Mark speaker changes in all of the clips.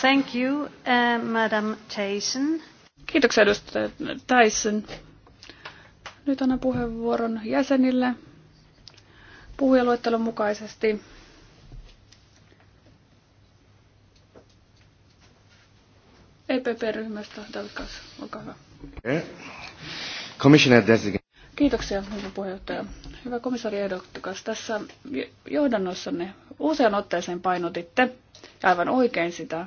Speaker 1: Thank you, uh, Madam Tyson. Kiitoksia edustaja Tyson. Nyt annan puheenvuoron jäsenille puhujaluettelon mukaisesti. EPP-ryhmästä David Kass, olkaa hyvä. Kiitoksia, hyvä puheenjohtaja. Hyvä komissaari ehdokas, tässä johdannossanne usean otteeseen painotitte, ja aivan oikein sitä,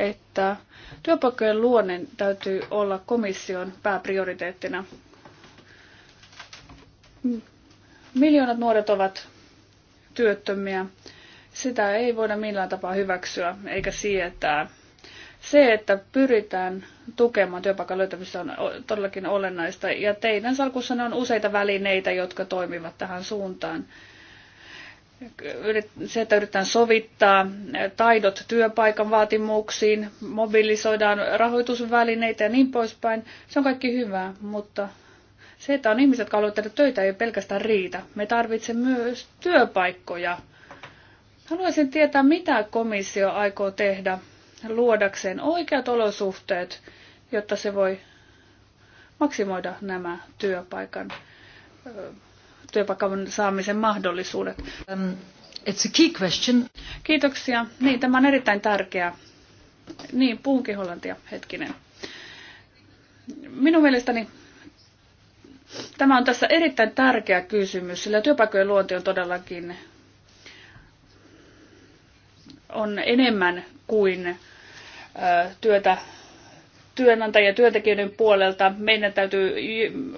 Speaker 1: että työpaikkojen luonne täytyy olla komission pääprioriteettina. Miljoonat nuoret ovat työttömiä. Sitä ei voida millään tapaa hyväksyä eikä sietää. Se, että pyritään tukemaan työpaikan löytämistä on todellakin olennaista ja teidän salkussanne on useita välineitä, jotka toimivat tähän suuntaan se, että yritetään sovittaa taidot työpaikan vaatimuksiin, mobilisoidaan rahoitusvälineitä ja niin poispäin, se on kaikki hyvää, mutta se, että on ihmiset, jotka haluavat tehdä töitä, ei pelkästään riitä. Me tarvitsemme myös työpaikkoja. Haluaisin tietää, mitä komissio aikoo tehdä luodakseen oikeat olosuhteet, jotta se voi maksimoida nämä työpaikan työpaikan saamisen mahdollisuudet? Um, it's a key question. Kiitoksia. Niin, tämä on erittäin tärkeä. Niin, puhunkin hollantia. Hetkinen. Minun mielestäni tämä on tässä erittäin tärkeä kysymys, sillä työpaikojen luonti on todellakin on enemmän kuin työtä työnantajien ja työntekijöiden puolelta. Meidän täytyy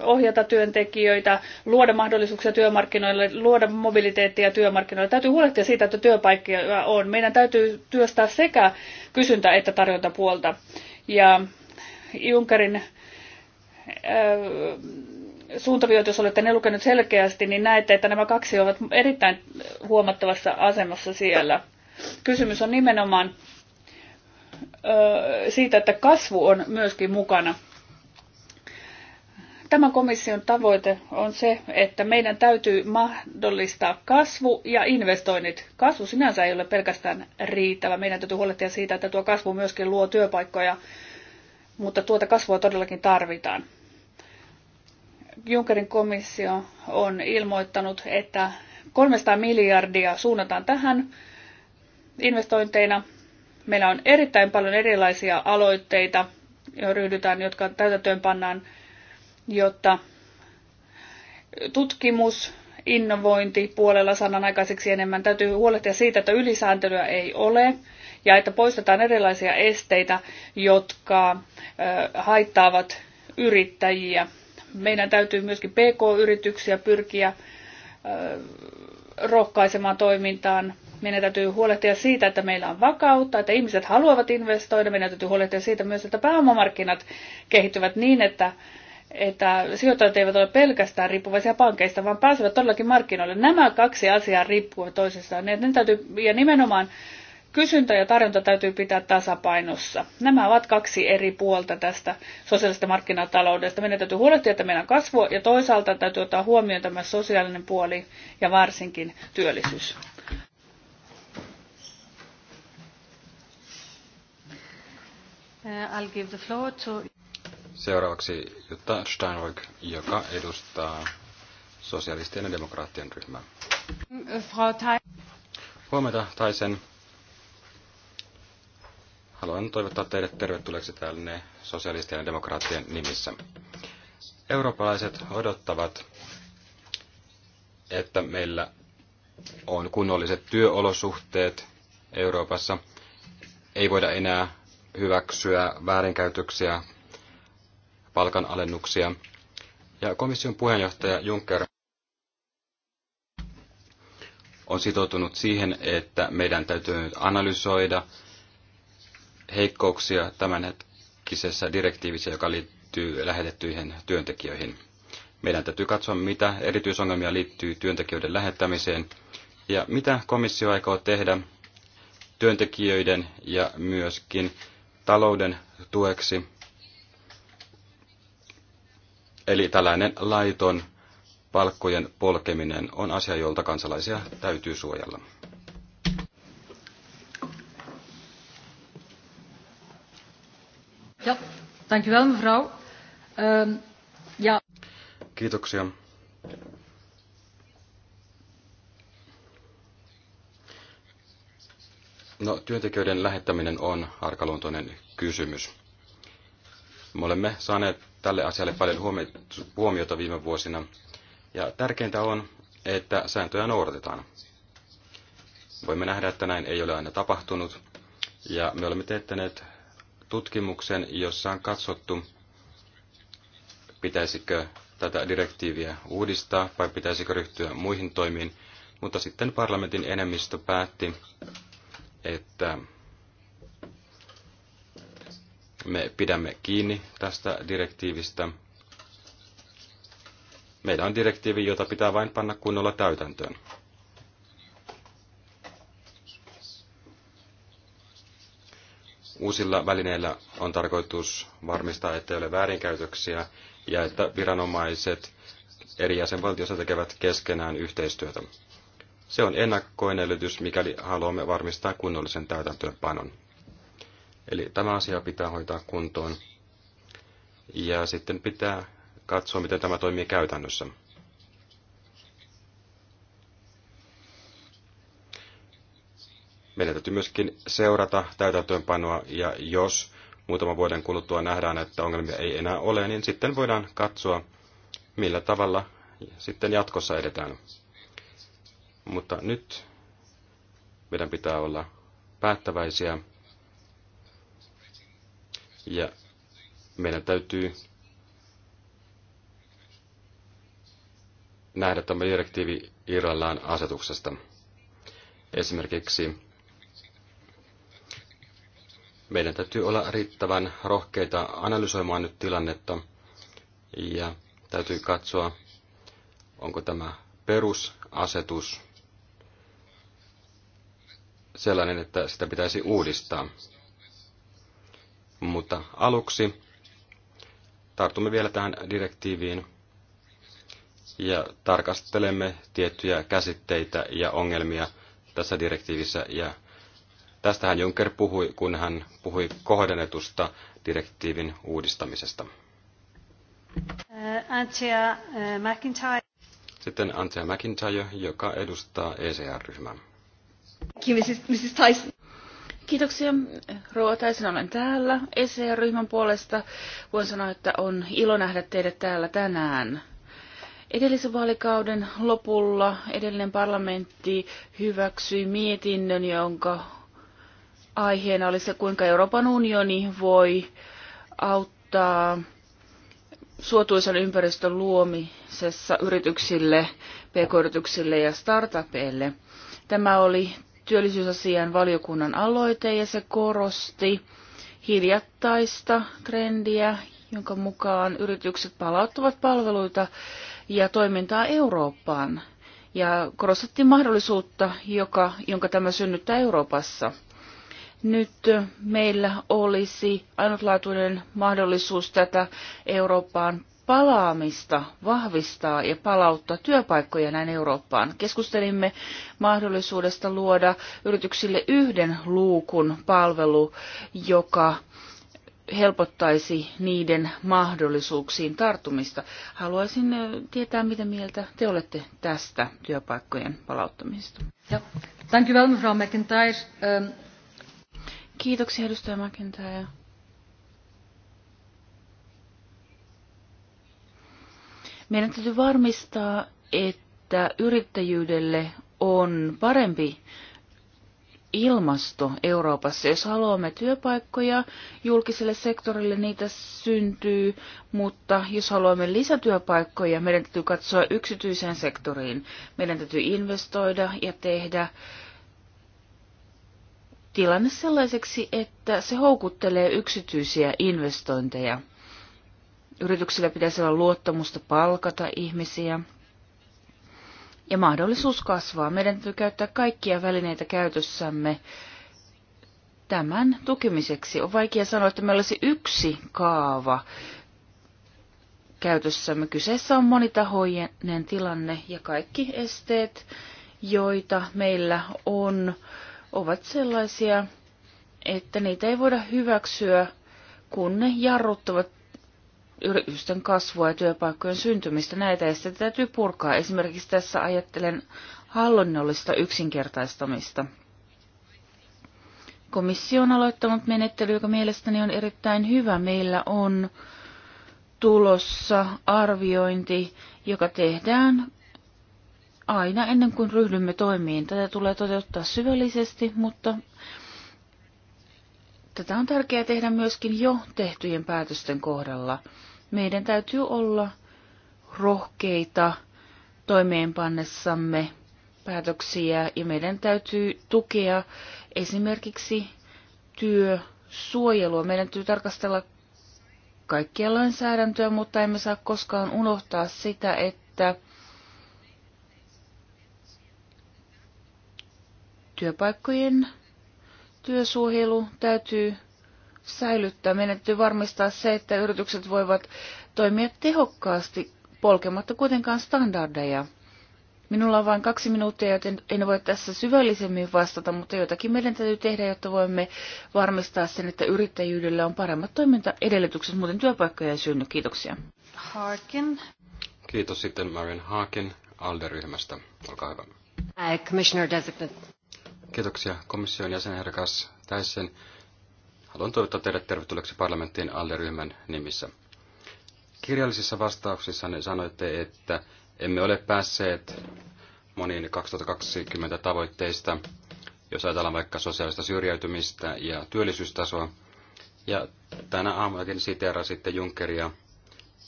Speaker 1: ohjata työntekijöitä, luoda mahdollisuuksia työmarkkinoille, luoda mobiliteettia työmarkkinoille. Täytyy huolehtia siitä, että työpaikkoja on. Meidän täytyy työstää sekä kysyntä- että tarjontapuolta. Ja Junkerin äh, suuntaviot, jos olette ne lukenut selkeästi, niin näette, että nämä kaksi ovat erittäin huomattavassa asemassa siellä. Kysymys on nimenomaan siitä, että kasvu on myöskin mukana. Tämän komission tavoite on se, että meidän täytyy mahdollistaa kasvu ja investoinnit. Kasvu sinänsä ei ole pelkästään riittävä. Meidän täytyy huolehtia siitä, että tuo kasvu myöskin luo työpaikkoja, mutta tuota kasvua todellakin tarvitaan. Junckerin komissio on ilmoittanut, että 300 miljardia suunnataan tähän investointeina Meillä on erittäin paljon erilaisia aloitteita, joihin ryhdytään, jotka täytäntöön pannaan, jotta tutkimus, innovointi puolella sanan aikaiseksi enemmän. Täytyy huolehtia siitä, että ylisääntelyä ei ole ja että poistetaan erilaisia esteitä, jotka haittaavat yrittäjiä. Meidän täytyy myöskin PK-yrityksiä pyrkiä rohkaisemaan toimintaan. Meidän täytyy huolehtia siitä, että meillä on vakautta, että ihmiset haluavat investoida. Meidän täytyy huolehtia siitä myös, että pääomamarkkinat kehittyvät niin, että, että sijoittajat eivät ole pelkästään riippuvaisia pankeista, vaan pääsevät todellakin markkinoille. Nämä kaksi asiaa riippuvat toisistaan. Ne, ne täytyy, ja nimenomaan kysyntä ja tarjonta täytyy pitää tasapainossa. Nämä ovat kaksi eri puolta tästä sosiaalisesta markkinataloudesta. Meidän täytyy huolehtia, että meillä on kasvua ja toisaalta täytyy ottaa huomioon tämä sosiaalinen puoli
Speaker 2: ja varsinkin
Speaker 3: työllisyys.
Speaker 2: Uh, I'll give the floor to...
Speaker 3: Seuraavaksi Jutta Steinberg, joka edustaa sosialistien ja demokraattien ryhmää. Frau Huomenta, Taisen. Haluan toivottaa teidät tervetulleeksi tänne sosialistien ja demokraattien nimissä. Eurooppalaiset odottavat, että meillä on kunnolliset työolosuhteet Euroopassa. Ei voida enää hyväksyä väärinkäytöksiä, palkanalennuksia. Ja komission puheenjohtaja Juncker on sitoutunut siihen, että meidän täytyy nyt analysoida heikkouksia tämänhetkisessä direktiivissä, joka liittyy lähetettyihin työntekijöihin. Meidän täytyy katsoa, mitä erityisongelmia liittyy työntekijöiden lähettämiseen ja mitä komissio aikoo tehdä työntekijöiden ja myöskin talouden tueksi. Eli tällainen laiton palkkojen polkeminen on asia, jolta kansalaisia täytyy suojella.
Speaker 2: Ja, dank u mevrouw. Um, ja.
Speaker 3: Kiitoksia. No, työntekijöiden lähettäminen on arkaluontoinen kysymys. Me olemme saaneet tälle asialle paljon huomiota viime vuosina, ja tärkeintä on, että sääntöjä noudatetaan. Voimme nähdä, että näin ei ole aina tapahtunut, ja me olemme teettäneet tutkimuksen, jossa on katsottu, pitäisikö tätä direktiiviä uudistaa vai pitäisikö ryhtyä muihin toimiin, mutta sitten parlamentin enemmistö päätti, että me pidämme kiinni tästä direktiivistä. Meillä on direktiivi, jota pitää vain panna kunnolla täytäntöön. Uusilla välineillä on tarkoitus varmistaa, ettei ole väärinkäytöksiä ja että viranomaiset eri jäsenvaltioissa tekevät keskenään yhteistyötä. Se on ennakkoedellytys, mikäli haluamme varmistaa kunnollisen täytäntöönpanon. Eli tämä asia pitää hoitaa kuntoon. Ja sitten pitää katsoa, miten tämä toimii käytännössä. Meidän täytyy myöskin seurata täytäntöönpanoa, ja jos muutaman vuoden kuluttua nähdään, että ongelmia ei enää ole, niin sitten voidaan katsoa, millä tavalla sitten jatkossa edetään. Mutta nyt meidän pitää olla päättäväisiä ja meidän täytyy nähdä tämä direktiivi irrallaan asetuksesta. Esimerkiksi meidän täytyy olla riittävän rohkeita analysoimaan nyt tilannetta ja täytyy katsoa, onko tämä perusasetus sellainen, että sitä pitäisi uudistaa. Mutta aluksi tartumme vielä tähän direktiiviin ja tarkastelemme tiettyjä käsitteitä ja ongelmia tässä direktiivissä. Ja tästähän Juncker puhui, kun hän puhui kohdennetusta direktiivin uudistamisesta.
Speaker 2: Uh, Antia uh,
Speaker 3: Sitten Antia McIntyre, joka edustaa ECR-ryhmää.
Speaker 2: Kiitoksia.
Speaker 4: Rouva Tyson, olen täällä ECR-ryhmän puolesta. Voin sanoa, että on ilo nähdä teidät täällä tänään. Edellisen vaalikauden lopulla edellinen parlamentti hyväksyi mietinnön, jonka aiheena oli se, kuinka Euroopan unioni voi auttaa suotuisan ympäristön luomisessa yrityksille, pk-yrityksille ja startupeille. Tämä oli työllisyysasian valiokunnan aloite ja se korosti hiljattaista trendiä, jonka mukaan yritykset palauttavat palveluita ja toimintaa Eurooppaan. Ja korostettiin mahdollisuutta, joka, jonka tämä synnyttää Euroopassa. Nyt meillä olisi ainutlaatuinen mahdollisuus tätä Eurooppaan palaamista vahvistaa ja palauttaa työpaikkoja näin Eurooppaan. Keskustelimme mahdollisuudesta luoda yrityksille yhden luukun palvelu, joka helpottaisi niiden mahdollisuuksiin tarttumista. Haluaisin tietää, mitä mieltä te olette tästä työpaikkojen palauttamisesta.
Speaker 2: Thank you well, ähm, Kiitoksia, edustaja McIntyre.
Speaker 4: Meidän täytyy varmistaa, että yrittäjyydelle on parempi ilmasto Euroopassa. Jos haluamme työpaikkoja julkiselle sektorille, niitä syntyy, mutta jos haluamme lisätyöpaikkoja, meidän täytyy katsoa yksityiseen sektoriin. Meidän täytyy investoida ja tehdä tilanne sellaiseksi, että se houkuttelee yksityisiä investointeja. Yrityksillä pitäisi olla luottamusta palkata ihmisiä ja mahdollisuus kasvaa. Meidän täytyy käyttää kaikkia välineitä käytössämme tämän tukemiseksi. On vaikea sanoa, että meillä olisi yksi kaava käytössämme. Kyseessä on monitahoinen tilanne ja kaikki esteet, joita meillä on, ovat sellaisia, että niitä ei voida hyväksyä, kun ne jarruttavat yritysten kasvua ja työpaikkojen syntymistä. Näitä esteitä täytyy purkaa. Esimerkiksi tässä ajattelen hallinnollista yksinkertaistamista. Komissio on aloittanut menettely, joka mielestäni on erittäin hyvä. Meillä on tulossa arviointi, joka tehdään aina ennen kuin ryhdymme toimiin. Tätä tulee toteuttaa syvällisesti, mutta tätä on tärkeää tehdä myöskin jo tehtyjen päätösten kohdalla meidän täytyy olla rohkeita toimeenpannessamme päätöksiä ja meidän täytyy tukea esimerkiksi työsuojelua. Meidän täytyy tarkastella kaikkia lainsäädäntöä, mutta emme saa koskaan unohtaa sitä, että työpaikkojen työsuojelu täytyy säilyttää. Meidän täytyy varmistaa se, että yritykset voivat toimia tehokkaasti polkematta kuitenkaan standardeja. Minulla on vain kaksi minuuttia, joten en voi tässä syvällisemmin vastata, mutta jotakin meidän täytyy tehdä, jotta voimme varmistaa sen, että yrittäjyydellä on paremmat toimintaedellytykset, muuten työpaikkoja ei synny. Kiitoksia.
Speaker 2: Harkin.
Speaker 3: Kiitos sitten Marian Haakin ALDE-ryhmästä. Olkaa hyvä.
Speaker 2: Commissioner Designate.
Speaker 3: Kiitoksia komission jäsen Tyson. Haluan toivottaa teidät tervetulleeksi parlamenttiin alleryhmän nimissä. Kirjallisissa ne sanoitte, että emme ole päässeet moniin 2020 tavoitteista, jos ajatellaan vaikka sosiaalista syrjäytymistä ja työllisyystasoa. Ja tänä aamunakin siteerasitte Junckeria,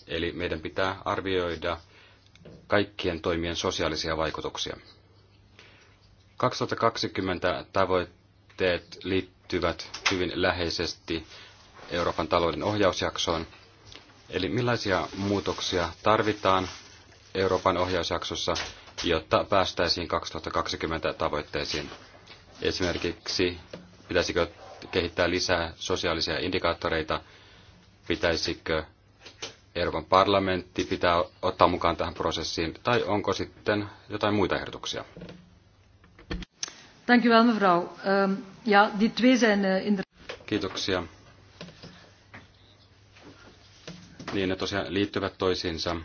Speaker 3: eli meidän pitää arvioida kaikkien toimien sosiaalisia vaikutuksia. 2020 tavoitteet liittyvät liittyvät hyvin läheisesti Euroopan talouden ohjausjaksoon. Eli millaisia muutoksia tarvitaan Euroopan ohjausjaksossa, jotta päästäisiin 2020 tavoitteisiin? Esimerkiksi pitäisikö kehittää lisää sosiaalisia indikaattoreita, pitäisikö Euroopan parlamentti pitää ottaa mukaan tähän prosessiin, tai onko sitten jotain muita ehdotuksia?
Speaker 2: Thank you, ehm, eh,
Speaker 3: Kiitoksia. Niin, ne tosiaan liittyvät toisiinsa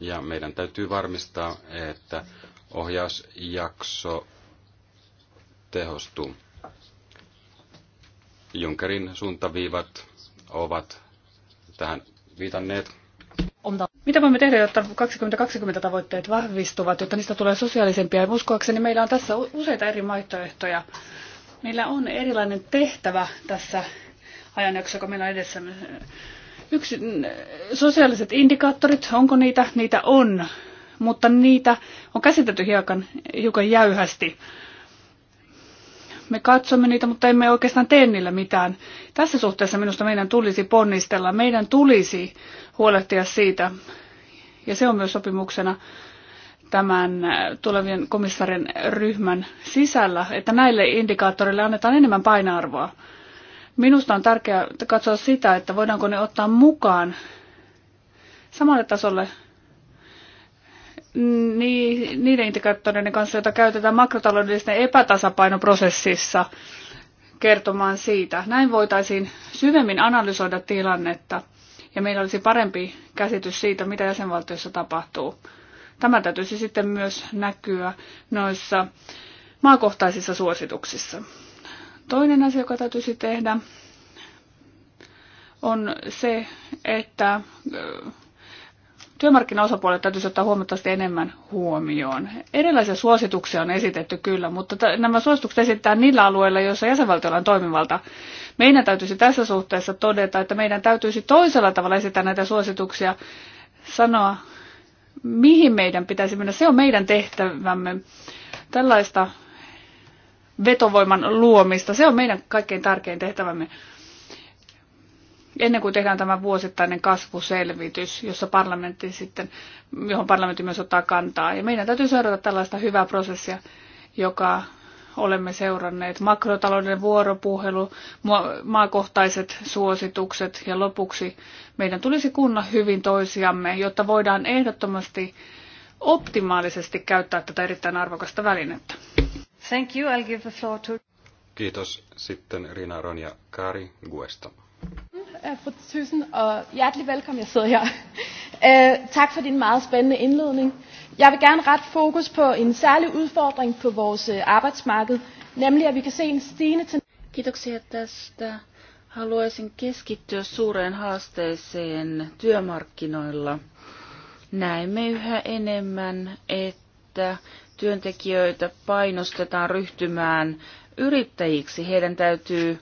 Speaker 3: ja meidän täytyy varmistaa, että ohjausjakso tehostuu. Junkerin suuntaviivat ovat tähän viitanneet.
Speaker 1: Mitä voimme tehdä, jotta 2020 tavoitteet vahvistuvat, jotta niistä tulee sosiaalisempia? uskoakseni meillä on tässä useita eri vaihtoehtoja. Meillä on erilainen tehtävä tässä ajanjaksossa, joka meillä on edessämme. Yksi, sosiaaliset indikaattorit, onko niitä? Niitä on, mutta niitä on käsitelty hiukan, hiukan jäyhästi. Me katsomme niitä, mutta emme oikeastaan tee niillä mitään. Tässä suhteessa minusta meidän tulisi ponnistella, meidän tulisi huolehtia siitä, ja se on myös sopimuksena tämän äh, tulevien komissarin ryhmän sisällä, että näille indikaattoreille annetaan enemmän painoarvoa. Minusta on tärkeää katsoa sitä, että voidaanko ne ottaa mukaan samalle tasolle niiden indikaattoreiden kanssa, joita käytetään makrotaloudellisten epätasapainoprosessissa kertomaan siitä. Näin voitaisiin syvemmin analysoida tilannetta ja meillä olisi parempi käsitys siitä, mitä jäsenvaltioissa tapahtuu. Tämä täytyisi sitten myös näkyä noissa maakohtaisissa suosituksissa. Toinen asia, joka täytyisi tehdä, on se, että työmarkkinaosapuolet täytyisi ottaa huomattavasti enemmän huomioon. Erilaisia suosituksia on esitetty kyllä, mutta nämä suositukset esittää niillä alueilla, joissa jäsenvaltiolla on toimivalta. Meidän täytyisi tässä suhteessa todeta, että meidän täytyisi toisella tavalla esittää näitä suosituksia, sanoa, mihin meidän pitäisi mennä. Se on meidän tehtävämme. Tällaista vetovoiman luomista, se on meidän kaikkein tärkein tehtävämme ennen kuin tehdään tämä vuosittainen kasvuselvitys, jossa parlamentti sitten, johon parlamentti myös ottaa kantaa. Ja meidän täytyy seurata tällaista hyvää prosessia, joka olemme seuranneet. Makrotalouden vuoropuhelu, maakohtaiset suositukset ja lopuksi meidän tulisi kunna hyvin toisiamme, jotta voidaan ehdottomasti optimaalisesti käyttää tätä erittäin arvokasta välinettä. Thank you. I'll give the floor to...
Speaker 3: Kiitos. Sitten Rina Ronja Kari Guesta.
Speaker 1: Øh, fru Thyssen, og hjertelig velkommen, jeg sidder her. Øh, tak for din meget spændende indledning. Jeg vil gerne ret fokus på en særlig udfordring på vores øh, arbejdsmarked, nemlig at vi kan se en stigende til... Kiitoksia tästä.
Speaker 4: Haluaisin keskittyä suureen haasteeseen työmarkkinoilla. Näemme yhä enemmän, että työntekijöitä painostetaan ryhtymään yrittäjiksi. Heidän täytyy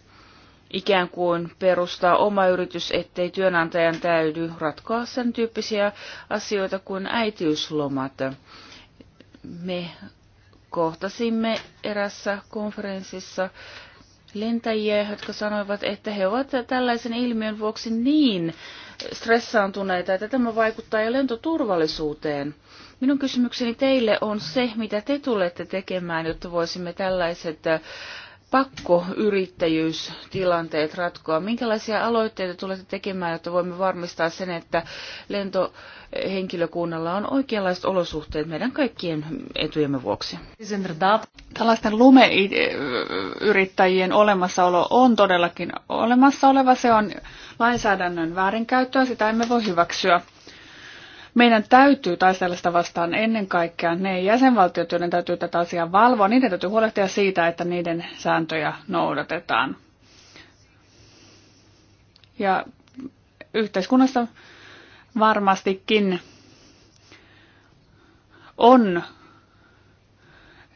Speaker 4: ikään kuin perustaa oma yritys, ettei työnantajan täydy ratkoa sen tyyppisiä asioita kuin äitiyslomat. Me kohtasimme erässä konferenssissa lentäjiä, jotka sanoivat, että he ovat tällaisen ilmiön vuoksi niin stressaantuneita, että tämä vaikuttaa jo lentoturvallisuuteen. Minun kysymykseni teille on se, mitä te tulette tekemään, jotta voisimme tällaiset pakkoyrittäjyystilanteet ratkoa. Minkälaisia aloitteita tulette tekemään, jotta voimme varmistaa sen, että lentohenkilökunnalla on oikeanlaiset olosuhteet meidän kaikkien etujemme vuoksi?
Speaker 1: Tällaisten lumeyrittäjien olemassaolo on todellakin olemassa oleva. Se on lainsäädännön väärinkäyttöä, sitä emme voi hyväksyä. Meidän täytyy taistella sitä vastaan ennen kaikkea ne jäsenvaltiot, joiden täytyy tätä asiaa valvoa. Niiden täytyy huolehtia siitä, että niiden sääntöjä noudatetaan. Ja yhteiskunnassa varmastikin on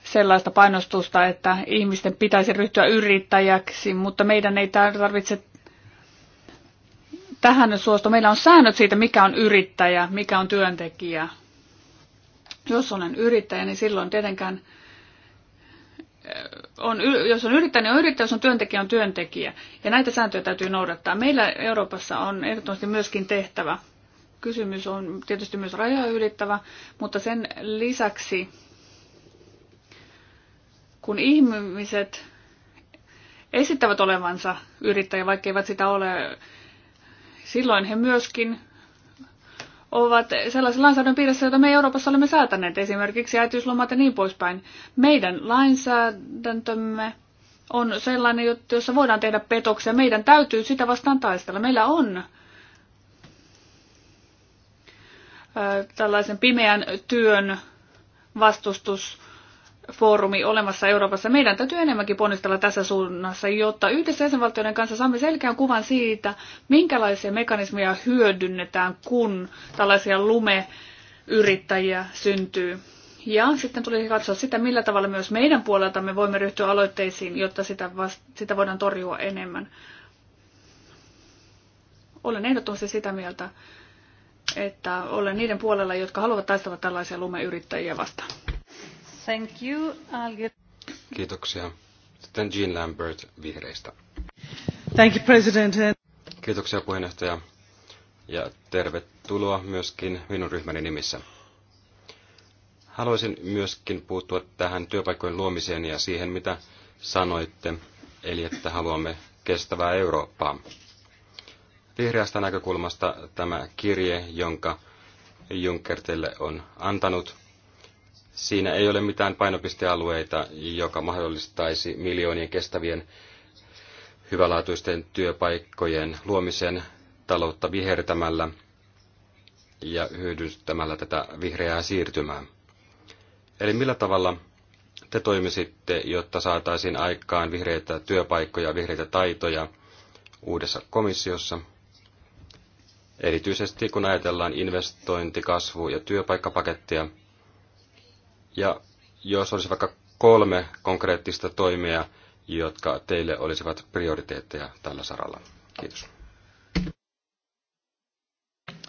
Speaker 1: sellaista painostusta, että ihmisten pitäisi ryhtyä yrittäjäksi, mutta meidän ei tarvitse tähän suostu. Meillä on säännöt siitä, mikä on yrittäjä, mikä on työntekijä. Jos olen yrittäjä, niin silloin tietenkään, eh, on, jos on yrittäjä, niin on yrittäjä, jos on työntekijä, on työntekijä. Ja näitä sääntöjä täytyy noudattaa. Meillä Euroopassa on ehdottomasti myöskin tehtävä. Kysymys on tietysti myös rajoja ylittävä, mutta sen lisäksi, kun ihmiset esittävät olevansa yrittäjä, vaikka eivät sitä ole, silloin he myöskin ovat sellaisen lainsäädännön piirissä, jota me Euroopassa olemme säätäneet, esimerkiksi äitiyslomat ja niin poispäin. Meidän lainsäädäntömme on sellainen, jossa voidaan tehdä petoksia. Meidän täytyy sitä vastaan taistella. Meillä on tällaisen pimeän työn vastustus foorumi olemassa Euroopassa. Meidän täytyy enemmänkin ponnistella tässä suunnassa, jotta yhdessä jäsenvaltioiden kanssa saamme selkeän kuvan siitä, minkälaisia mekanismeja hyödynnetään, kun tällaisia
Speaker 3: lumeyrittäjiä
Speaker 1: syntyy. Ja sitten tulisi katsoa sitä, millä tavalla myös meidän puolelta me voimme ryhtyä aloitteisiin, jotta sitä, vasta, sitä voidaan torjua enemmän. Olen ehdottomasti sitä mieltä, että olen niiden puolella, jotka haluavat taistella tällaisia lumeyrittäjiä vastaan.
Speaker 2: Thank you. I'll get...
Speaker 3: Kiitoksia. Sitten Jean Lambert vihreistä.
Speaker 2: Thank you, President.
Speaker 3: Kiitoksia puheenjohtaja ja tervetuloa myöskin minun ryhmäni nimissä. Haluaisin myöskin puuttua tähän työpaikkojen luomiseen ja siihen, mitä sanoitte, eli että haluamme kestävää Eurooppaa. Vihreästä näkökulmasta tämä kirje, jonka Juncker on antanut, Siinä ei ole mitään painopistealueita, joka mahdollistaisi miljoonien kestävien hyvälaatuisten työpaikkojen luomisen taloutta vihertämällä ja hyödyntämällä tätä vihreää siirtymää. Eli millä tavalla te toimisitte, jotta saataisiin aikaan vihreitä työpaikkoja, vihreitä taitoja uudessa komissiossa? Erityisesti kun ajatellaan investointi-, kasvu- ja työpaikkapakettia – ja jos olisi vaikka kolme konkreettista toimia, jotka teille olisivat prioriteetteja tällä saralla. Kiitos.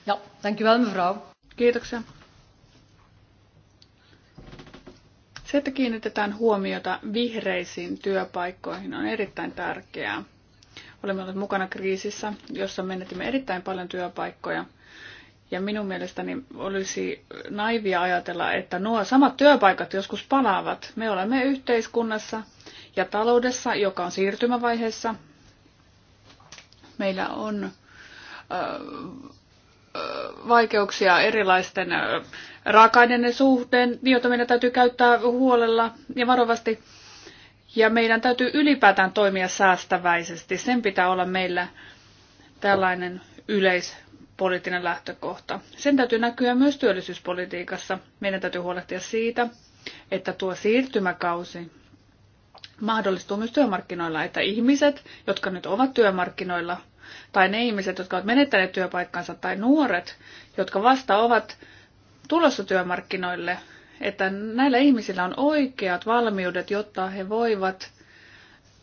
Speaker 2: Ja, well, mevrouw. Kiitoksia. Se, että kiinnitetään
Speaker 1: huomiota vihreisiin työpaikkoihin on erittäin tärkeää. Olemme olleet mukana kriisissä, jossa menetimme erittäin paljon työpaikkoja – ja minun mielestäni olisi naivia ajatella, että nuo samat työpaikat joskus palaavat. Me olemme yhteiskunnassa ja taloudessa, joka on siirtymävaiheessa. Meillä on vaikeuksia erilaisten raaka-aineiden suhteen, joita meidän täytyy käyttää huolella ja varovasti. Ja meidän täytyy ylipäätään toimia säästäväisesti. Sen pitää olla meillä tällainen yleis poliittinen lähtökohta. Sen täytyy näkyä myös työllisyyspolitiikassa. Meidän täytyy huolehtia siitä, että tuo siirtymäkausi mahdollistuu myös työmarkkinoilla, että ihmiset, jotka nyt ovat työmarkkinoilla, tai ne ihmiset, jotka ovat menettäneet työpaikkansa, tai nuoret, jotka vasta ovat tulossa työmarkkinoille, että näillä ihmisillä on oikeat valmiudet, jotta he voivat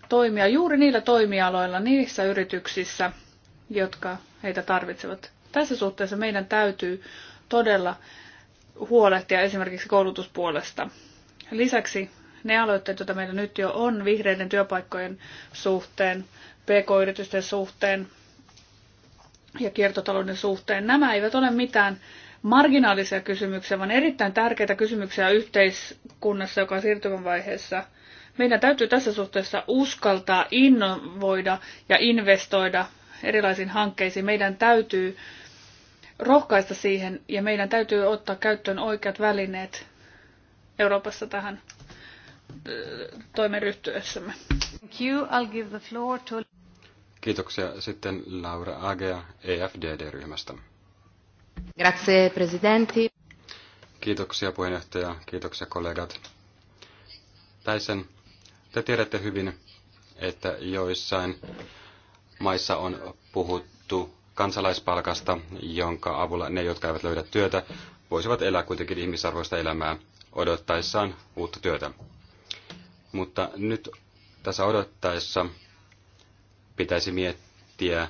Speaker 1: toimia juuri niillä toimialoilla, niissä yrityksissä, jotka heitä tarvitsevat. Tässä suhteessa meidän täytyy todella huolehtia esimerkiksi koulutuspuolesta. Lisäksi ne aloitteet, joita meillä nyt jo on vihreiden työpaikkojen suhteen, pk-yritysten suhteen ja kiertotalouden suhteen, nämä eivät ole mitään marginaalisia kysymyksiä, vaan erittäin tärkeitä kysymyksiä yhteiskunnassa, joka on siirtymän vaiheessa. Meidän täytyy tässä suhteessa uskaltaa innovoida ja investoida erilaisiin hankkeisiin. Meidän täytyy rohkaista siihen ja meidän täytyy ottaa käyttöön oikeat välineet Euroopassa tähän toimen ryhtyessämme. Thank you. I'll give the floor to...
Speaker 3: Kiitoksia. Sitten Laura Agea EFDD-ryhmästä.
Speaker 4: Grazie, presidenti.
Speaker 3: Kiitoksia puheenjohtaja, kiitoksia kollegat. Täisen, te tiedätte hyvin, että joissain maissa on puhuttu kansalaispalkasta, jonka avulla ne, jotka eivät löydä työtä, voisivat elää kuitenkin ihmisarvoista elämää odottaessaan uutta työtä. Mutta nyt tässä odottaessa pitäisi miettiä,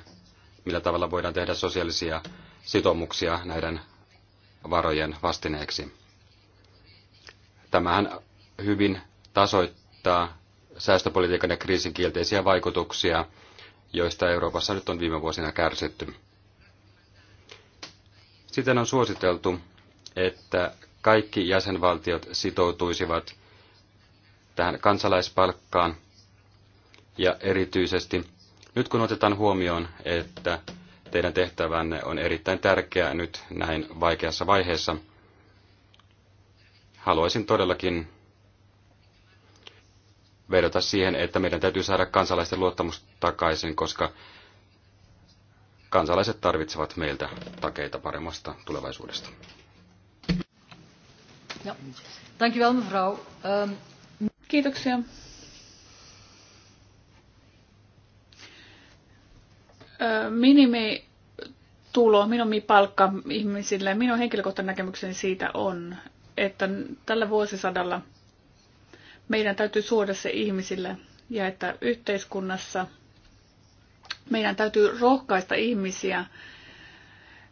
Speaker 3: millä tavalla voidaan tehdä sosiaalisia sitoumuksia näiden varojen vastineeksi. Tämähän hyvin tasoittaa säästöpolitiikan ja kriisin kielteisiä vaikutuksia joista Euroopassa nyt on viime vuosina kärsitty. Siten on suositeltu, että kaikki jäsenvaltiot sitoutuisivat tähän kansalaispalkkaan ja erityisesti nyt kun otetaan huomioon, että teidän tehtävänne on erittäin tärkeä nyt näin vaikeassa vaiheessa, haluaisin todellakin vedota siihen, että meidän täytyy saada kansalaisten luottamus takaisin, koska kansalaiset tarvitsevat meiltä takeita paremmasta tulevaisuudesta.
Speaker 2: Ja. Dankjewel mevrouw. Um... Kiitoksia.
Speaker 1: Ehm, Minimi tulo, minun palkka ihmisille. Minun henkilökohtainen näkemykseni siitä on, että tällä vuosisadalla – meidän täytyy suoda se ihmisille ja että yhteiskunnassa meidän täytyy rohkaista ihmisiä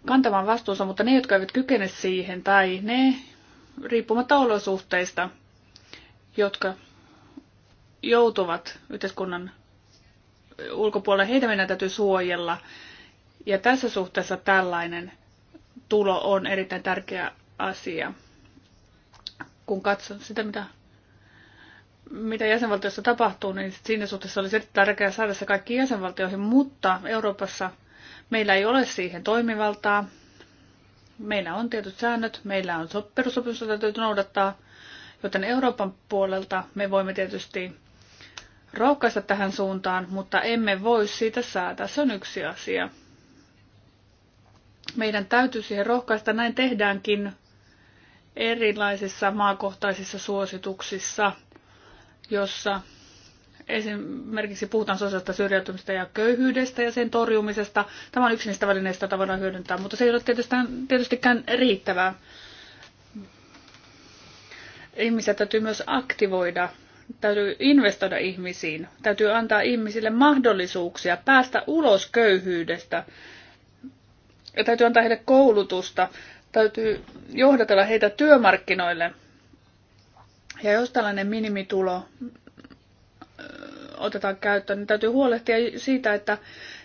Speaker 1: kantamaan vastuunsa, mutta ne, jotka eivät kykene siihen tai ne riippumatta olosuhteista, jotka joutuvat yhteiskunnan ulkopuolelle, heitä meidän täytyy suojella. Ja tässä suhteessa tällainen tulo on erittäin tärkeä asia. Kun katson sitä, mitä mitä jäsenvaltiossa tapahtuu, niin siinä suhteessa olisi erittäin tärkeää saada se kaikki jäsenvaltioihin, mutta Euroopassa meillä ei ole siihen toimivaltaa. Meillä on tietyt säännöt, meillä on perusopimus, jota täytyy noudattaa, joten Euroopan puolelta me voimme tietysti rohkaista tähän suuntaan, mutta emme voi siitä säätää. Se on yksi asia. Meidän täytyy siihen rohkaista, näin tehdäänkin erilaisissa maakohtaisissa suosituksissa – jossa esimerkiksi puhutaan sosiaalista syrjäytymistä ja köyhyydestä ja sen torjumisesta. Tämä on yksi niistä välineistä, joita voidaan hyödyntää, mutta se ei ole tietystikään riittävää. Ihmisiä täytyy myös aktivoida, täytyy investoida ihmisiin, täytyy antaa ihmisille mahdollisuuksia päästä ulos köyhyydestä ja täytyy antaa heille koulutusta, täytyy johdatella heitä työmarkkinoille – ja jos tällainen minimitulo otetaan käyttöön, niin täytyy huolehtia siitä, että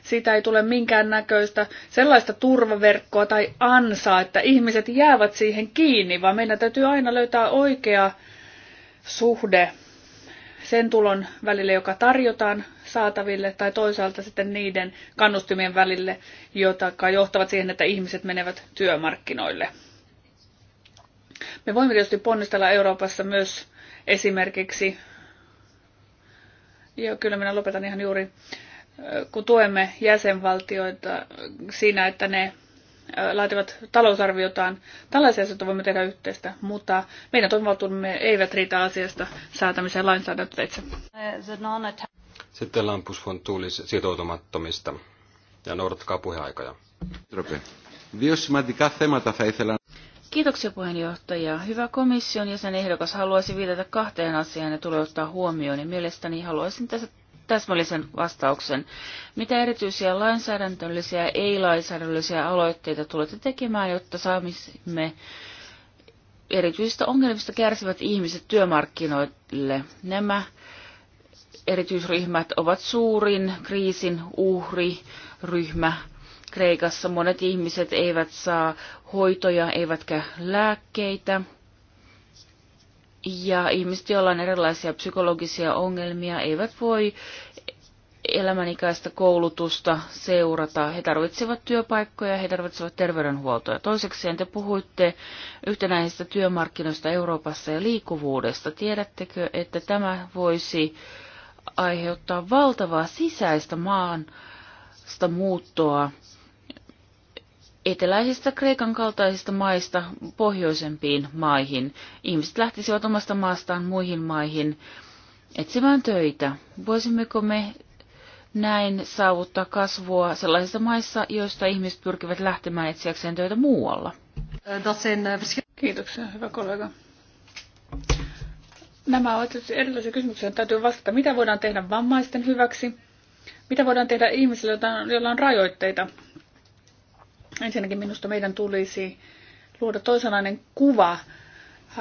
Speaker 1: siitä ei tule minkään näköistä sellaista turvaverkkoa tai ansaa, että ihmiset jäävät siihen kiinni, vaan meidän täytyy aina löytää oikea suhde sen tulon välille, joka tarjotaan saataville, tai toisaalta sitten niiden kannustimien välille, jotka johtavat siihen, että ihmiset menevät työmarkkinoille. Me voimme tietysti ponnistella Euroopassa myös esimerkiksi, joo kyllä minä lopetan ihan juuri, kun tuemme jäsenvaltioita siinä, että ne laativat talousarviotaan. Tällaisia asioita voimme tehdä yhteistä, mutta meidän toimivaltuutemme eivät riitä asiasta säätämiseen
Speaker 3: lainsäädäntöteitse. Sitten Lampus von Tuulis sitoutumattomista ja noudattakaa puheaikoja. Δύο σημαντικά θέματα θα ήθελα
Speaker 4: Kiitoksia puheenjohtaja. Hyvä komission jäsen ehdokas haluaisi viitata kahteen asiaan ja tulee ottaa huomioon. Ja niin mielestäni haluaisin tässä täsmällisen vastauksen. Mitä erityisiä lainsäädännöllisiä ja ei-lainsäädännöllisiä aloitteita tulette tekemään, jotta saamisimme erityisistä ongelmista kärsivät ihmiset työmarkkinoille? Nämä erityisryhmät ovat suurin kriisin uhriryhmä Kreikassa monet ihmiset eivät saa hoitoja eivätkä lääkkeitä. Ja ihmiset, joilla on erilaisia psykologisia ongelmia, eivät voi elämänikäistä koulutusta seurata. He tarvitsevat työpaikkoja, he tarvitsevat terveydenhuoltoa. Toiseksi te puhuitte yhtenäisistä työmarkkinoista Euroopassa ja liikkuvuudesta. Tiedättekö, että tämä voisi aiheuttaa valtavaa sisäistä maan muuttoa eteläisistä Kreikan kaltaisista maista pohjoisempiin maihin. Ihmiset lähtisivät omasta maastaan muihin maihin etsimään töitä. Voisimmeko me näin saavuttaa kasvua sellaisissa maissa, joista ihmiset pyrkivät lähtemään etsiäkseen töitä muualla?
Speaker 2: Kiitoksia, hyvä kollega. Nämä ovat
Speaker 1: erilaisia kysymyksiä, joihin täytyy vastata. Mitä voidaan tehdä vammaisten hyväksi? Mitä voidaan tehdä ihmisille, joilla on rajoitteita? Ensinnäkin minusta meidän tulisi luoda toisenlainen kuva.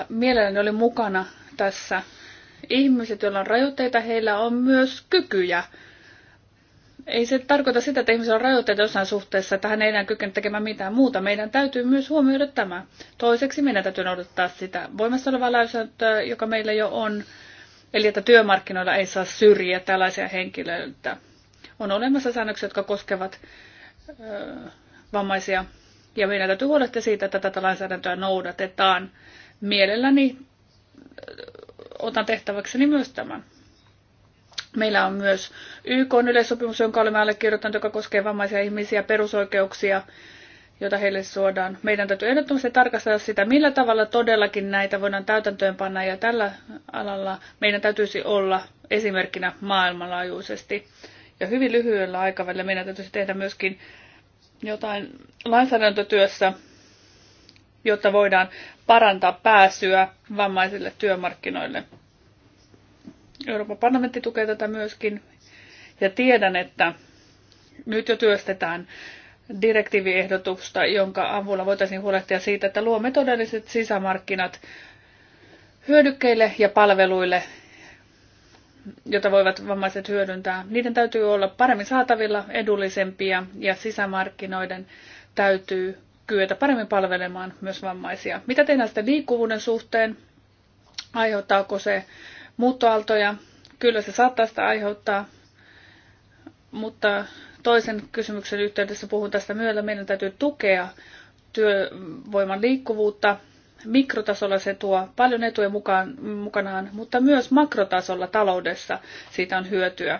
Speaker 1: Mielelläni oli mukana tässä. Ihmiset, joilla on rajoitteita, heillä on myös kykyjä. Ei se tarkoita sitä, että ihmisellä on rajoitteita jossain suhteessa, että hän ei enää kykene tekemään mitään muuta. Meidän täytyy myös huomioida tämä. Toiseksi meidän täytyy noudattaa sitä voimassa olevaa lainsäädäntöä, joka meillä jo on. Eli että työmarkkinoilla ei saa syrjiä tällaisia henkilöitä. On olemassa säännöksiä, jotka koskevat vammaisia. Ja meidän täytyy huolehtia siitä, että tätä lainsäädäntöä noudatetaan. Mielelläni äh, otan tehtäväkseni myös tämän. Meillä on myös YK yleissopimus, jonka olemme allekirjoittaneet, joka koskee vammaisia ihmisiä, perusoikeuksia, joita heille suodaan. Meidän täytyy ehdottomasti tarkastella sitä, millä tavalla todellakin näitä voidaan täytäntöönpanna ja tällä alalla meidän täytyisi olla esimerkkinä maailmanlaajuisesti. Ja hyvin lyhyellä aikavälillä meidän täytyisi tehdä myöskin jotain lainsäädäntötyössä, jotta voidaan parantaa pääsyä vammaisille työmarkkinoille. Euroopan parlamentti tukee tätä myöskin ja tiedän, että nyt jo työstetään direktiiviehdotusta, jonka avulla voitaisiin huolehtia siitä, että luomme todelliset sisämarkkinat hyödykkeille ja palveluille jota voivat vammaiset hyödyntää, niiden täytyy olla paremmin saatavilla, edullisempia ja sisämarkkinoiden täytyy kyetä paremmin palvelemaan myös vammaisia. Mitä tehdään sitten liikkuvuuden suhteen? Aiheuttaako se muuttoaaltoja? Kyllä se saattaa sitä aiheuttaa, mutta toisen kysymyksen yhteydessä puhun tästä myöllä. Meidän täytyy tukea työvoiman liikkuvuutta mikrotasolla se tuo paljon etuja mukaan, mukanaan, mutta myös makrotasolla taloudessa siitä on hyötyä.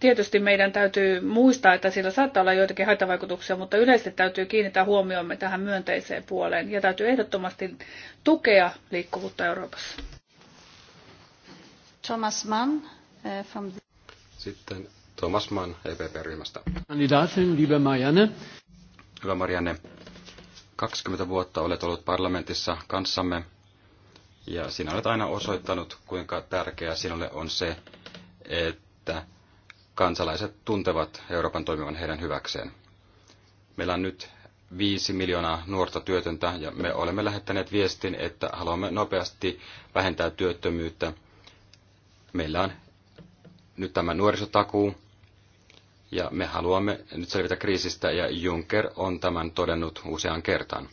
Speaker 1: Tietysti meidän täytyy muistaa, että sillä saattaa olla joitakin haittavaikutuksia, mutta yleisesti täytyy kiinnittää huomiomme tähän myönteiseen puoleen ja täytyy ehdottomasti tukea liikkuvuutta Euroopassa.
Speaker 2: Thomas Mann eh, from the...
Speaker 3: Sitten Thomas Mann EPP-ryhmästä.
Speaker 1: Kandidaatin, liebe Marianne.
Speaker 3: Hyvä Marianne. 20 vuotta olet ollut parlamentissa kanssamme ja sinä olet aina osoittanut, kuinka tärkeää sinulle on se, että kansalaiset tuntevat Euroopan toimivan heidän hyväkseen. Meillä on nyt viisi miljoonaa nuorta työtöntä ja me olemme lähettäneet viestin, että haluamme nopeasti vähentää työttömyyttä. Meillä on nyt tämä nuorisotakuu, ja me haluamme nyt selvitä kriisistä, ja Juncker on tämän todennut useaan kertaan.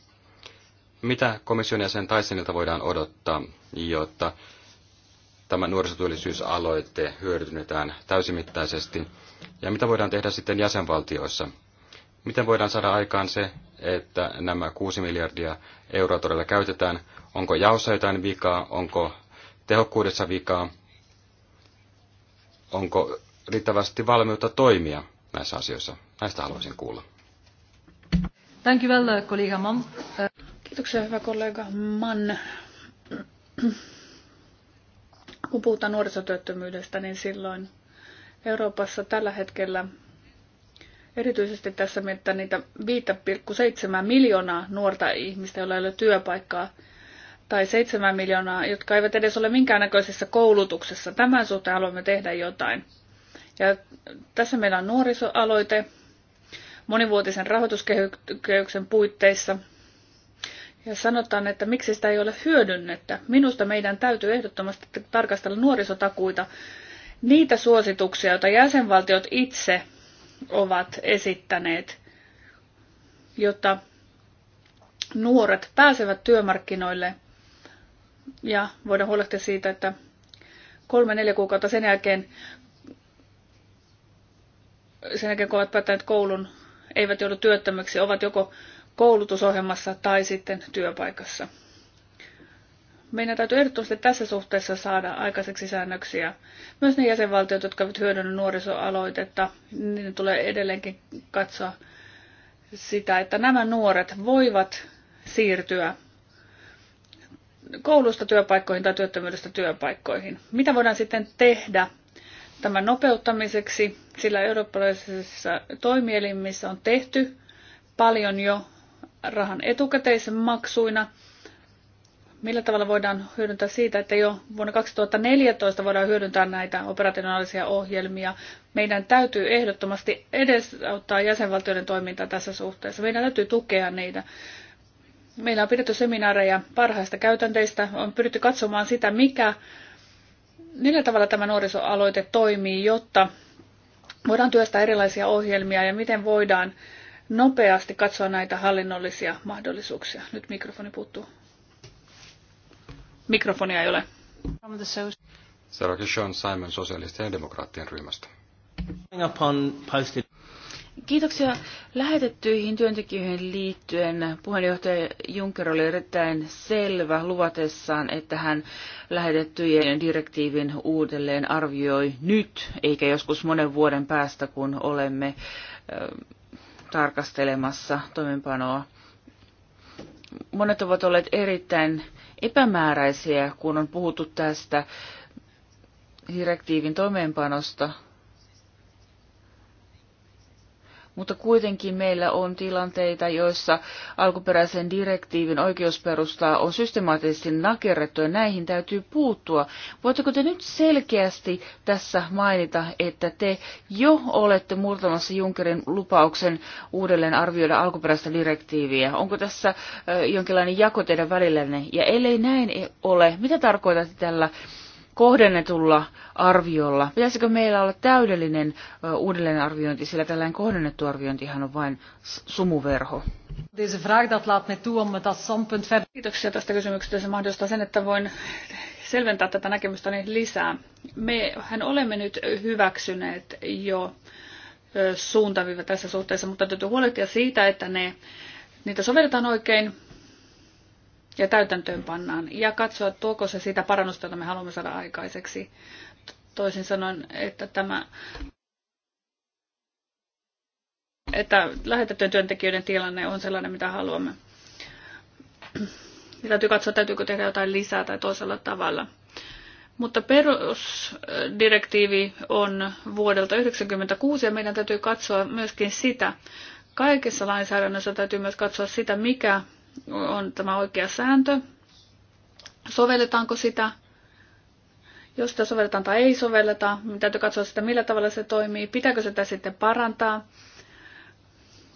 Speaker 3: Mitä komission jäsen Taisenilta voidaan odottaa, jotta tämä nuorisotyöllisyysaloite hyödynnetään täysimittaisesti? Ja mitä voidaan tehdä sitten jäsenvaltioissa? Miten voidaan saada aikaan se, että nämä 6 miljardia euroa todella käytetään? Onko jaossa jotain vikaa? Onko tehokkuudessa vikaa? Onko riittävästi valmiutta toimia? näissä asioissa. Näistä haluaisin kuulla.
Speaker 2: Thank you well, kollega uh, Mann. Uh, Kiitoksia, hyvä kollega Mann.
Speaker 1: Kun puhutaan nuorisotyöttömyydestä, niin silloin Euroopassa tällä hetkellä erityisesti tässä mietitään niitä 5,7 miljoonaa nuorta ihmistä, joilla ei ole työpaikkaa, tai 7 miljoonaa, jotka eivät edes ole minkäännäköisessä koulutuksessa. Tämän suhteen haluamme tehdä jotain. Ja tässä meillä on nuorisoaloite monivuotisen rahoituskehyksen puitteissa. Ja sanotaan, että miksi sitä ei ole hyödynnettä. Minusta meidän täytyy ehdottomasti tarkastella nuorisotakuita, niitä suosituksia, joita jäsenvaltiot itse ovat esittäneet, jotta nuoret pääsevät työmarkkinoille ja voidaan huolehtia siitä, että kolme-neljä kuukautta sen jälkeen, sen jälkeen kun ovat päättäneet koulun, eivät joudu työttömäksi, ovat joko koulutusohjelmassa tai sitten työpaikassa. Meidän täytyy ehdottomasti tässä suhteessa saada aikaiseksi säännöksiä. Myös ne jäsenvaltiot, jotka ovat hyödynneet nuorisoaloitetta, niin tulee edelleenkin katsoa sitä, että nämä nuoret voivat siirtyä koulusta työpaikkoihin tai työttömyydestä työpaikkoihin. Mitä voidaan sitten tehdä tämän nopeuttamiseksi? sillä eurooppalaisissa toimielimissä on tehty paljon jo rahan etukäteisen maksuina. Millä tavalla voidaan hyödyntää siitä, että jo vuonna 2014 voidaan hyödyntää näitä operationaalisia ohjelmia. Meidän täytyy ehdottomasti edesauttaa jäsenvaltioiden toimintaa tässä suhteessa. Meidän täytyy tukea niitä. Meillä on pidetty seminaareja parhaista käytänteistä. On pyritty katsomaan sitä, mikä, millä tavalla tämä nuorisoaloite toimii, jotta voidaan työstää erilaisia ohjelmia ja miten voidaan nopeasti katsoa näitä hallinnollisia mahdollisuuksia. Nyt mikrofoni puuttuu. Mikrofonia ei ole.
Speaker 3: Sarah Kishon Simon sosiaalisten ja demokraattien ryhmästä.
Speaker 4: Kiitoksia lähetettyihin työntekijöihin liittyen. Puheenjohtaja Juncker oli erittäin selvä luvatessaan, että hän lähetettyjen direktiivin uudelleen arvioi nyt, eikä joskus monen vuoden päästä, kun olemme tarkastelemassa toimenpanoa. Monet ovat olleet erittäin epämääräisiä, kun on puhuttu tästä direktiivin toimeenpanosta mutta kuitenkin meillä on tilanteita, joissa alkuperäisen direktiivin oikeusperustaa on systemaattisesti nakerrettu ja näihin täytyy puuttua. Voitteko te nyt selkeästi tässä mainita, että te jo olette murtamassa Junckerin lupauksen uudelleen arvioida alkuperäistä direktiiviä? Onko tässä jonkinlainen jako teidän välillänne? Ja ellei näin ole, mitä tarkoitatte tällä kohdennetulla arviolla. Pitäisikö meillä olla täydellinen uudelleenarviointi, sillä tällainen kohdennettu arviointihan on vain sumuverho?
Speaker 2: Deze vraag dat laat me toe om
Speaker 1: dat standpunt verder. Kiitoksia tästä kysymyksestä. Se mahdollistaa sen, että voin selventää tätä näkemystäni lisää. Mehän olemme nyt hyväksyneet jo suuntaviiva tässä suhteessa, mutta täytyy huolehtia siitä, että ne, niitä sovelletaan oikein ja täytäntöön pannaan ja katsoa, tuoko se sitä parannusta, jota me haluamme saada aikaiseksi. Toisin sanoen, että tämä että lähetettyjen työntekijöiden tilanne on sellainen, mitä haluamme. Ja täytyy katsoa, täytyykö tehdä jotain lisää tai toisella tavalla. Mutta perusdirektiivi on vuodelta 1996 ja meidän täytyy katsoa myöskin sitä. Kaikessa lainsäädännössä täytyy myös katsoa sitä, mikä on tämä oikea sääntö, sovelletaanko sitä, jos sitä sovelletaan tai ei sovelleta, niin täytyy katsoa sitä, millä tavalla se toimii, pitääkö sitä sitten parantaa,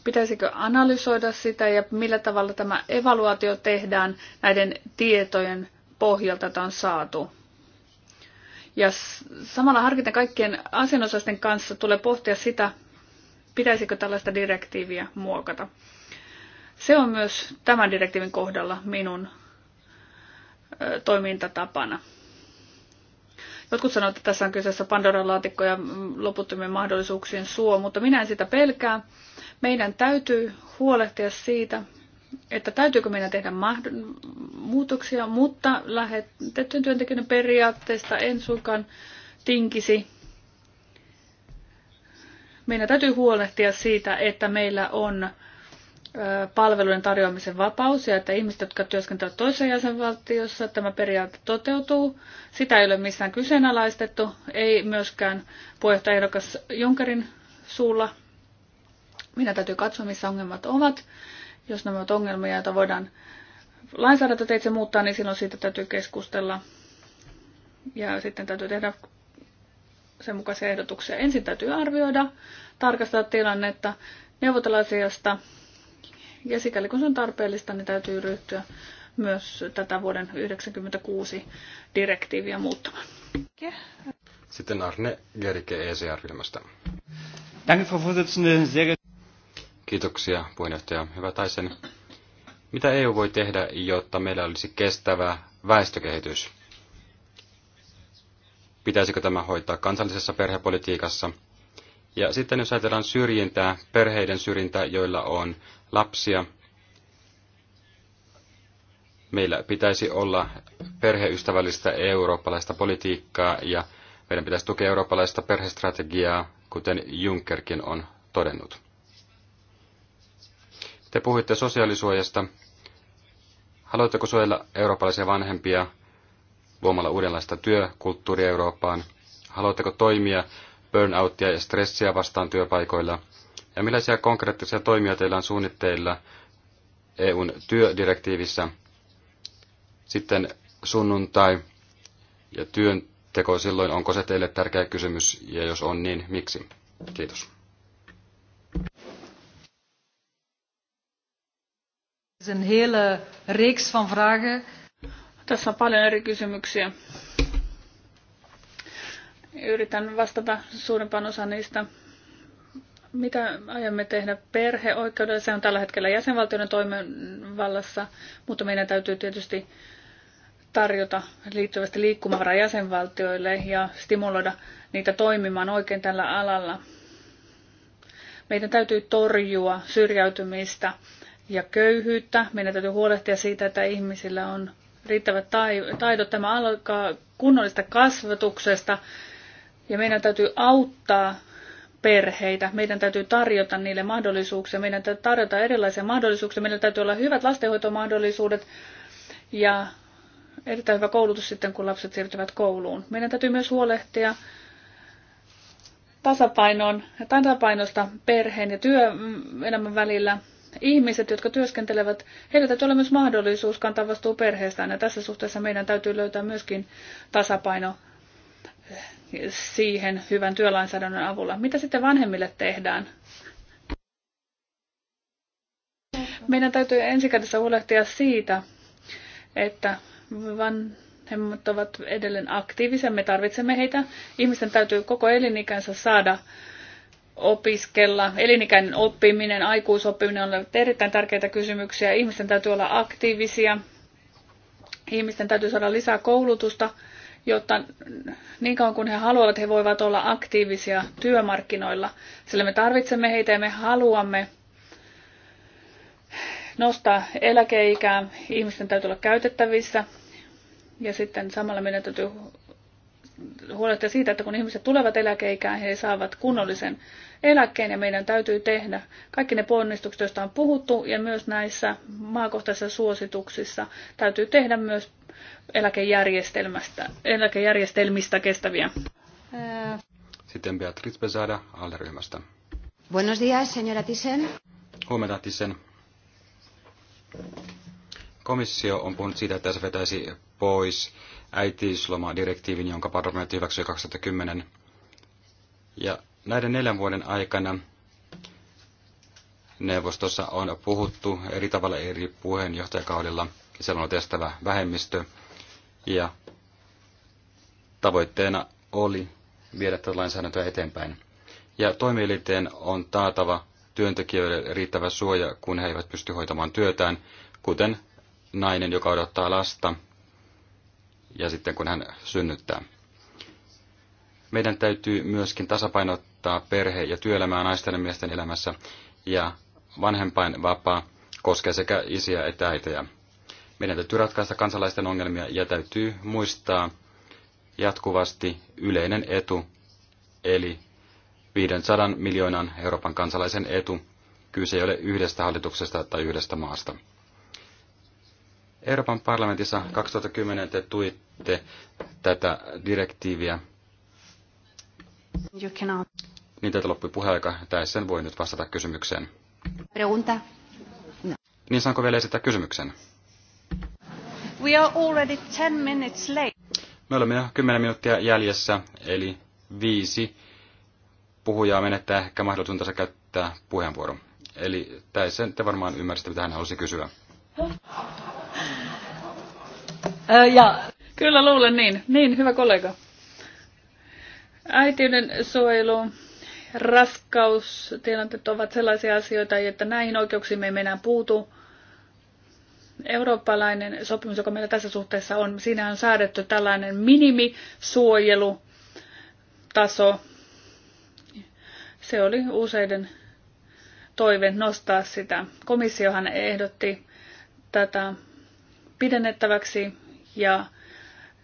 Speaker 1: pitäisikö analysoida sitä ja millä tavalla tämä evaluaatio tehdään näiden tietojen pohjalta, jota on saatu. Ja samalla harkiten kaikkien asianosaisten kanssa tulee pohtia sitä, pitäisikö tällaista direktiiviä muokata. Se on myös tämän direktiivin kohdalla minun toimintatapana. Jotkut sanovat, että tässä on kyseessä Pandoran laatikko ja mm, loputtomien mahdollisuuksien suo, mutta minä en sitä pelkää. Meidän täytyy huolehtia siitä, että täytyykö meidän tehdä muutoksia, mutta lähetettyjen työntekijöiden periaatteesta en suinkaan tinkisi. Meidän täytyy huolehtia siitä, että meillä on palvelujen tarjoamisen vapaus ja että ihmiset, jotka työskentelevät toisessa jäsenvaltiossa, tämä periaate toteutuu. Sitä ei ole missään kyseenalaistettu, ei myöskään puheenjohtajaehdokas Junckerin suulla. Minä täytyy katsoa, missä ongelmat ovat. Jos nämä ovat ongelmia, joita voidaan lainsäädäntöteitse muuttaa, niin silloin siitä täytyy keskustella. Ja sitten täytyy tehdä sen mukaisia ehdotuksia. Ensin täytyy arvioida, tarkastaa tilannetta, neuvotella asiasta, ja sikäli kun se on tarpeellista, niin täytyy ryhtyä myös tätä vuoden 1996 direktiiviä muuttamaan.
Speaker 3: Sitten Arne Gerike ecr ilmasta Kiitoksia puheenjohtaja. Hyvä Taisen. Mitä EU voi tehdä, jotta meillä olisi kestävä väestökehitys? Pitäisikö tämä hoitaa kansallisessa perhepolitiikassa? Ja sitten jos ajatellaan syrjintää, perheiden syrjintää, joilla on lapsia. Meillä pitäisi olla perheystävällistä eurooppalaista politiikkaa ja meidän pitäisi tukea eurooppalaista perhestrategiaa, kuten Junckerkin on todennut. Te puhuitte sosiaalisuojasta. Haluatteko suojella eurooppalaisia vanhempia luomalla uudenlaista työkulttuuria Eurooppaan? Haluatteko toimia burnoutia ja stressiä vastaan työpaikoilla? Ja millaisia konkreettisia toimia teillä on suunnitteilla EUn työdirektiivissä, sitten sunnuntai ja työnteko silloin, onko se teille tärkeä kysymys ja jos on, niin miksi? Kiitos.
Speaker 2: hele Tässä on paljon eri kysymyksiä.
Speaker 1: Yritän vastata suurimpaan osaan niistä mitä aiomme tehdä perheoikeudelle. Se on tällä hetkellä jäsenvaltioiden toimenvallassa, mutta meidän täytyy tietysti tarjota liittyvästi liikkumavaraa jäsenvaltioille ja stimuloida niitä toimimaan oikein tällä alalla. Meidän täytyy torjua syrjäytymistä ja köyhyyttä. Meidän täytyy huolehtia siitä, että ihmisillä on riittävät taidot. Tämä alkaa kunnollista kasvatuksesta ja meidän täytyy auttaa perheitä. Meidän täytyy tarjota niille mahdollisuuksia, meidän täytyy tarjota erilaisia mahdollisuuksia, meillä täytyy olla hyvät lastenhoitomahdollisuudet ja erittäin hyvä koulutus sitten, kun lapset siirtyvät kouluun. Meidän täytyy myös huolehtia tasapainon, tasapainosta perheen ja työelämän välillä. Ihmiset, jotka työskentelevät, heillä täytyy olla myös mahdollisuus kantaa vastuu perheestään ja tässä suhteessa meidän täytyy löytää myöskin tasapaino siihen hyvän työlainsäädännön avulla. Mitä sitten vanhemmille tehdään? Meidän täytyy ensikädessä huolehtia siitä, että vanhemmat ovat edelleen aktiivisia. Me tarvitsemme heitä. Ihmisten täytyy koko elinikänsä saada opiskella. Elinikäinen oppiminen, aikuisoppiminen on erittäin tärkeitä kysymyksiä. Ihmisten täytyy olla aktiivisia. Ihmisten täytyy saada lisää koulutusta jotta niin kauan kuin he haluavat, he voivat olla aktiivisia työmarkkinoilla, sillä me tarvitsemme heitä ja me haluamme nostaa eläkeikää, ihmisten täytyy olla käytettävissä ja sitten samalla meidän täytyy huolehtia siitä, että kun ihmiset tulevat eläkeikään, he saavat kunnollisen eläkkeen ja meidän täytyy tehdä kaikki ne ponnistukset, joista on puhuttu ja myös näissä maakohtaisissa suosituksissa täytyy tehdä myös eläkejärjestelmästä, eläkejärjestelmistä
Speaker 3: kestäviä. Sitten Beatriz Besada alderyhmästä. Buenos días, señora Thyssen. Huomenta, Thyssen. Komissio on puhunut siitä, että se vetäisi pois äitiyslomadirektiivin, jonka parlamentti hyväksyi 2010. Ja näiden neljän vuoden aikana neuvostossa on puhuttu eri tavalla eri puheenjohtajakaudella – siellä on testävä vähemmistö. Ja tavoitteena oli viedä tätä lainsäädäntöä eteenpäin. Ja toimielinten on taatava työntekijöille riittävä suoja, kun he eivät pysty hoitamaan työtään, kuten nainen, joka odottaa lasta ja sitten kun hän synnyttää. Meidän täytyy myöskin tasapainottaa perhe- ja työelämää naisten ja miesten elämässä ja vanhempainvapaa koskee sekä isiä että äitejä. Meidän täytyy ratkaista kansalaisten ongelmia ja täytyy muistaa jatkuvasti yleinen etu, eli 500 miljoonan Euroopan kansalaisen etu. Kyse ei ole yhdestä hallituksesta tai yhdestä maasta. Euroopan parlamentissa 2010 te tuitte tätä direktiiviä. You cannot. Niin tätä loppui puheaika, tai sen voi nyt vastata kysymykseen. No. Niin saanko vielä esittää kysymyksen?
Speaker 2: We are already minutes late.
Speaker 3: Me olemme jo kymmenen minuuttia jäljessä, eli viisi puhujaa menettää ehkä mahdollisuutensa käyttää puheenvuoron. Eli täisen te varmaan ymmärsitte, mitä hän halusi kysyä.
Speaker 1: Ja. Kyllä luulen niin. Niin, hyvä kollega. Äitiyden suojelu, raskaustilanteet ovat sellaisia asioita, että näihin oikeuksiin me ei enää puutu eurooppalainen sopimus, joka meillä tässä suhteessa on, siinä on säädetty tällainen minimisuojelutaso. Se oli useiden toive nostaa sitä. Komissiohan ehdotti tätä pidennettäväksi ja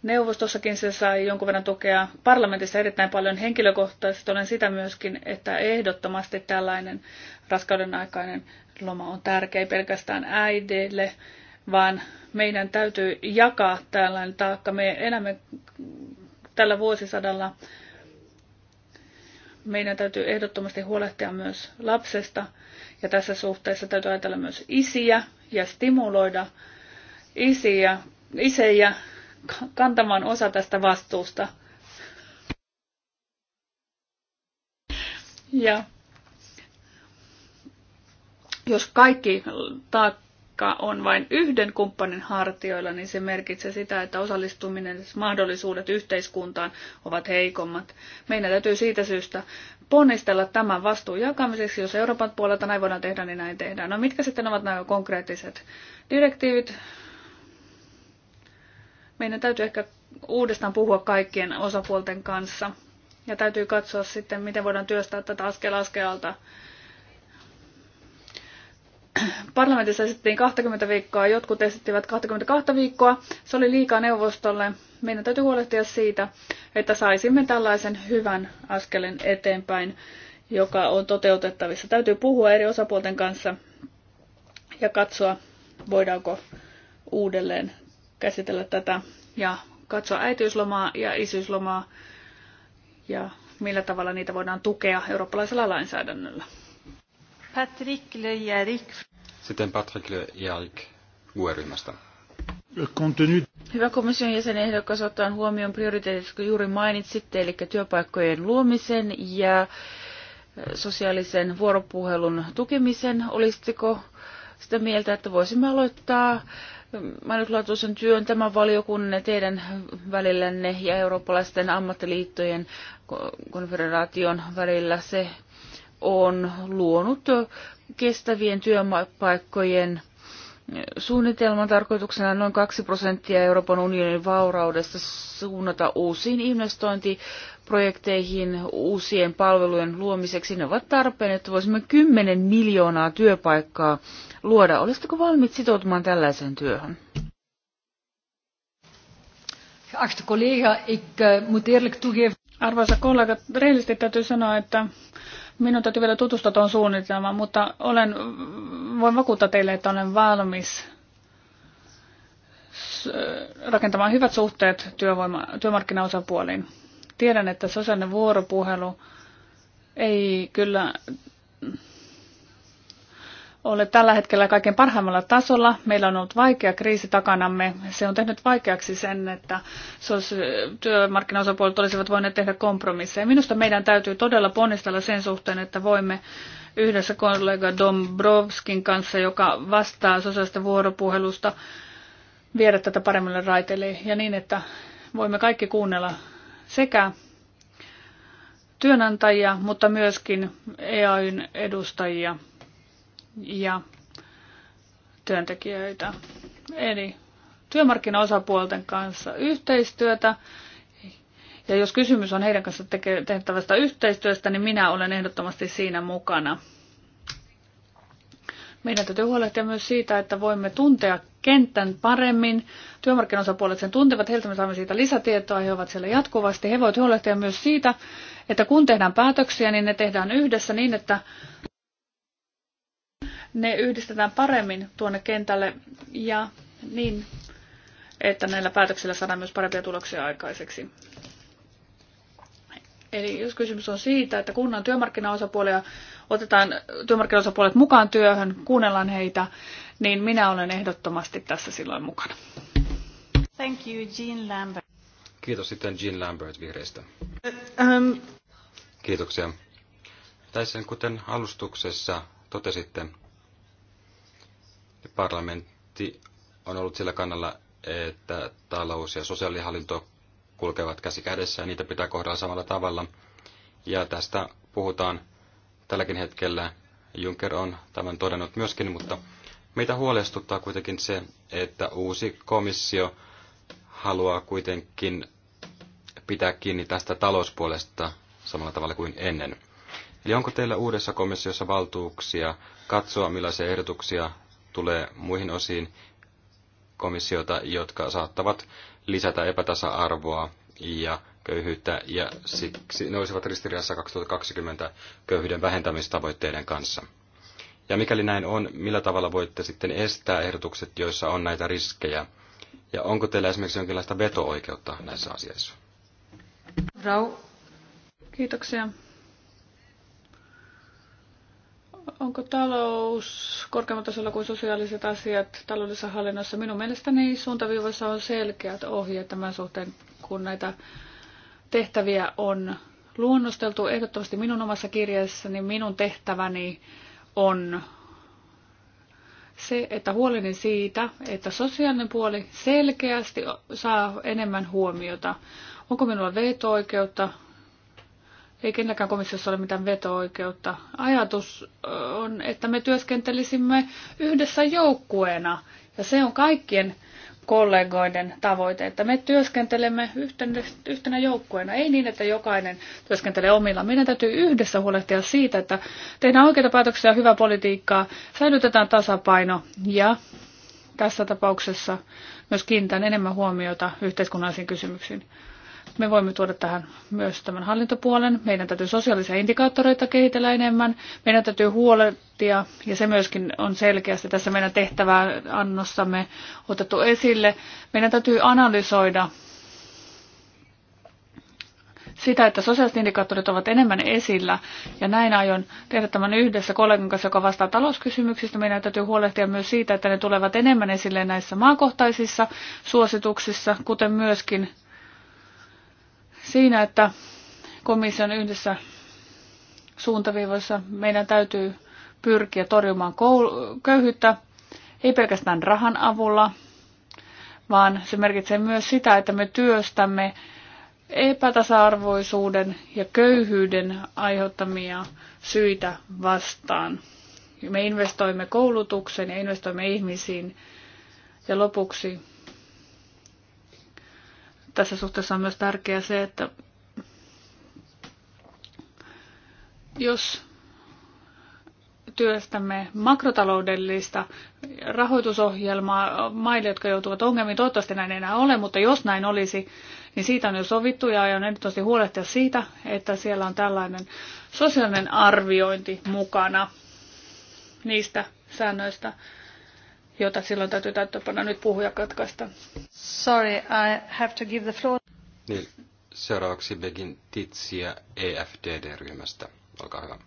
Speaker 1: neuvostossakin se sai jonkun verran tukea. Parlamentissa erittäin paljon henkilökohtaisesti olen sitä myöskin, että ehdottomasti tällainen raskauden aikainen loma on tärkeä pelkästään äidille vaan meidän täytyy jakaa tällainen taakka. Me elämme tällä vuosisadalla. Meidän täytyy ehdottomasti huolehtia myös lapsesta ja tässä suhteessa täytyy ajatella myös isiä ja stimuloida isiä, isejä kantamaan osa tästä vastuusta. Ja jos kaikki taak, vaikka on vain yhden kumppanin hartioilla, niin se merkitsee sitä, että osallistuminen mahdollisuudet yhteiskuntaan ovat heikommat. Meidän täytyy siitä syystä ponnistella tämän vastuun jakamiseksi. Jos Euroopan puolelta näin voidaan tehdä, niin näin tehdään. No mitkä sitten ovat nämä konkreettiset direktiivit? Meidän täytyy ehkä uudestaan puhua kaikkien osapuolten kanssa. Ja täytyy katsoa sitten, miten voidaan työstää tätä askel askelalta parlamentissa esitettiin 20 viikkoa, jotkut esittivät 22 viikkoa. Se oli liikaa neuvostolle. Meidän täytyy huolehtia siitä, että saisimme tällaisen hyvän askelen eteenpäin, joka on toteutettavissa. Täytyy puhua eri osapuolten kanssa ja katsoa, voidaanko uudelleen käsitellä tätä ja katsoa äitiyslomaa ja isyyslomaa ja millä tavalla niitä voidaan tukea eurooppalaisella lainsäädännöllä.
Speaker 2: Patrick Le Jarik.
Speaker 3: Sitten Patrick Le Jarik UE-ryhmästä.
Speaker 4: Hyvä komission ehdokas ottaen huomioon prioriteetit, jotka juuri mainitsitte, eli työpaikkojen luomisen ja eh, sosiaalisen vuoropuhelun tukemisen. Olisitteko sitä mieltä, että voisimme aloittaa mainitlaatuisen mm, työn tämän valiokunnan teidän välillänne ja eurooppalaisten ammattiliittojen konfederaation välillä se on luonut kestävien työpaikkojen Suunnitelman tarkoituksena on noin 2 prosenttia Euroopan unionin vauraudesta suunnata uusiin investointiprojekteihin uusien palvelujen luomiseksi. Ne ovat tarpeen, että voisimme 10 miljoonaa työpaikkaa luoda. Olisitteko valmiit sitoutumaan tällaiseen työhön?
Speaker 2: Eh,
Speaker 1: Arvoisa kollega, rehellisesti täytyy sanoa, että Minun täytyy vielä tutustua tuon suunnitelmaan, mutta olen, voin vakuuttaa teille, että olen valmis äh, rakentamaan hyvät suhteet työvoima, työmarkkinaosapuoliin. Tiedän, että sosiaalinen vuoropuhelu ei kyllä ole tällä hetkellä kaiken parhaimmalla tasolla. Meillä on ollut vaikea kriisi takanamme. Se on tehnyt vaikeaksi sen, että työmarkkinaosapuolet olisivat voineet tehdä kompromisseja. Minusta meidän täytyy todella ponnistella sen suhteen, että voimme yhdessä kollega Dombrovskin kanssa, joka vastaa sosiaalista vuoropuhelusta, viedä tätä paremmille raiteille ja niin, että voimme kaikki kuunnella sekä työnantajia, mutta myöskin EAYn edustajia ja työntekijöitä. Eli työmarkkinaosapuolten kanssa yhteistyötä. Ja jos kysymys on heidän kanssa tehtävästä yhteistyöstä, niin minä olen ehdottomasti siinä mukana. Meidän täytyy huolehtia myös siitä, että voimme tuntea kentän paremmin. Työmarkkinosapuolet sen tuntevat, heiltä me saamme siitä lisätietoa, he ovat siellä jatkuvasti. He voivat huolehtia myös siitä, että kun tehdään päätöksiä, niin ne tehdään yhdessä niin, että ne yhdistetään paremmin tuonne kentälle ja niin, että näillä päätöksillä saadaan myös parempia tuloksia aikaiseksi. Eli jos kysymys on siitä, että kunnan työmarkkinaosapuolia otetaan työmarkkinaosapuolet mukaan työhön, kuunnellaan heitä, niin minä olen ehdottomasti tässä
Speaker 3: silloin mukana.
Speaker 1: Thank you, Jean Lambert.
Speaker 3: Kiitos sitten Jean Lambert vihreistä.
Speaker 1: Uh, um.
Speaker 3: Kiitoksia. Tässä kuten alustuksessa totesitte, Parlamentti on ollut sillä kannalla, että talous- ja sosiaalihallinto kulkevat käsi kädessä ja niitä pitää kohdella samalla tavalla. Ja tästä puhutaan tälläkin hetkellä. Juncker on tämän todennut myöskin, mutta meitä huolestuttaa kuitenkin se, että uusi komissio haluaa kuitenkin pitää kiinni tästä talouspuolesta samalla tavalla kuin ennen. Eli onko teillä uudessa komissiossa valtuuksia katsoa, millaisia ehdotuksia tulee muihin osiin komissiota, jotka saattavat lisätä epätasa-arvoa ja köyhyyttä ja siksi nousivat ristiriidassa 2020 köyhyyden vähentämistavoitteiden kanssa. Ja mikäli näin on, millä tavalla voitte sitten estää ehdotukset, joissa on näitä riskejä? Ja onko teillä esimerkiksi jonkinlaista veto-oikeutta näissä asioissa?
Speaker 2: Rau. Kiitoksia
Speaker 1: onko talous korkeammalla tasolla kuin sosiaaliset asiat taloudellisessa hallinnossa? Minun mielestäni suuntaviivoissa on selkeät ohjeet tämän suhteen, kun näitä tehtäviä on luonnosteltu. Ehdottomasti minun omassa kirjassani minun tehtäväni on se, että huoleni siitä, että sosiaalinen puoli selkeästi saa enemmän huomiota. Onko minulla veto-oikeutta ei kenelläkään komissiossa ole mitään veto-oikeutta. Ajatus on, että me työskentelisimme yhdessä joukkueena, ja se on kaikkien kollegoiden tavoite, että me työskentelemme yhtenä, yhtenä joukkueena, ei niin, että jokainen työskentelee omilla. Meidän täytyy yhdessä huolehtia siitä, että tehdään oikeita päätöksiä ja hyvää politiikkaa, säilytetään tasapaino ja tässä tapauksessa myös kiinnitän enemmän huomiota yhteiskunnallisiin kysymyksiin. Me voimme tuoda tähän myös tämän hallintopuolen. Meidän täytyy sosiaalisia indikaattoreita kehitellä enemmän. Meidän täytyy huolehtia, ja se myöskin on selkeästi tässä meidän tehtävää annossamme otettu esille. Meidän täytyy analysoida sitä, että sosiaaliset indikaattorit ovat enemmän esillä, ja näin aion tehdä tämän yhdessä kollegan kanssa, joka vastaa talouskysymyksistä. Meidän täytyy huolehtia myös siitä, että ne tulevat enemmän esille näissä maakohtaisissa suosituksissa, kuten myöskin siinä, että komission yhdessä suuntaviivoissa meidän täytyy pyrkiä torjumaan köyhyyttä, ei pelkästään rahan avulla, vaan se merkitsee myös sitä, että me työstämme epätasa-arvoisuuden ja köyhyyden aiheuttamia syitä vastaan. Me investoimme koulutukseen ja investoimme ihmisiin. Ja lopuksi tässä suhteessa on myös tärkeää se, että jos työstämme makrotaloudellista rahoitusohjelmaa maille, jotka joutuvat ongelmiin. Toivottavasti näin ei enää ole, mutta jos näin olisi, niin siitä on jo sovittu ja aion erityisesti huolehtia siitä, että siellä on tällainen sosiaalinen arviointi mukana niistä säännöistä, jota silloin täytyy panna nyt puhuja
Speaker 2: katkaista. Sorry, I have to give the floor.
Speaker 3: Niin, seuraavaksi Begin Titsiä EFDD-ryhmästä. Olkaa hyvä.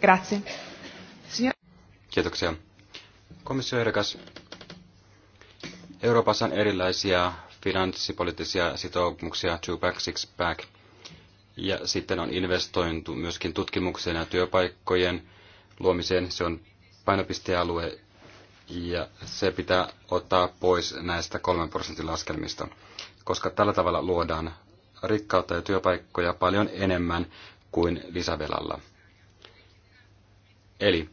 Speaker 3: Grazie. Kiitoksia. Komissio Erikas, Euroopassa on erilaisia finanssipoliittisia sitoumuksia, two back, six back, Ja sitten on investointu myöskin tutkimukseen ja työpaikkojen luomiseen. Se on painopistealue ja se pitää ottaa pois näistä kolmen prosentin laskelmista, koska tällä tavalla luodaan rikkautta ja työpaikkoja paljon enemmän kuin lisävelalla. Eli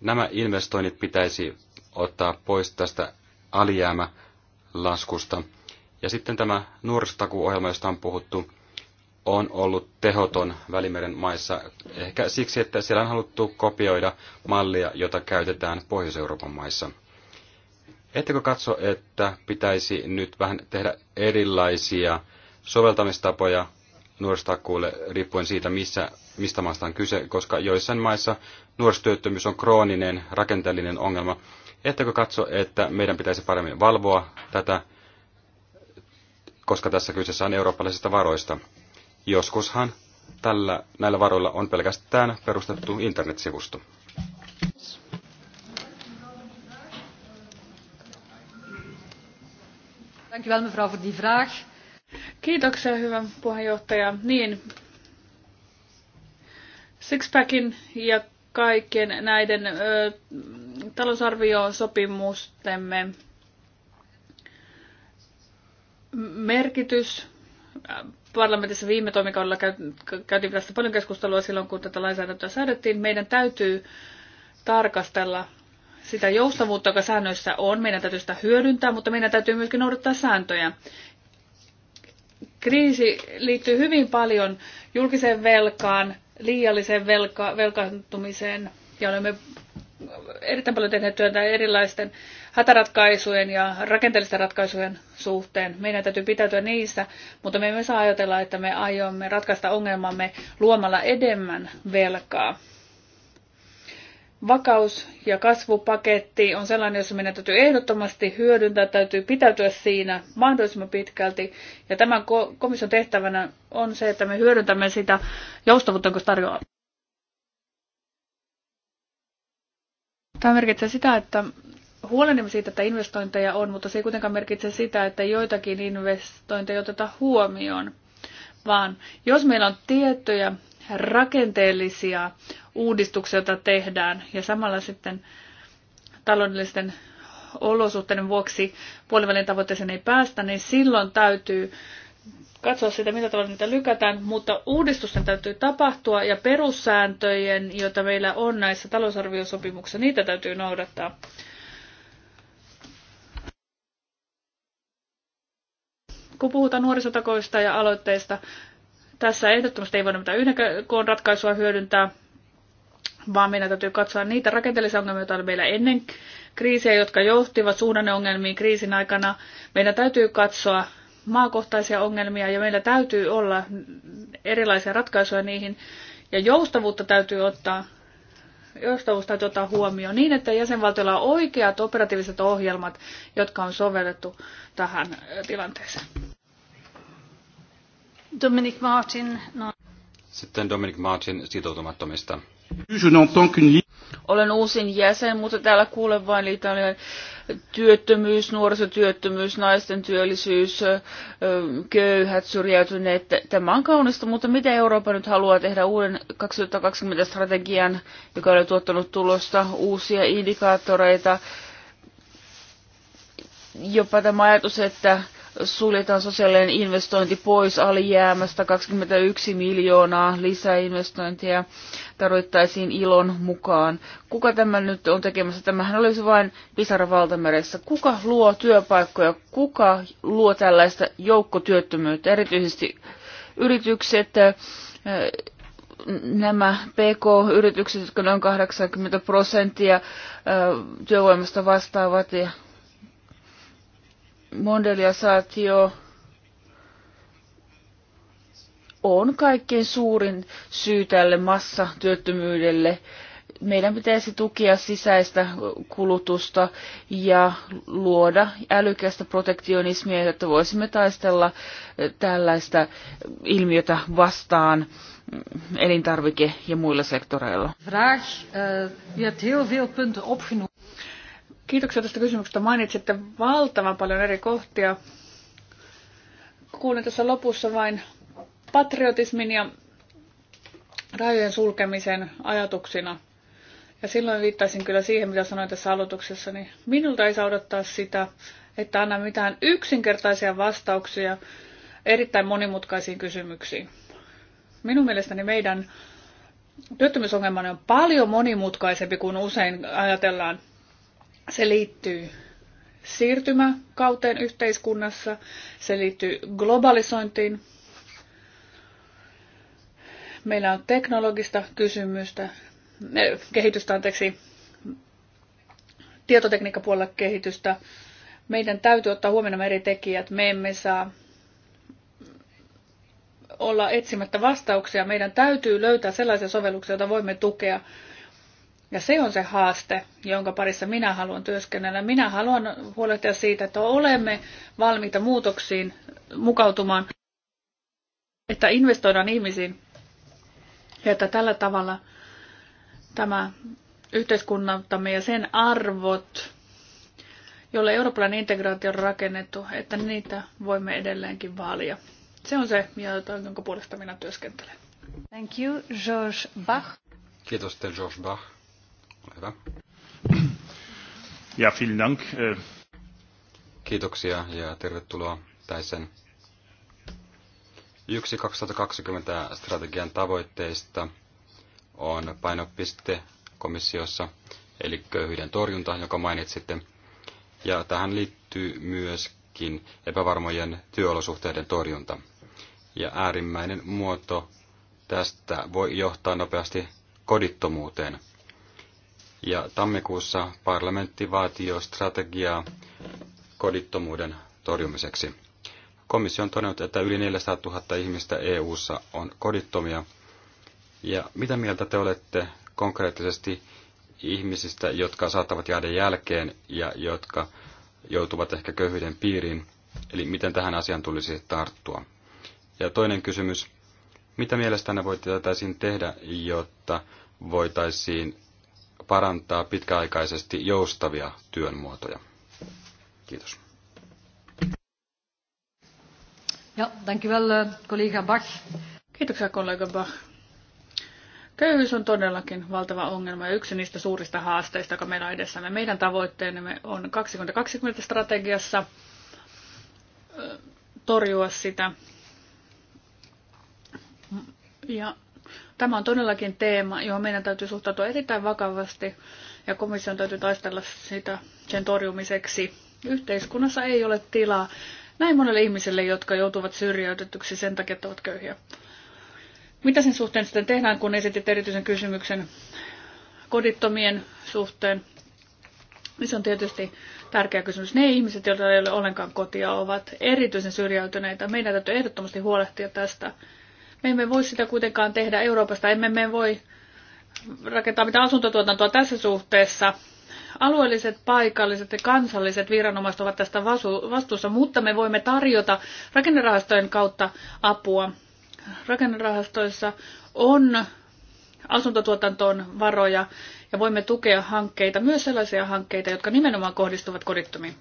Speaker 3: nämä investoinnit pitäisi ottaa pois tästä alijäämälaskusta. Ja sitten tämä nuorisotakuohjelma, josta on puhuttu, on ollut tehoton Välimeren maissa, ehkä siksi, että siellä on haluttu kopioida mallia, jota käytetään Pohjois-Euroopan maissa. Ettekö katso, että pitäisi nyt vähän tehdä erilaisia soveltamistapoja nuorisotakuulle riippuen siitä, missä, mistä maasta on kyse, koska joissain maissa nuorisotyöttömyys on krooninen, rakenteellinen ongelma. Ettekö katso, että meidän pitäisi paremmin valvoa tätä, koska tässä kyseessä on eurooppalaisista varoista? Joskushan tällä, näillä varoilla on pelkästään perustettu internetsivusto.
Speaker 2: Dankjewel mevrouw voor die vraag. Kiitoksia hyvä puheenjohtaja. Niin,
Speaker 1: Sixpackin ja kaikkien näiden ö, talousarviosopimustemme merkitys parlamentissa viime toimikaudella käytiin tästä paljon keskustelua silloin, kun tätä lainsäädäntöä säädettiin. Meidän täytyy tarkastella sitä joustavuutta, joka säännöissä on. Meidän täytyy sitä hyödyntää, mutta meidän täytyy myöskin noudattaa sääntöjä. Kriisi liittyy hyvin paljon julkiseen velkaan, liialliseen velka, velkaantumiseen ja olemme erittäin paljon tehneet työtä erilaisten hätäratkaisujen ja rakenteellisten ratkaisujen suhteen. Meidän täytyy pitäytyä niissä, mutta me emme saa ajatella, että me aiomme ratkaista ongelmamme luomalla enemmän velkaa. Vakaus- ja kasvupaketti on sellainen, jossa meidän täytyy ehdottomasti hyödyntää, täytyy pitäytyä siinä mahdollisimman pitkälti. Ja tämän komission tehtävänä on se, että me hyödyntämme sitä joustavuutta, kun tarjoaa. Tämä merkitsee sitä, että huolenemme siitä, että investointeja on, mutta se ei kuitenkaan merkitse sitä, että joitakin investointeja oteta huomioon. Vaan jos meillä on tiettyjä rakenteellisia uudistuksia, joita tehdään, ja samalla sitten taloudellisten olosuhteiden vuoksi puolivälin tavoitteeseen ei päästä, niin silloin täytyy katsoa sitä, mitä tavalla niitä lykätään, mutta uudistusten täytyy tapahtua ja perussääntöjen, joita meillä on näissä talousarviosopimuksissa, niitä täytyy noudattaa. Kun puhutaan nuorisotakoista ja aloitteista, tässä ehdottomasti ei voida mitään yhden koon ratkaisua hyödyntää, vaan meidän täytyy katsoa niitä rakenteellisia ongelmia, joita oli meillä ennen kriisiä, jotka johtivat suhdanneongelmiin kriisin aikana. Meidän täytyy katsoa maakohtaisia ongelmia ja meillä täytyy olla erilaisia ratkaisuja niihin. Ja joustavuutta täytyy ottaa, joustavuus täytyy ottaa huomioon niin, että jäsenvaltioilla on oikeat operatiiviset ohjelmat, jotka on sovellettu tähän tilanteeseen.
Speaker 2: Dominic Martin. No.
Speaker 3: Sitten Dominic Martin sitoutumattomista.
Speaker 4: Olen uusin jäsen, mutta täällä kuulen vain italian työttömyys, nuorisotyöttömyys, naisten työllisyys, köyhät, syrjäytyneet. Tämä on kaunista, mutta mitä Eurooppa nyt haluaa tehdä uuden 2020-strategian, joka oli tuottanut tulosta uusia indikaattoreita? Jopa tämä ajatus, että suljetaan sosiaalinen investointi pois alijäämästä 21 miljoonaa lisäinvestointia tarvittaisiin ilon mukaan. Kuka tämä nyt on tekemässä? Tämähän olisi vain pisara valtameressä. Kuka luo työpaikkoja? Kuka luo tällaista joukkotyöttömyyttä? Erityisesti yritykset, äh, nämä PK-yritykset, jotka noin 80 prosenttia äh, työvoimasta vastaavat ja mondelisaatio on kaikkein suurin syy tälle massatyöttömyydelle. Meidän pitäisi tukea sisäistä kulutusta ja luoda älykästä protektionismia, jotta voisimme taistella tällaista ilmiötä vastaan elintarvike- ja muilla sektoreilla.
Speaker 2: Eh,
Speaker 1: Kiitoksia tästä kysymyksestä. Mainitsitte valtavan paljon eri kohtia. Kuulin tässä lopussa vain patriotismin ja rajojen sulkemisen ajatuksina. Ja silloin viittaisin kyllä siihen, mitä sanoin tässä aloituksessa, niin minulta ei saa odottaa sitä, että anna mitään yksinkertaisia vastauksia erittäin monimutkaisiin kysymyksiin. Minun mielestäni meidän työttömyysongelmamme on paljon monimutkaisempi kuin usein ajatellaan. Se liittyy siirtymäkauteen yhteiskunnassa, se liittyy globalisointiin. Meillä on teknologista kysymystä, eh, kehitystä, anteeksi, tietotekniikkapuolella kehitystä. Meidän täytyy ottaa huomioon eri tekijät. Me emme saa olla etsimättä vastauksia. Meidän täytyy löytää sellaisia sovelluksia, joita voimme tukea ja se on se haaste, jonka parissa minä haluan työskennellä. Minä haluan huolehtia siitä, että olemme valmiita muutoksiin mukautumaan, että investoidaan ihmisiin ja että tällä tavalla tämä yhteiskunnattamme ja sen arvot, jolle eurooppalainen integraatio on rakennettu, että niitä voimme edelleenkin vaalia. Se on se, jonka puolesta minä työskentelen.
Speaker 2: Thank you, George Bach.
Speaker 3: Kiitos te, George Bach. Hyvä. Ja vielen dank. Äh, Kiitoksia ja tervetuloa Täisen 1 2020 strategian tavoitteista on painopiste komissiossa, eli köyhyyden torjunta, joka mainitsitte. Ja tähän liittyy myöskin epävarmojen työolosuhteiden torjunta. Ja äärimmäinen muoto tästä voi johtaa nopeasti kodittomuuteen – ja tammikuussa parlamentti vaatii jo strategiaa kodittomuuden torjumiseksi. Komissio on todennut, että yli 400 000 ihmistä EU:ssa on kodittomia. Ja mitä mieltä te olette konkreettisesti ihmisistä, jotka saattavat jäädä jälkeen ja jotka joutuvat ehkä köyhyyden piiriin? Eli miten tähän asiaan tulisi tarttua? Ja toinen kysymys, mitä mielestänne voitaisiin tehdä, jotta voitaisiin parantaa pitkäaikaisesti joustavia työnmuotoja. Kiitos.
Speaker 2: Ja, dankjewel, kollega uh, Bach. Kiitoksia, kollega Bach.
Speaker 1: Köyhyys on todellakin valtava ongelma ja yksi niistä suurista haasteista, joka meillä on edessämme. Meidän tavoitteemme on 2020-strategiassa torjua sitä. Ja Tämä on todellakin teema, johon meidän täytyy suhtautua erittäin vakavasti ja komission täytyy taistella sitä sen torjumiseksi. Yhteiskunnassa ei ole tilaa näin monelle ihmiselle, jotka joutuvat syrjäytetyksi sen takia, että ovat köyhiä. Mitä sen suhteen sitten tehdään, kun esitit erityisen kysymyksen kodittomien suhteen? Se on tietysti tärkeä kysymys. Ne ihmiset, joilla ei ole ollenkaan kotia, ovat erityisen syrjäytyneitä. Meidän täytyy ehdottomasti huolehtia tästä me emme voi sitä kuitenkaan tehdä Euroopasta, emme me voi rakentaa mitään asuntotuotantoa tässä suhteessa. Alueelliset, paikalliset ja kansalliset viranomaiset ovat tästä vastuussa, mutta me voimme tarjota rakennerahastojen kautta apua. Rakennerahastoissa on asuntotuotantoon varoja ja voimme tukea hankkeita, myös sellaisia hankkeita, jotka nimenomaan kohdistuvat kodittomiin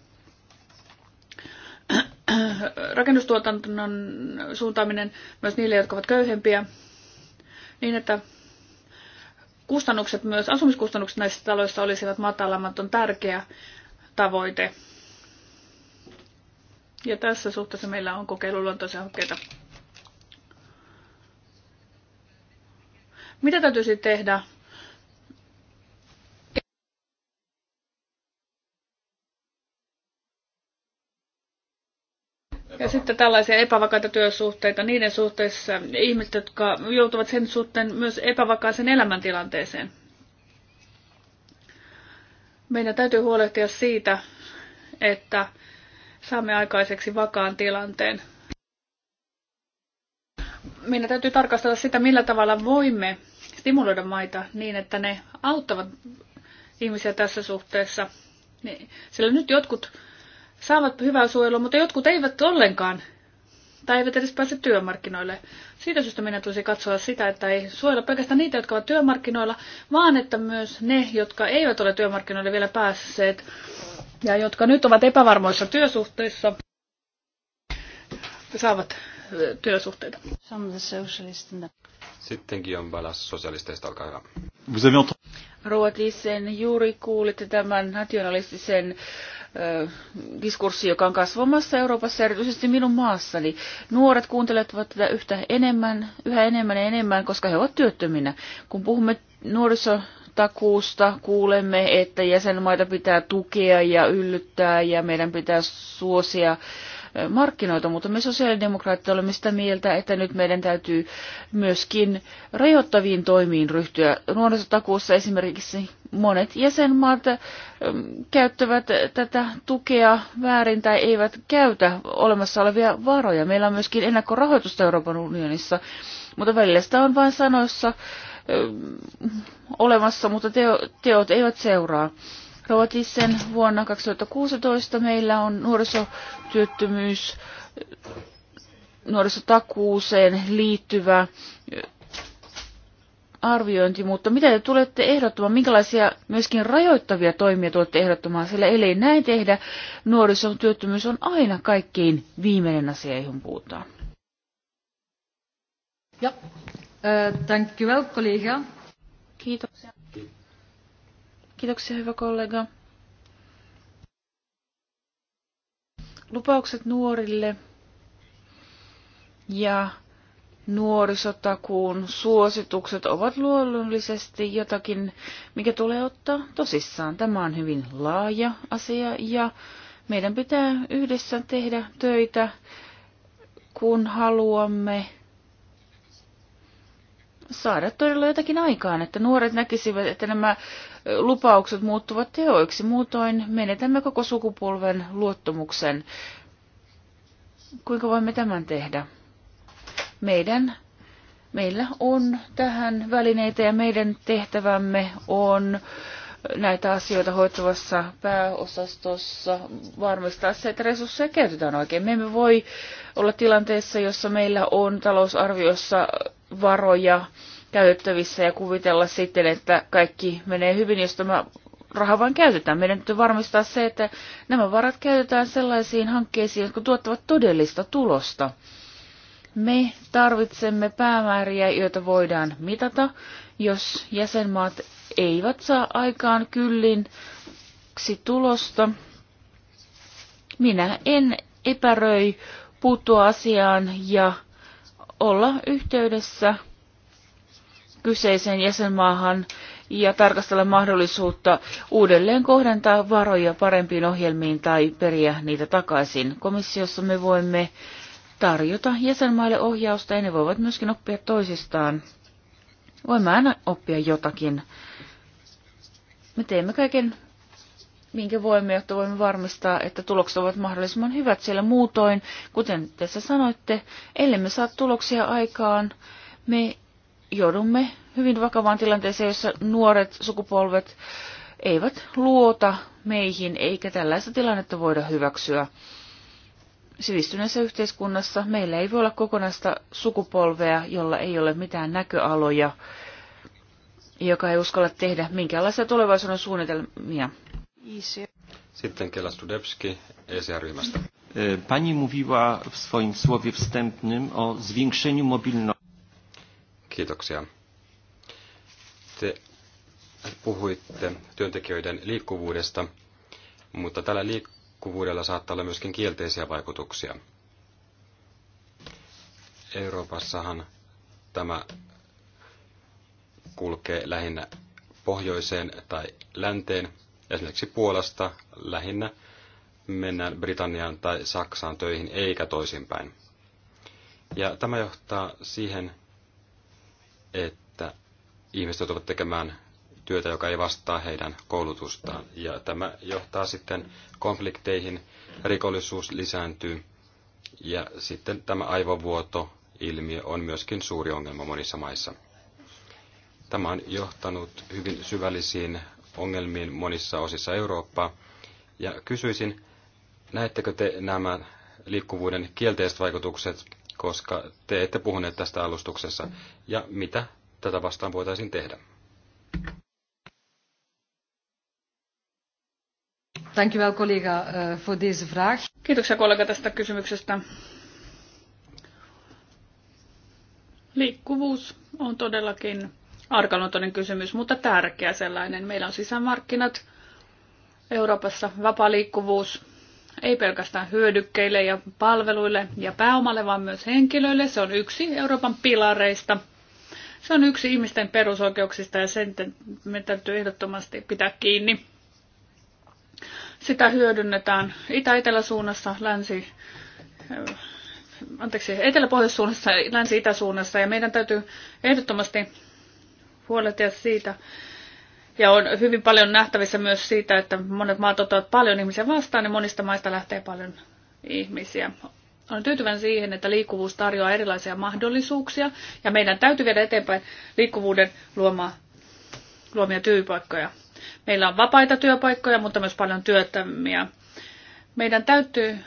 Speaker 1: rakennustuotannon suuntaaminen myös niille, jotka ovat köyhempiä, niin että kustannukset, myös asumiskustannukset näissä taloissa olisivat matalammat, on tärkeä tavoite. Ja tässä suhteessa meillä on kokeiluluontoisia hankkeita. Mitä täytyisi tehdä Ja sitten tällaisia epävakaita työsuhteita niiden suhteessa ihmiset, jotka joutuvat sen suhteen myös epävakaisen elämäntilanteeseen. Meidän täytyy huolehtia siitä, että saamme aikaiseksi vakaan tilanteen. Meidän täytyy tarkastella sitä, millä tavalla voimme stimuloida maita niin, että ne auttavat ihmisiä tässä suhteessa. Niin, sillä nyt jotkut saavat hyvää suojelua, mutta jotkut eivät ollenkaan tai eivät edes pääse työmarkkinoille. Siitä syystä minä tulisi katsoa sitä, että ei suojella pelkästään niitä, jotka ovat työmarkkinoilla, vaan että myös ne, jotka eivät ole työmarkkinoille vielä päässeet ja jotka nyt ovat epävarmoissa työsuhteissa, saavat työsuhteita.
Speaker 3: Sitten on Balas sosialisteista, olkaa hyvä.
Speaker 4: Ruotisen juuri kuulitte tämän nationalistisen diskurssi, joka on kasvamassa Euroopassa, erityisesti minun maassani. Nuoret kuuntelevat tätä yhtä enemmän, yhä enemmän ja enemmän, koska he ovat työttöminä. Kun puhumme takuusta kuulemme, että jäsenmaita pitää tukea ja yllyttää ja meidän pitää suosia markkinoita, mutta me sosiaalidemokraatit olemme sitä mieltä, että nyt meidän täytyy myöskin rajoittaviin toimiin ryhtyä. Nuorisotakuussa esimerkiksi monet jäsenmaat käyttävät tätä tukea väärin tai eivät käytä olemassa olevia varoja. Meillä on myöskin ennakkorahoitusta Euroopan unionissa, mutta välillä sitä on vain sanoissa olemassa, mutta teot eivät seuraa. Kauatisen vuonna 2016 meillä on nuorisotyöttömyys nuorisotakuuseen liittyvä äh, arviointi, mutta mitä te tulette ehdottamaan, minkälaisia myöskin rajoittavia toimia tulette ehdottamaan, sillä ellei näin tehdä, nuorisotyöttömyys on aina kaikkein viimeinen asia, johon puhutaan.
Speaker 2: Ja, äh, thank you, Kiitoksia. Kiitoksia, hyvä kollega.
Speaker 4: Lupaukset nuorille ja nuorisotakuun suositukset ovat luonnollisesti jotakin, mikä tulee ottaa tosissaan. Tämä on hyvin laaja asia ja meidän pitää yhdessä tehdä töitä, kun haluamme saada todella jotakin aikaan, että nuoret näkisivät, että nämä lupaukset muuttuvat teoiksi. Muutoin menetämme koko sukupolven luottamuksen. Kuinka voimme tämän tehdä? Meidän, meillä on tähän välineitä ja meidän tehtävämme on näitä asioita hoitavassa pääosastossa varmistaa se, että resursseja käytetään oikein. Me emme voi olla tilanteessa, jossa meillä on talousarviossa varoja käytettävissä ja kuvitella sitten, että kaikki menee hyvin, jos tämä raha vain käytetään. Meidän täytyy varmistaa se, että nämä varat käytetään sellaisiin hankkeisiin, jotka tuottavat todellista tulosta. Me tarvitsemme päämääriä, joita voidaan mitata, jos jäsenmaat eivät saa aikaan kylliksi tulosta. Minä en epäröi puuttua asiaan ja olla yhteydessä kyseiseen jäsenmaahan ja tarkastella mahdollisuutta uudelleen kohdentaa varoja parempiin ohjelmiin tai periä niitä takaisin. Komissiossa me voimme tarjota jäsenmaille ohjausta ja ne voivat myöskin oppia toisistaan. Voimme aina oppia jotakin. Me teemme kaiken, minkä voimme, jotta voimme varmistaa, että tulokset ovat mahdollisimman hyvät, siellä muutoin, kuten tässä sanoitte, ellei me saa tuloksia aikaan, me joudumme hyvin vakavaan tilanteeseen, jossa nuoret sukupolvet eivät luota meihin, eikä tällaista tilannetta voida hyväksyä. Sivistyneessä yhteiskunnassa meillä ei voi olla kokonaista sukupolvea, jolla ei ole mitään näköaloja, joka ei uskalla tehdä minkäänlaisia tulevaisuuden suunnitelmia.
Speaker 3: Sitten Kela Studebski ESR-ryhmästä. E, pani mówiła w swoim słowie wstępnym o zwiększeniu mobilności. Kiitoksia. Te puhuitte työntekijöiden liikkuvuudesta, mutta tällä liikkuvuudella saattaa olla myöskin kielteisiä vaikutuksia. Euroopassahan tämä kulkee lähinnä pohjoiseen tai länteen. Esimerkiksi Puolasta lähinnä mennään Britanniaan tai Saksaan töihin eikä toisinpäin. Ja tämä johtaa siihen, että ihmiset joutuvat tekemään työtä, joka ei vastaa heidän koulutustaan. Ja tämä johtaa sitten konflikteihin, rikollisuus lisääntyy ja sitten tämä aivovuoto-ilmiö on myöskin suuri ongelma monissa maissa. Tämä on johtanut hyvin syvällisiin ongelmiin monissa osissa Eurooppaa. Ja kysyisin, näettekö te nämä liikkuvuuden kielteiset vaikutukset koska te ette puhuneet tästä alustuksessa, ja mitä tätä vastaan voitaisiin tehdä?
Speaker 2: Thank kollega, uh, for vraag. Kiitoksia kollega tästä kysymyksestä.
Speaker 1: Liikkuvuus on todellakin arkaluontoinen kysymys, mutta tärkeä sellainen. Meillä on sisämarkkinat, Euroopassa vapaa liikkuvuus, ei pelkästään hyödykkeille ja palveluille ja pääomalle, vaan myös henkilöille. Se on yksi Euroopan pilareista. Se on yksi ihmisten perusoikeuksista ja sen me täytyy ehdottomasti pitää kiinni. Sitä hyödynnetään itä-eteläsuunnassa, länsi, äh, anteeksi, etelä-pohjoissuunnassa, länsi-itäsuunnassa ja meidän täytyy ehdottomasti huolehtia siitä, ja on hyvin paljon nähtävissä myös siitä, että monet maat ottavat paljon ihmisiä vastaan ja monista maista lähtee paljon ihmisiä. Olen tyytyväinen siihen, että liikkuvuus tarjoaa erilaisia mahdollisuuksia ja meidän täytyy viedä eteenpäin liikkuvuuden luoma, luomia työpaikkoja. Meillä on vapaita työpaikkoja, mutta myös paljon työttömiä. Meidän täytyy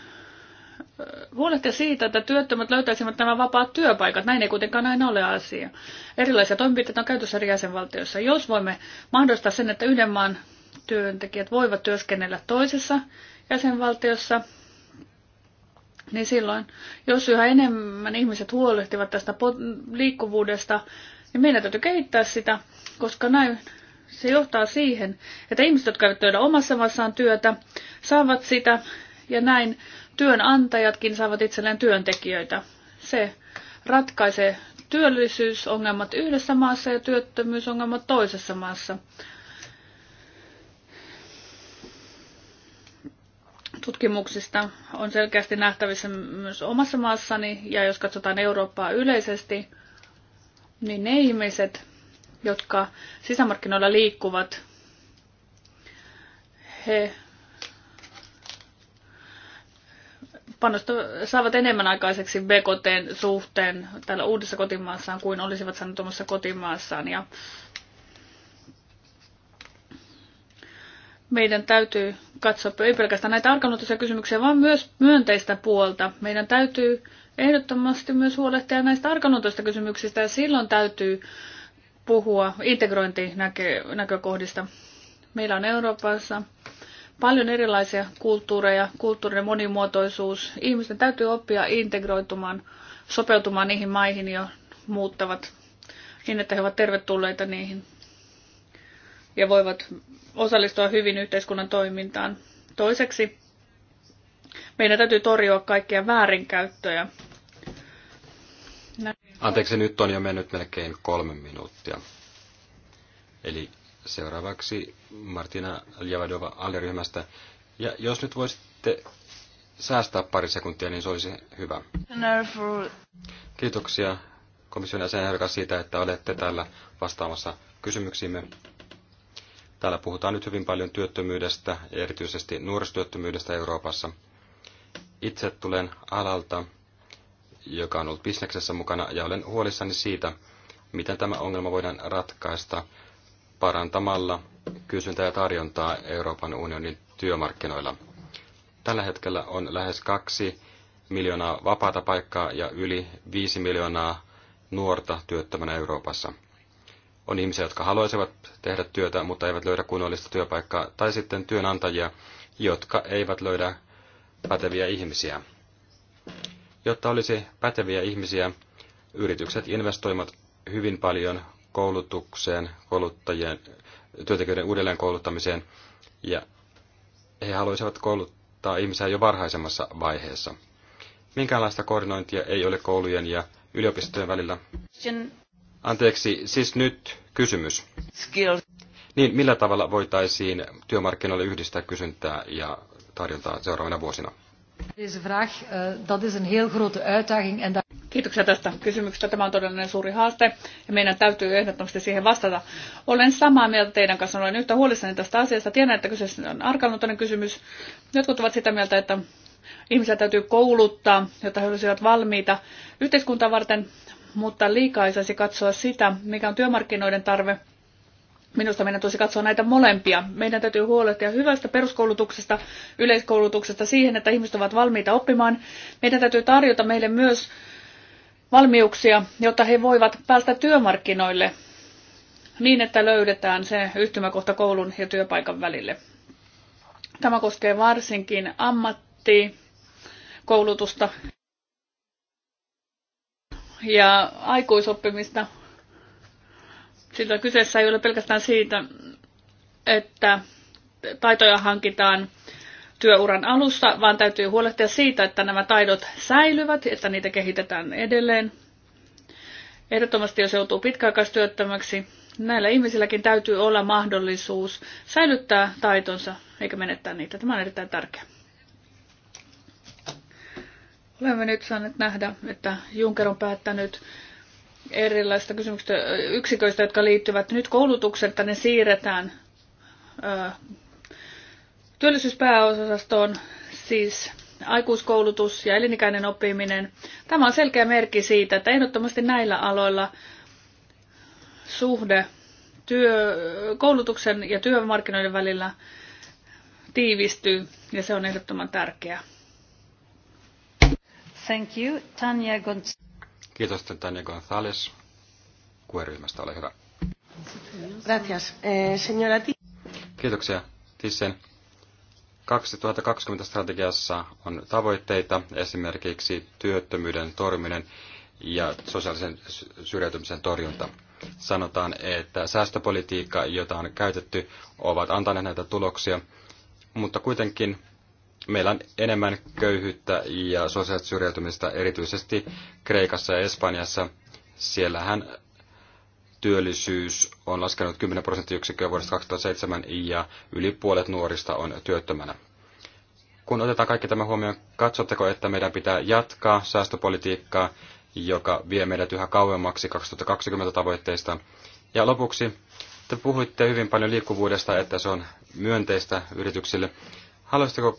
Speaker 1: huolehtia siitä, että työttömät löytäisivät nämä vapaat työpaikat. Näin ei kuitenkaan aina ole asia. Erilaisia toimenpiteitä on käytössä eri jäsenvaltioissa. Jos voimme mahdollistaa sen, että yhden maan työntekijät voivat työskennellä toisessa jäsenvaltiossa, niin silloin, jos yhä enemmän ihmiset huolehtivat tästä liikkuvuudesta, niin meidän täytyy kehittää sitä, koska näin se johtaa siihen, että ihmiset, jotka eivät omassa maassaan työtä, saavat sitä ja näin työnantajatkin saavat itselleen työntekijöitä. Se ratkaisee työllisyysongelmat yhdessä maassa ja työttömyysongelmat toisessa maassa. Tutkimuksista on selkeästi nähtävissä myös omassa maassani, ja jos katsotaan Eurooppaa yleisesti, niin ne ihmiset, jotka sisämarkkinoilla liikkuvat, he panosta saavat enemmän aikaiseksi BKTn suhteen täällä uudessa kotimaassaan kuin olisivat saaneet omassa kotimaassaan. Ja meidän täytyy katsoa ei pelkästään näitä arkanuotoisia kysymyksiä, vaan myös myönteistä puolta. Meidän täytyy ehdottomasti myös huolehtia näistä arkaluontoisista kysymyksistä ja silloin täytyy puhua integrointinäkökohdista. Meillä on Euroopassa paljon erilaisia kulttuureja, kulttuurinen monimuotoisuus. Ihmisten täytyy oppia integroitumaan, sopeutumaan niihin maihin jo muuttavat niin, että he ovat tervetulleita niihin ja voivat osallistua hyvin yhteiskunnan toimintaan. Toiseksi meidän täytyy torjua kaikkia väärinkäyttöjä.
Speaker 3: Anteeksi, nyt on jo mennyt melkein kolme minuuttia. Eli Seuraavaksi Martina Ljavadova alderyhmästä. Ja jos nyt voisitte säästää pari sekuntia, niin se olisi hyvä. Kiitoksia komission jäsenehdokas siitä, että olette täällä vastaamassa kysymyksiimme. Täällä puhutaan nyt hyvin paljon työttömyydestä, erityisesti nuorisotyöttömyydestä Euroopassa. Itse tulen alalta, joka on ollut bisneksessä mukana, ja olen huolissani siitä, miten tämä ongelma voidaan ratkaista parantamalla kysyntää ja tarjontaa Euroopan unionin työmarkkinoilla. Tällä hetkellä on lähes kaksi miljoonaa vapaata paikkaa ja yli viisi miljoonaa nuorta työttömänä Euroopassa. On ihmisiä, jotka haluaisivat tehdä työtä, mutta eivät löydä kunnollista työpaikkaa, tai sitten työnantajia, jotka eivät löydä päteviä ihmisiä. Jotta olisi päteviä ihmisiä, yritykset investoivat hyvin paljon koulutukseen, kouluttajien, työntekijöiden uudelleenkouluttamiseen ja he haluaisivat kouluttaa ihmisiä jo varhaisemmassa vaiheessa. Minkäänlaista koordinointia ei ole koulujen ja yliopistojen välillä. Anteeksi, siis nyt kysymys. Niin, millä tavalla voitaisiin työmarkkinoille yhdistää kysyntää ja tarjontaa seuraavina vuosina?
Speaker 1: Kiitoksia tästä kysymyksestä. Tämä on todellinen suuri haaste ja meidän täytyy ehdottomasti siihen vastata. Olen samaa mieltä teidän kanssa, olen yhtä huolissani tästä asiasta. Tiedän, että kyseessä on arkaluontoinen kysymys. Jotkut ovat sitä mieltä, että ihmisiä täytyy kouluttaa, jotta he olisivat valmiita yhteiskuntaa varten, mutta liikaa ei saisi katsoa sitä, mikä on työmarkkinoiden tarve Minusta meidän tulisi katsoa näitä molempia. Meidän täytyy huolehtia hyvästä peruskoulutuksesta, yleiskoulutuksesta siihen, että ihmiset ovat valmiita oppimaan. Meidän täytyy tarjota meille myös valmiuksia, jotta he voivat päästä työmarkkinoille niin, että löydetään se yhtymäkohta koulun ja työpaikan välille. Tämä koskee varsinkin ammattikoulutusta ja aikuisoppimista sillä kyseessä ei ole pelkästään siitä, että taitoja hankitaan työuran alussa, vaan täytyy huolehtia siitä, että nämä taidot säilyvät, että niitä kehitetään edelleen. Ehdottomasti jos joutuu pitkäaikaistyöttömäksi, näillä ihmisilläkin täytyy olla mahdollisuus säilyttää taitonsa eikä menettää niitä. Tämä on erittäin tärkeää. Olemme nyt saaneet nähdä, että Juncker on päättänyt erilaisista kysymyksistä, yksiköistä, jotka liittyvät nyt koulutukseen, että ne siirretään työllisyyspääosastoon, siis aikuiskoulutus ja elinikäinen oppiminen. Tämä on selkeä merkki siitä, että ehdottomasti näillä aloilla suhde työ, koulutuksen ja työmarkkinoiden välillä tiivistyy ja se on ehdottoman tärkeää.
Speaker 2: Thank you. Tanja
Speaker 1: Gonzalez.
Speaker 3: Kiitos, Tania González. qe ole hyvä.
Speaker 2: Gracias. Eh, señora
Speaker 3: Kiitoksia, Tissen. 2020 strategiassa on tavoitteita, esimerkiksi työttömyyden torjuminen ja sosiaalisen syrjäytymisen torjunta. Sanotaan, että säästöpolitiikka, jota on käytetty, ovat antaneet näitä tuloksia, mutta kuitenkin meillä on enemmän köyhyyttä ja sosiaalista syrjäytymistä erityisesti Kreikassa ja Espanjassa. Siellähän työllisyys on laskenut 10 prosenttiyksikköä vuodesta 2007 ja yli puolet nuorista on työttömänä. Kun otetaan kaikki tämä huomioon, katsotteko, että meidän pitää jatkaa säästöpolitiikkaa, joka vie meidät yhä kauemmaksi 2020 tavoitteista? Ja lopuksi, te puhuitte hyvin paljon liikkuvuudesta, että se on myönteistä yrityksille. Haluaisitteko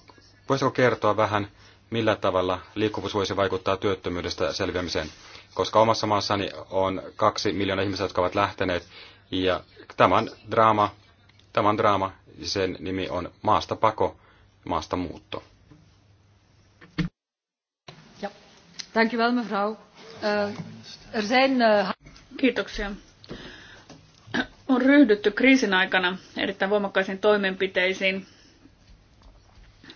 Speaker 3: Voisitko kertoa vähän, millä tavalla liikkuvuus voisi vaikuttaa työttömyydestä selviämiseen? Koska omassa maassani on kaksi miljoonaa ihmistä, jotka ovat lähteneet, ja tämän draama, tämän draama, sen nimi on maasta pako, maasta muutto.
Speaker 2: Ja, mevrouw. Uh, er zijn, uh... Kiitoksia on
Speaker 1: ryhdytty kriisin aikana erittäin voimakkaisiin toimenpiteisiin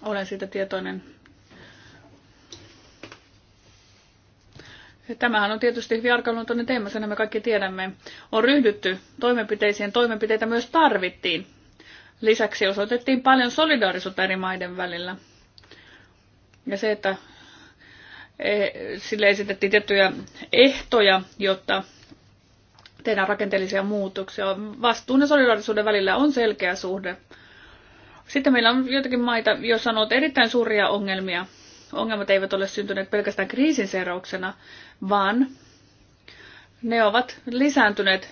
Speaker 1: olen siitä tietoinen. Tämähän on tietysti hyvin arkaluontoinen teema, sen me kaikki tiedämme. On ryhdytty toimenpiteisiin, toimenpiteitä myös tarvittiin. Lisäksi osoitettiin paljon solidaarisuutta eri maiden välillä. Ja se, että e, sille esitettiin tiettyjä ehtoja, jotta tehdään rakenteellisia muutoksia. Vastuun ja solidaarisuuden välillä on selkeä suhde. Sitten meillä on joitakin maita, joissa on ollut erittäin suuria ongelmia. Ongelmat eivät ole syntyneet pelkästään kriisin seurauksena, vaan ne ovat lisääntyneet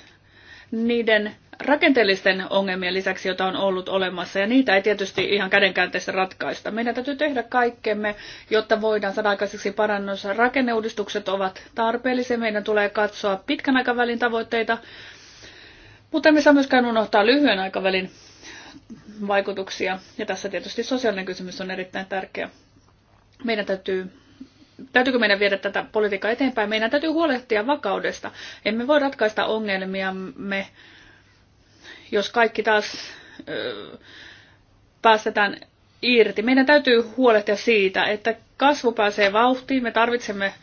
Speaker 1: niiden rakenteellisten ongelmien lisäksi, joita on ollut olemassa, ja niitä ei tietysti ihan kädenkäänteessä ratkaista. Meidän täytyy tehdä kaikkemme, jotta voidaan saada aikaiseksi parannus. Rakenneuudistukset ovat tarpeellisia, meidän tulee katsoa pitkän aikavälin tavoitteita, mutta emme saa myöskään unohtaa lyhyen aikavälin vaikutuksia. Ja tässä tietysti sosiaalinen kysymys on erittäin tärkeä. Meidän täytyy, täytyykö meidän viedä tätä politiikkaa eteenpäin? Meidän täytyy huolehtia vakaudesta. Emme voi ratkaista ongelmiamme, jos kaikki taas ö, päästetään irti. Meidän täytyy huolehtia siitä, että kasvu pääsee vauhtiin. Me tarvitsemme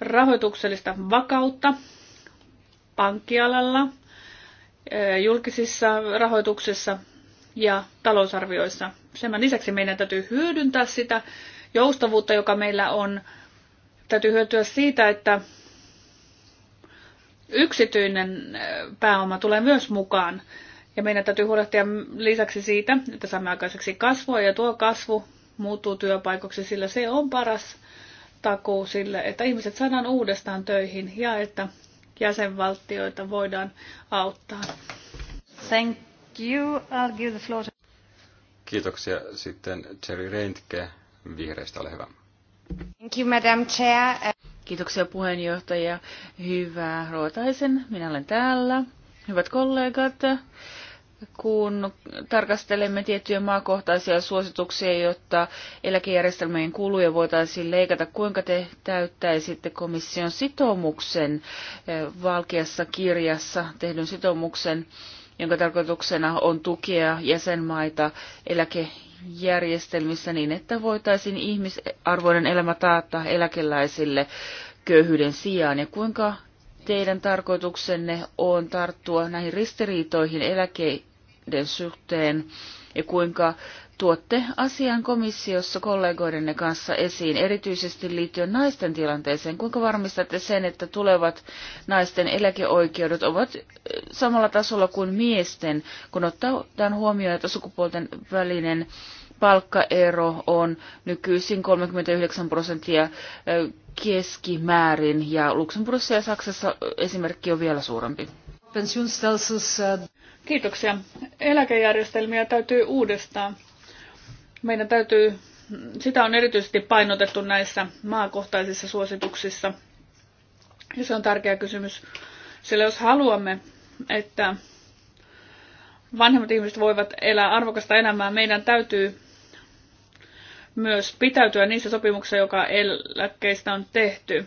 Speaker 1: rahoituksellista vakautta pankkialalla, julkisissa rahoituksissa ja talousarvioissa. Sen lisäksi meidän täytyy hyödyntää sitä joustavuutta, joka meillä on. Täytyy hyötyä siitä, että yksityinen pääoma tulee myös mukaan. Ja meidän täytyy huolehtia lisäksi siitä, että saamme aikaiseksi kasvua ja tuo kasvu muuttuu työpaikoksi, sillä se on paras takuu sille, että ihmiset saadaan uudestaan töihin ja että jäsenvaltioita voidaan auttaa. Thank you. I'll give the floor to...
Speaker 3: Kiitoksia. Sitten Jerry Reintke vihreistä, ole hyvä.
Speaker 4: Thank you, Madam Chair. Kiitoksia puheenjohtaja. Hyvää Ruotaisen. Minä olen täällä. Hyvät kollegat, kun tarkastelemme tiettyjä maakohtaisia suosituksia, jotta eläkejärjestelmien kuluja voitaisiin leikata, kuinka te täyttäisitte komission sitoumuksen eh, valkeassa kirjassa tehdyn sitoumuksen jonka tarkoituksena on tukea jäsenmaita eläkejärjestelmissä niin, että voitaisiin ihmisarvoinen elämä taata eläkeläisille köyhyyden sijaan ja kuinka teidän tarkoituksenne on tarttua näihin ristiriitoihin eläkeiden suhteen ja kuinka tuotte asian komissiossa kollegoidenne kanssa esiin, erityisesti liittyen naisten tilanteeseen. Kuinka varmistatte sen, että tulevat naisten eläkeoikeudet ovat eh, samalla tasolla kuin miesten, kun ottaa huomioon, että sukupuolten välinen palkkaero on nykyisin 39 prosenttia eh, keskimäärin ja Luxemburgissa ja Saksassa eh, esimerkki on vielä suurempi.
Speaker 1: Kiitoksia. Eläkejärjestelmiä täytyy uudestaan meidän täytyy, sitä on erityisesti painotettu näissä maakohtaisissa suosituksissa. Ja se on tärkeä kysymys, sillä jos haluamme, että vanhemmat ihmiset voivat elää arvokasta elämää, meidän täytyy myös pitäytyä niissä sopimuksissa, joka eläkkeistä on tehty.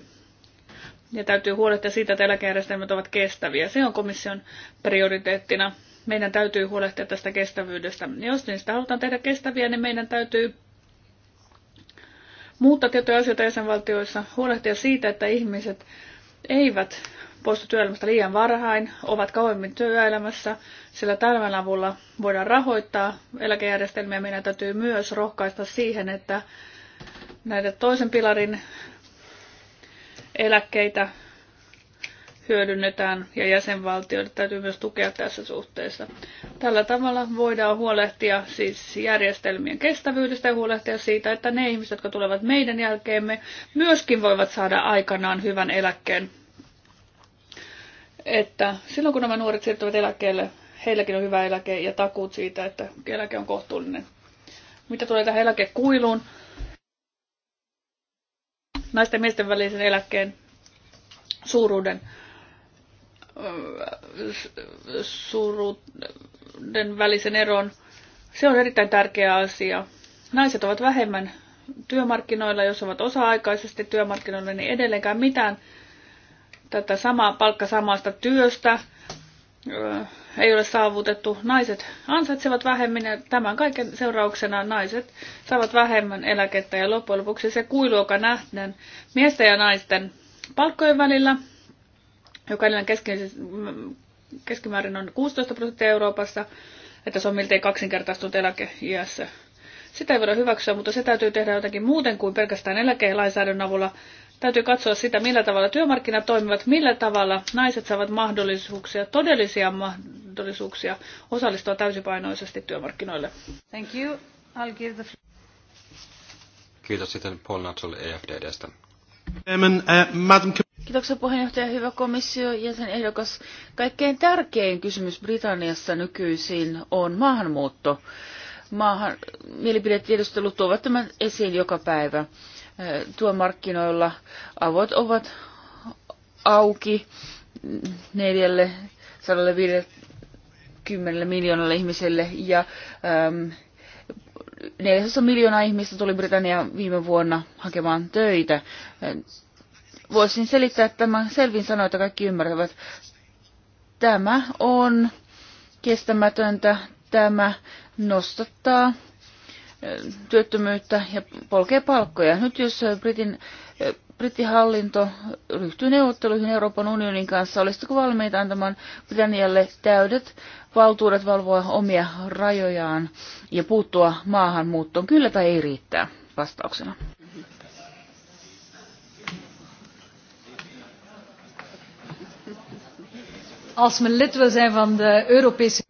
Speaker 1: Ja täytyy huolehtia siitä, että eläkejärjestelmät ovat kestäviä. Se on komission prioriteettina meidän täytyy huolehtia tästä kestävyydestä. Jos niistä halutaan tehdä kestäviä, niin meidän täytyy muuttaa tietoja asioita jäsenvaltioissa, huolehtia siitä, että ihmiset eivät poistu työelämästä liian varhain, ovat kauemmin työelämässä, sillä tämän avulla voidaan rahoittaa eläkejärjestelmiä. Meidän täytyy myös rohkaista siihen, että näitä toisen pilarin eläkkeitä hyödynnetään ja jäsenvaltioita täytyy myös tukea tässä suhteessa. Tällä tavalla voidaan huolehtia siis järjestelmien kestävyydestä ja huolehtia siitä, että ne ihmiset, jotka tulevat meidän jälkeemme, myöskin voivat saada aikanaan hyvän eläkkeen. Että silloin kun nämä nuoret siirtyvät eläkkeelle, heilläkin on hyvä eläke ja takuut siitä, että eläke on kohtuullinen. Mitä tulee tähän eläkekuiluun, naisten ja miesten välisen eläkkeen suuruuden suruuden välisen eron. Se on erittäin tärkeä asia. Naiset ovat vähemmän työmarkkinoilla, jos ovat osa-aikaisesti työmarkkinoilla, niin edelleenkään mitään tätä samaa palkka samasta työstä ei ole saavutettu. Naiset ansaitsevat vähemmän ja tämän kaiken seurauksena naiset saavat vähemmän eläkettä ja loppujen lopuksi se kuilu, joka nähdään miesten ja naisten palkkojen välillä, joka on keskimäärin on 16 prosenttia Euroopassa, että se on miltei kaksinkertaistunut eläkeiässä. Sitä ei voida hyväksyä, mutta se täytyy tehdä jotenkin muuten kuin pelkästään eläkelainsäädännön avulla. Täytyy katsoa sitä, millä tavalla työmarkkinat toimivat, millä tavalla naiset saavat mahdollisuuksia, todellisia mahdollisuuksia osallistua täysipainoisesti työmarkkinoille.
Speaker 2: Thank you. I'll give the...
Speaker 3: Kiitos sitten Paul Natsulle EFDDstä. Uh,
Speaker 4: Kiitoksia puheenjohtaja, hyvä komissio, ehdokas. Kaikkein tärkein kysymys Britanniassa nykyisin on maahanmuutto. Maahan, mielipidetiedustelut tuovat tämän esiin joka päivä. Eh, markkinoilla avot ovat auki neljälle miljoonalle ihmiselle ja ähm, neljäsosa miljoonaa ihmistä tuli Britanniaan viime vuonna hakemaan töitä. Voisin selittää että tämä selvin sanoi, että kaikki ymmärtävät. Tämä on kestämätöntä. Tämä nostattaa työttömyyttä ja polkee palkkoja. Nyt jos Britin brittihallinto ryhtyy neuvotteluihin Euroopan unionin kanssa, olisitko valmiita antamaan Britannialle täydet valtuudet valvoa omia rajojaan ja puuttua maahanmuuttoon? Kyllä tai ei riittää
Speaker 2: vastauksena. Als me lid wil zijn van de Europese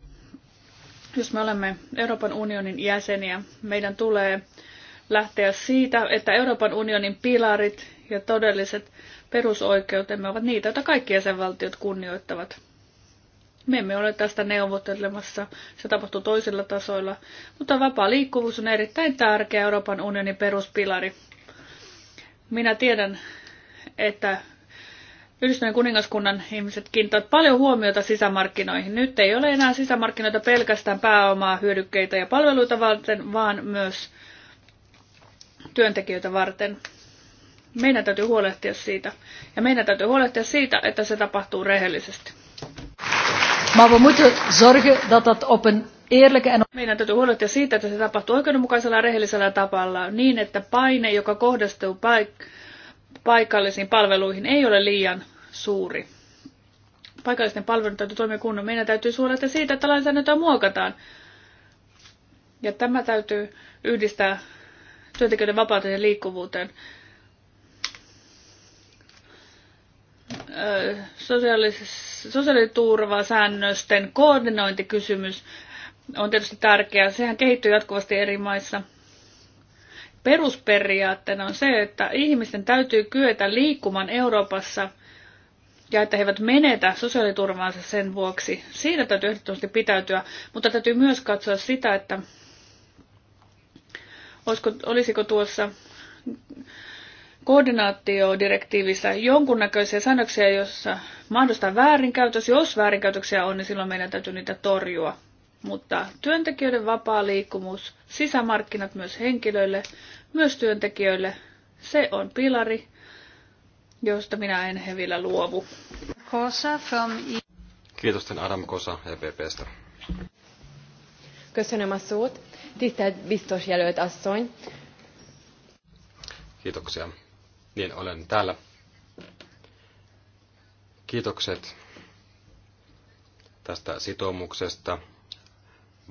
Speaker 1: jos me olemme Euroopan unionin jäseniä, meidän tulee lähteä siitä, että Euroopan unionin pilarit ja todelliset perusoikeutemme ovat niitä, joita kaikki jäsenvaltiot kunnioittavat. Me emme ole tästä neuvottelemassa, se tapahtuu toisilla tasoilla, mutta vapaa liikkuvuus on erittäin tärkeä Euroopan unionin peruspilari. Minä tiedän, että Yhdistyneen kuningaskunnan ihmiset kiinnittävät paljon huomiota sisämarkkinoihin. Nyt ei ole enää sisämarkkinoita pelkästään pääomaa, hyödykkeitä ja palveluita varten, vaan myös työntekijöitä varten. Meidän täytyy huolehtia siitä. Ja meidän täytyy huolehtia siitä, että se tapahtuu rehellisesti.
Speaker 2: Maar we moeten zorgen dat dat op een eerlijke en...
Speaker 1: Meidän täytyy huolehtia siitä, että se tapahtuu oikeudenmukaisella ja rehellisellä tavalla niin, että paine, joka kohdistuu paik- paikallisiin palveluihin, ei ole liian suuri. Paikallisten palvelujen täytyy toimia kunnon. Meidän täytyy huolehtia siitä, että lainsäädäntöä muokataan. Ja tämä täytyy yhdistää työntekijöiden vapauteen ja liikkuvuuteen. sosiaaliturvasäännösten koordinointikysymys on tietysti tärkeä. Sehän kehittyy jatkuvasti eri maissa. Perusperiaatteena on se, että ihmisten täytyy kyetä liikkumaan Euroopassa ja että he eivät menetä sosiaaliturvaansa sen vuoksi. Siinä täytyy ehdottomasti pitäytyä, mutta täytyy myös katsoa sitä, että olisiko, olisiko tuossa koordinaatiodirektiivissä jonkunnäköisiä säännöksiä, joissa mahdollistaa väärinkäytös. Jos väärinkäytöksiä on, niin silloin meidän täytyy niitä torjua. Mutta työntekijöiden vapaa liikkumus, sisämarkkinat myös henkilöille, myös työntekijöille, se on pilari, josta minä en hevillä
Speaker 3: luovu.
Speaker 2: Kosa from...
Speaker 3: Kiitos Adam Kosa EPPstä.
Speaker 2: Köszönöm a szót. Tisztelt biztos jelölt asszony.
Speaker 3: Kiitoksia. Niin, olen täällä. Kiitokset tästä sitoumuksesta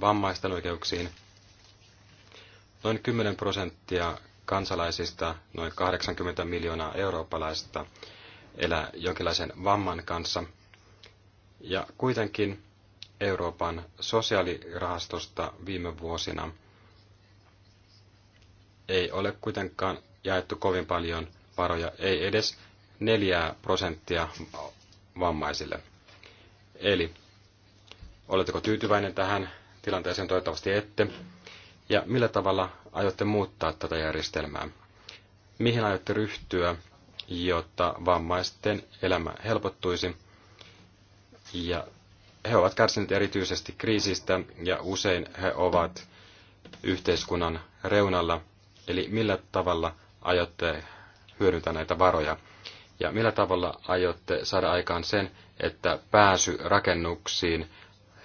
Speaker 3: vammaisten oikeuksiin. Noin 10 prosenttia kansalaisista, noin 80 miljoonaa eurooppalaista, elää jonkinlaisen vamman kanssa. Ja kuitenkin Euroopan sosiaalirahastosta viime vuosina ei ole kuitenkaan jaettu kovin paljon varoja, ei edes 4 prosenttia vammaisille. Eli oletteko tyytyväinen tähän tilanteeseen? Toivottavasti ette. Ja millä tavalla aiotte muuttaa tätä järjestelmää? Mihin aiotte ryhtyä, jotta vammaisten elämä helpottuisi? Ja he ovat kärsineet erityisesti kriisistä ja usein he ovat yhteiskunnan reunalla. Eli millä tavalla aiotte hyödyntää näitä varoja? Ja millä tavalla aiotte saada aikaan sen, että pääsy rakennuksiin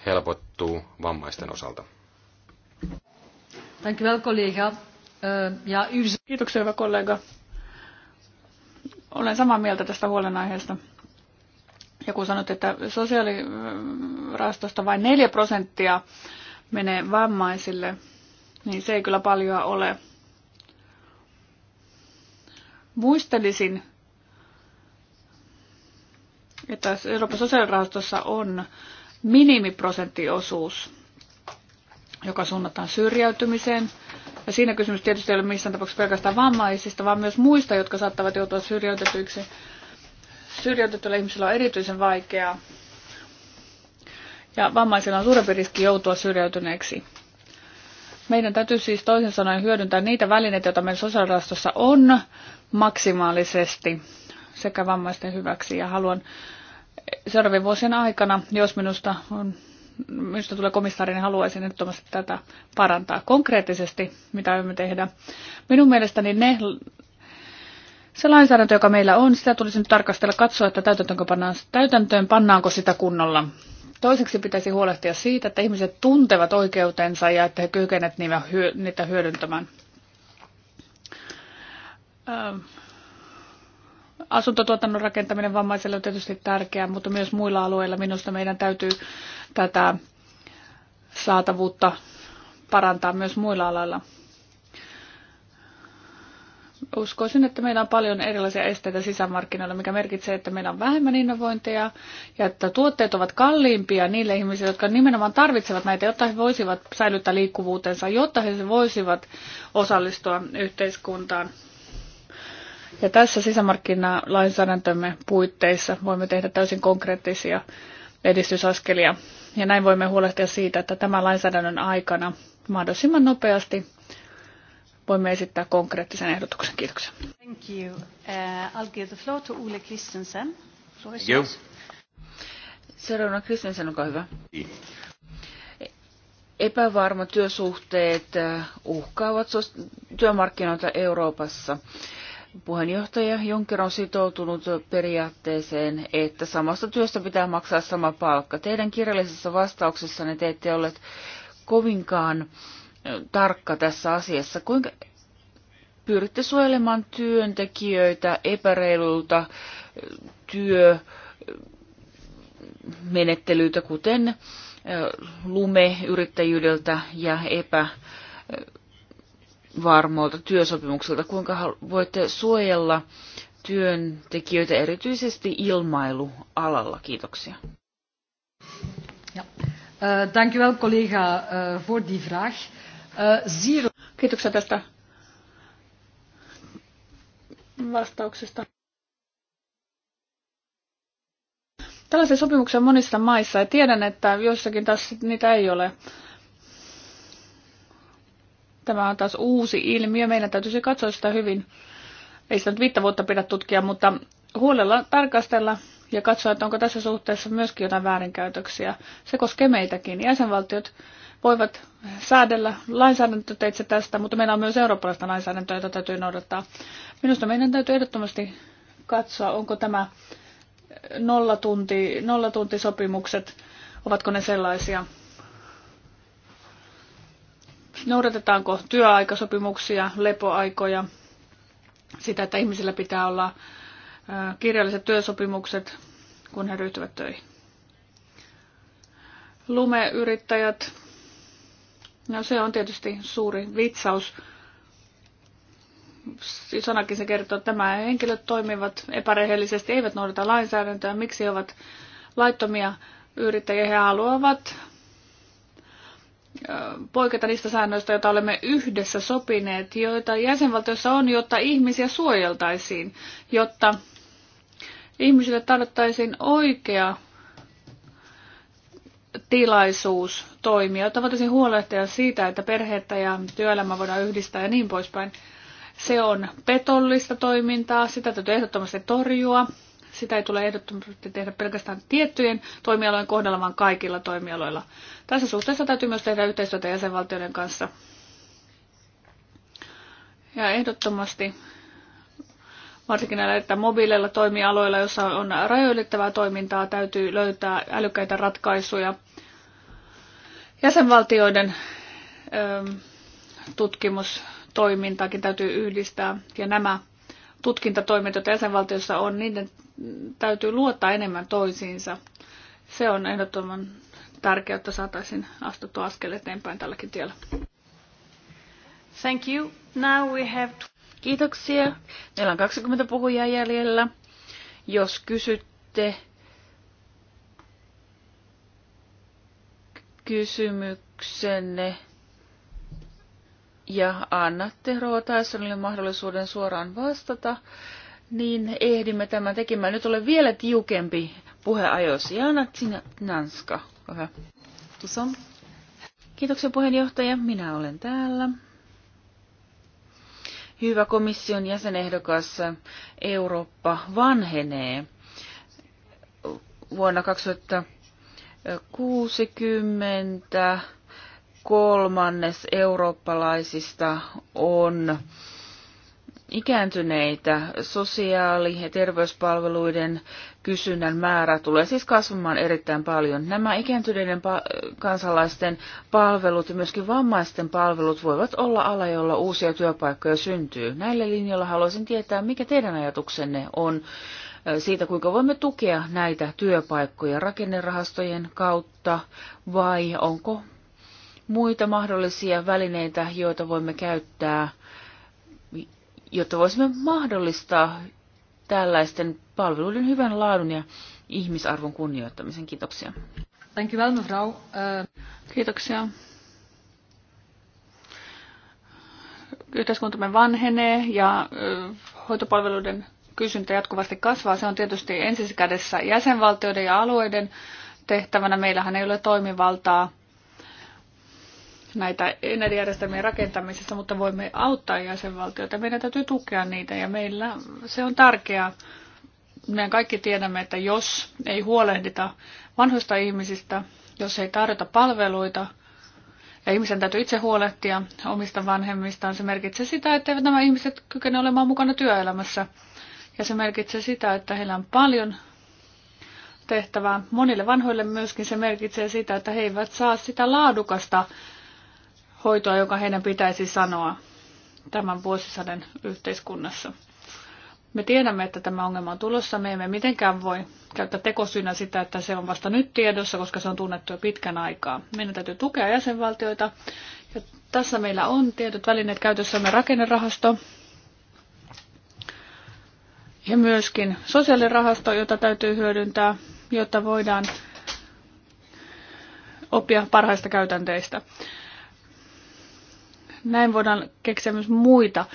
Speaker 3: helpottuu vammaisten osalta?
Speaker 2: Kiitoksia,
Speaker 1: hyvä kollega. Olen samaa mieltä tästä huolenaiheesta. Ja kun sanot, että sosiaalirahastosta vain 4 prosenttia menee vammaisille, niin se ei kyllä paljon ole. Muistelisin, että Euroopan sosiaalirahastossa on minimiprosenttiosuus, joka suunnataan syrjäytymiseen. Ja siinä kysymys tietysti ei ole missään tapauksessa pelkästään vammaisista, vaan myös muista, jotka saattavat joutua syrjäytetyiksi. Syrjäytetyillä ihmisillä on erityisen vaikeaa. Ja vammaisilla on suurempi riski joutua syrjäytyneeksi. Meidän täytyy siis toisin sanoen hyödyntää niitä välineitä, joita meillä sosiaalirahastossa on, maksimaalisesti sekä vammaisten hyväksi. Ja haluan seuraavien vuosien aikana, jos minusta, on, minusta tulee komissaari, niin haluaisin ehdottomasti tätä parantaa konkreettisesti, mitä me tehdä. Minun mielestäni ne se lainsäädäntö, joka meillä on, sitä tulisi nyt tarkastella, katsoa, että täytäntöön, pannaan, täytäntöön pannaanko sitä kunnolla. Toiseksi pitäisi huolehtia siitä, että ihmiset tuntevat oikeutensa ja että he kykenevät niitä hyödyntämään. Ähm, asuntotuotannon rakentaminen vammaisille on tietysti tärkeää, mutta myös muilla alueilla minusta meidän täytyy tätä saatavuutta parantaa myös muilla aloilla. Uskoisin, että meillä on paljon erilaisia esteitä sisämarkkinoilla, mikä merkitsee, että meillä on vähemmän innovointeja ja että tuotteet ovat kalliimpia niille ihmisille, jotka nimenomaan tarvitsevat näitä, jotta he voisivat säilyttää liikkuvuutensa, jotta he voisivat osallistua yhteiskuntaan ja tässä sisämarkkinalainsäädäntömme puitteissa voimme tehdä täysin konkreettisia edistysaskelia. Ja näin voimme huolehtia siitä, että tämän lainsäädännön aikana mahdollisimman nopeasti voimme esittää konkreettisen
Speaker 2: ehdotuksen. Kiitoksia. Thank you. Uh, I'll give the floor to Ole Christensen. Seuraavana
Speaker 4: Christensen, olkaa hyvä. Niin. Epävarma työsuhteet uh, uhkaavat työmarkkinoita Euroopassa. Puheenjohtaja Juncker on sitoutunut periaatteeseen, että samasta työstä pitää maksaa sama palkka. Teidän kirjallisessa vastauksessanne te ette olleet kovinkaan tarkka tässä asiassa. Kuinka pyritte suojelemaan työntekijöitä epäreilulta työmenettelyitä, kuten lumeyrittäjyydeltä ja epä varmoilta työsopimuksilta. Kuinka voitte suojella työntekijöitä erityisesti ilmailualalla? Kiitoksia.
Speaker 2: Ja. Uh, eh, thank you collega, uh, eh, for the vraag. Uh, eh, zero... Kiitoksia tästä vastauksesta.
Speaker 1: Tällaisia sopimuksia monissa maissa ja tiedän, että joissakin taas niitä ei ole. Tämä on taas uusi ilmiö. Meidän täytyisi katsoa sitä hyvin. Ei sitä nyt viittä vuotta pidä tutkia, mutta huolella tarkastella ja katsoa, että onko tässä suhteessa myöskin jotain väärinkäytöksiä. Se koskee meitäkin. Jäsenvaltiot voivat säädellä lainsäädäntöteitse tästä, mutta meillä on myös eurooppalaista lainsäädäntöä, jota täytyy noudattaa. Minusta meidän täytyy ehdottomasti katsoa, onko tämä nollatunti, nollatuntisopimukset, ovatko ne sellaisia, noudatetaanko työaikasopimuksia, lepoaikoja, sitä, että ihmisillä pitää olla kirjalliset työsopimukset, kun he ryhtyvät töihin. Lumeyrittäjät, no se on tietysti suuri vitsaus. Sanakin se kertoo, että nämä henkilöt toimivat epärehellisesti, eivät noudata lainsäädäntöä, miksi he ovat laittomia yrittäjiä, he haluavat poiketa niistä säännöistä, joita olemme yhdessä sopineet, joita jäsenvaltiossa on, jotta ihmisiä suojeltaisiin, jotta ihmisille tarjottaisiin oikea tilaisuus toimia, jotta voitaisiin huolehtia siitä, että perhettä ja työelämä voidaan yhdistää ja niin poispäin. Se on petollista toimintaa, sitä täytyy ehdottomasti torjua. Sitä ei tule ehdottomasti tehdä pelkästään tiettyjen toimialojen kohdalla, vaan kaikilla toimialoilla. Tässä suhteessa täytyy myös tehdä yhteistyötä jäsenvaltioiden kanssa. Ja ehdottomasti varsinkin näillä että mobiileilla toimialoilla, joissa on rajoilittävää toimintaa, täytyy löytää älykkäitä ratkaisuja. Jäsenvaltioiden ö, ähm, tutkimustoimintaakin täytyy yhdistää, ja nämä tutkintatoimet, joita jäsenvaltiossa on, niiden täytyy luottaa enemmän toisiinsa. Se on ehdottoman tärkeää, että saataisiin astuttu askel eteenpäin tälläkin tiellä. Thank you. Now we have... Kiitoksia. Meillä on 20 puhujaa jäljellä. Jos
Speaker 4: kysytte kysymyksenne ja annatte Rova Tysonille mahdollisuuden suoraan vastata, niin ehdimme tämän tekemään. Nyt olen vielä tiukempi puheajoissa. Jaana Nanska, Kiitoksia puheenjohtaja, minä olen täällä. Hyvä komission jäsenehdokas, Eurooppa vanhenee. Vuonna 2060 kolmannes eurooppalaisista on ikääntyneitä. Sosiaali- ja terveyspalveluiden kysynnän määrä tulee siis kasvamaan erittäin paljon. Nämä ikääntyneiden kansalaisten palvelut ja myöskin vammaisten palvelut voivat olla ala, jolla uusia työpaikkoja syntyy. Näillä linjoilla haluaisin tietää, mikä teidän ajatuksenne on äh, siitä, kuinka voimme tukea näitä työpaikkoja rakennerahastojen kautta vai onko muita mahdollisia välineitä, joita voimme käyttää – jotta voisimme mahdollistaa tällaisten palveluiden hyvän laadun ja ihmisarvon kunnioittamisen. Kiitoksia.
Speaker 2: Thank you well, mevrouw. Eh, Kiitoksia. Yhteiskuntamme
Speaker 1: vanhenee ja eh, hoitopalveluiden kysyntä jatkuvasti kasvaa. Se on tietysti ensisikädessä jäsenvaltioiden ja alueiden tehtävänä. Meillähän ei ole toimivaltaa näitä energiajärjestelmien rakentamisessa, mutta voimme auttaa jäsenvaltioita. Meidän täytyy tukea niitä ja meillä se on tärkeää. Me kaikki tiedämme, että jos ei huolehdita vanhoista ihmisistä, jos ei tarjota palveluita, ja ihmisen täytyy itse huolehtia omista vanhemmistaan. Se merkitsee sitä, että eivät nämä ihmiset kykene olemaan mukana työelämässä. Ja se merkitsee sitä, että heillä on paljon tehtävää. Monille vanhoille myöskin se merkitsee sitä, että he eivät saa sitä laadukasta hoitoa, joka heidän pitäisi sanoa tämän vuosisaden yhteiskunnassa. Me tiedämme, että tämä ongelma on tulossa. Me emme mitenkään voi käyttää tekosyynä sitä, että se on vasta nyt tiedossa, koska se on tunnettu jo pitkän aikaa. Meidän täytyy tukea jäsenvaltioita. Ja tässä meillä on tietyt välineet käytössämme rakennerahasto ja myöskin sosiaalirahasto, jota täytyy hyödyntää, jotta voidaan oppia parhaista käytänteistä. Näin voidaan keksiä myös muita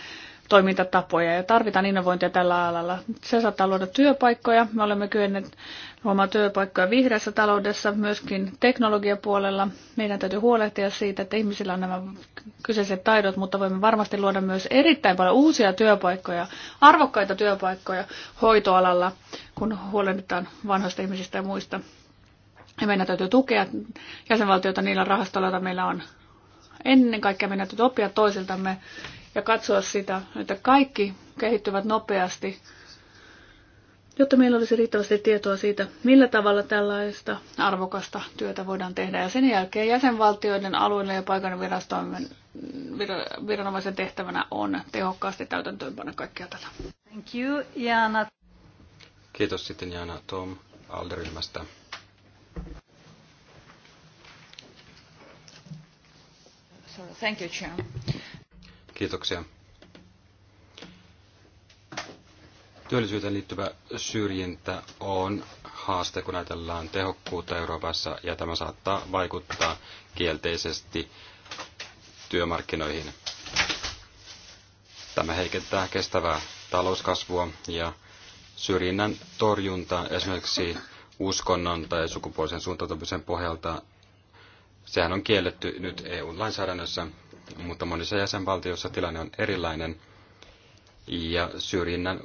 Speaker 1: toimintatapoja ja tarvitaan innovointia tällä alalla. Se saattaa luoda työpaikkoja. Me olemme kyenneet luomaan työpaikkoja vihreässä taloudessa, myöskin teknologiapuolella. Meidän täytyy huolehtia siitä, että ihmisillä on nämä kyseiset taidot, mutta voimme varmasti luoda myös erittäin paljon uusia työpaikkoja, arvokkaita työpaikkoja hoitoalalla, kun huolehditaan vanhoista ihmisistä ja muista. Ja meidän täytyy tukea jäsenvaltiota niillä rahastoilla, joita meillä on Ennen kaikkea meidän täytyy oppia toisiltamme ja katsoa sitä, että kaikki kehittyvät nopeasti, jotta meillä olisi riittävästi tietoa siitä, millä tavalla tällaista arvokasta työtä voidaan tehdä. Ja sen jälkeen jäsenvaltioiden alueille ja paikan virastoimen viranomaisen tehtävänä on tehokkaasti täytäntöönpanna kaikkea tätä.
Speaker 2: Thank you, Jana.
Speaker 3: Kiitos sitten Jana Tom Alderyhmästä. Thank you, Chair. Kiitoksia. Työllisyyteen liittyvä syrjintä on haaste, kun ajatellaan tehokkuutta Euroopassa, ja tämä saattaa vaikuttaa kielteisesti työmarkkinoihin. Tämä heikentää kestävää talouskasvua ja syrjinnän torjunta esimerkiksi uskonnon tai sukupuolisen suuntautumisen pohjalta Sehän on kielletty nyt EU-lainsäädännössä, mutta monissa jäsenvaltioissa tilanne on erilainen ja syrjinnän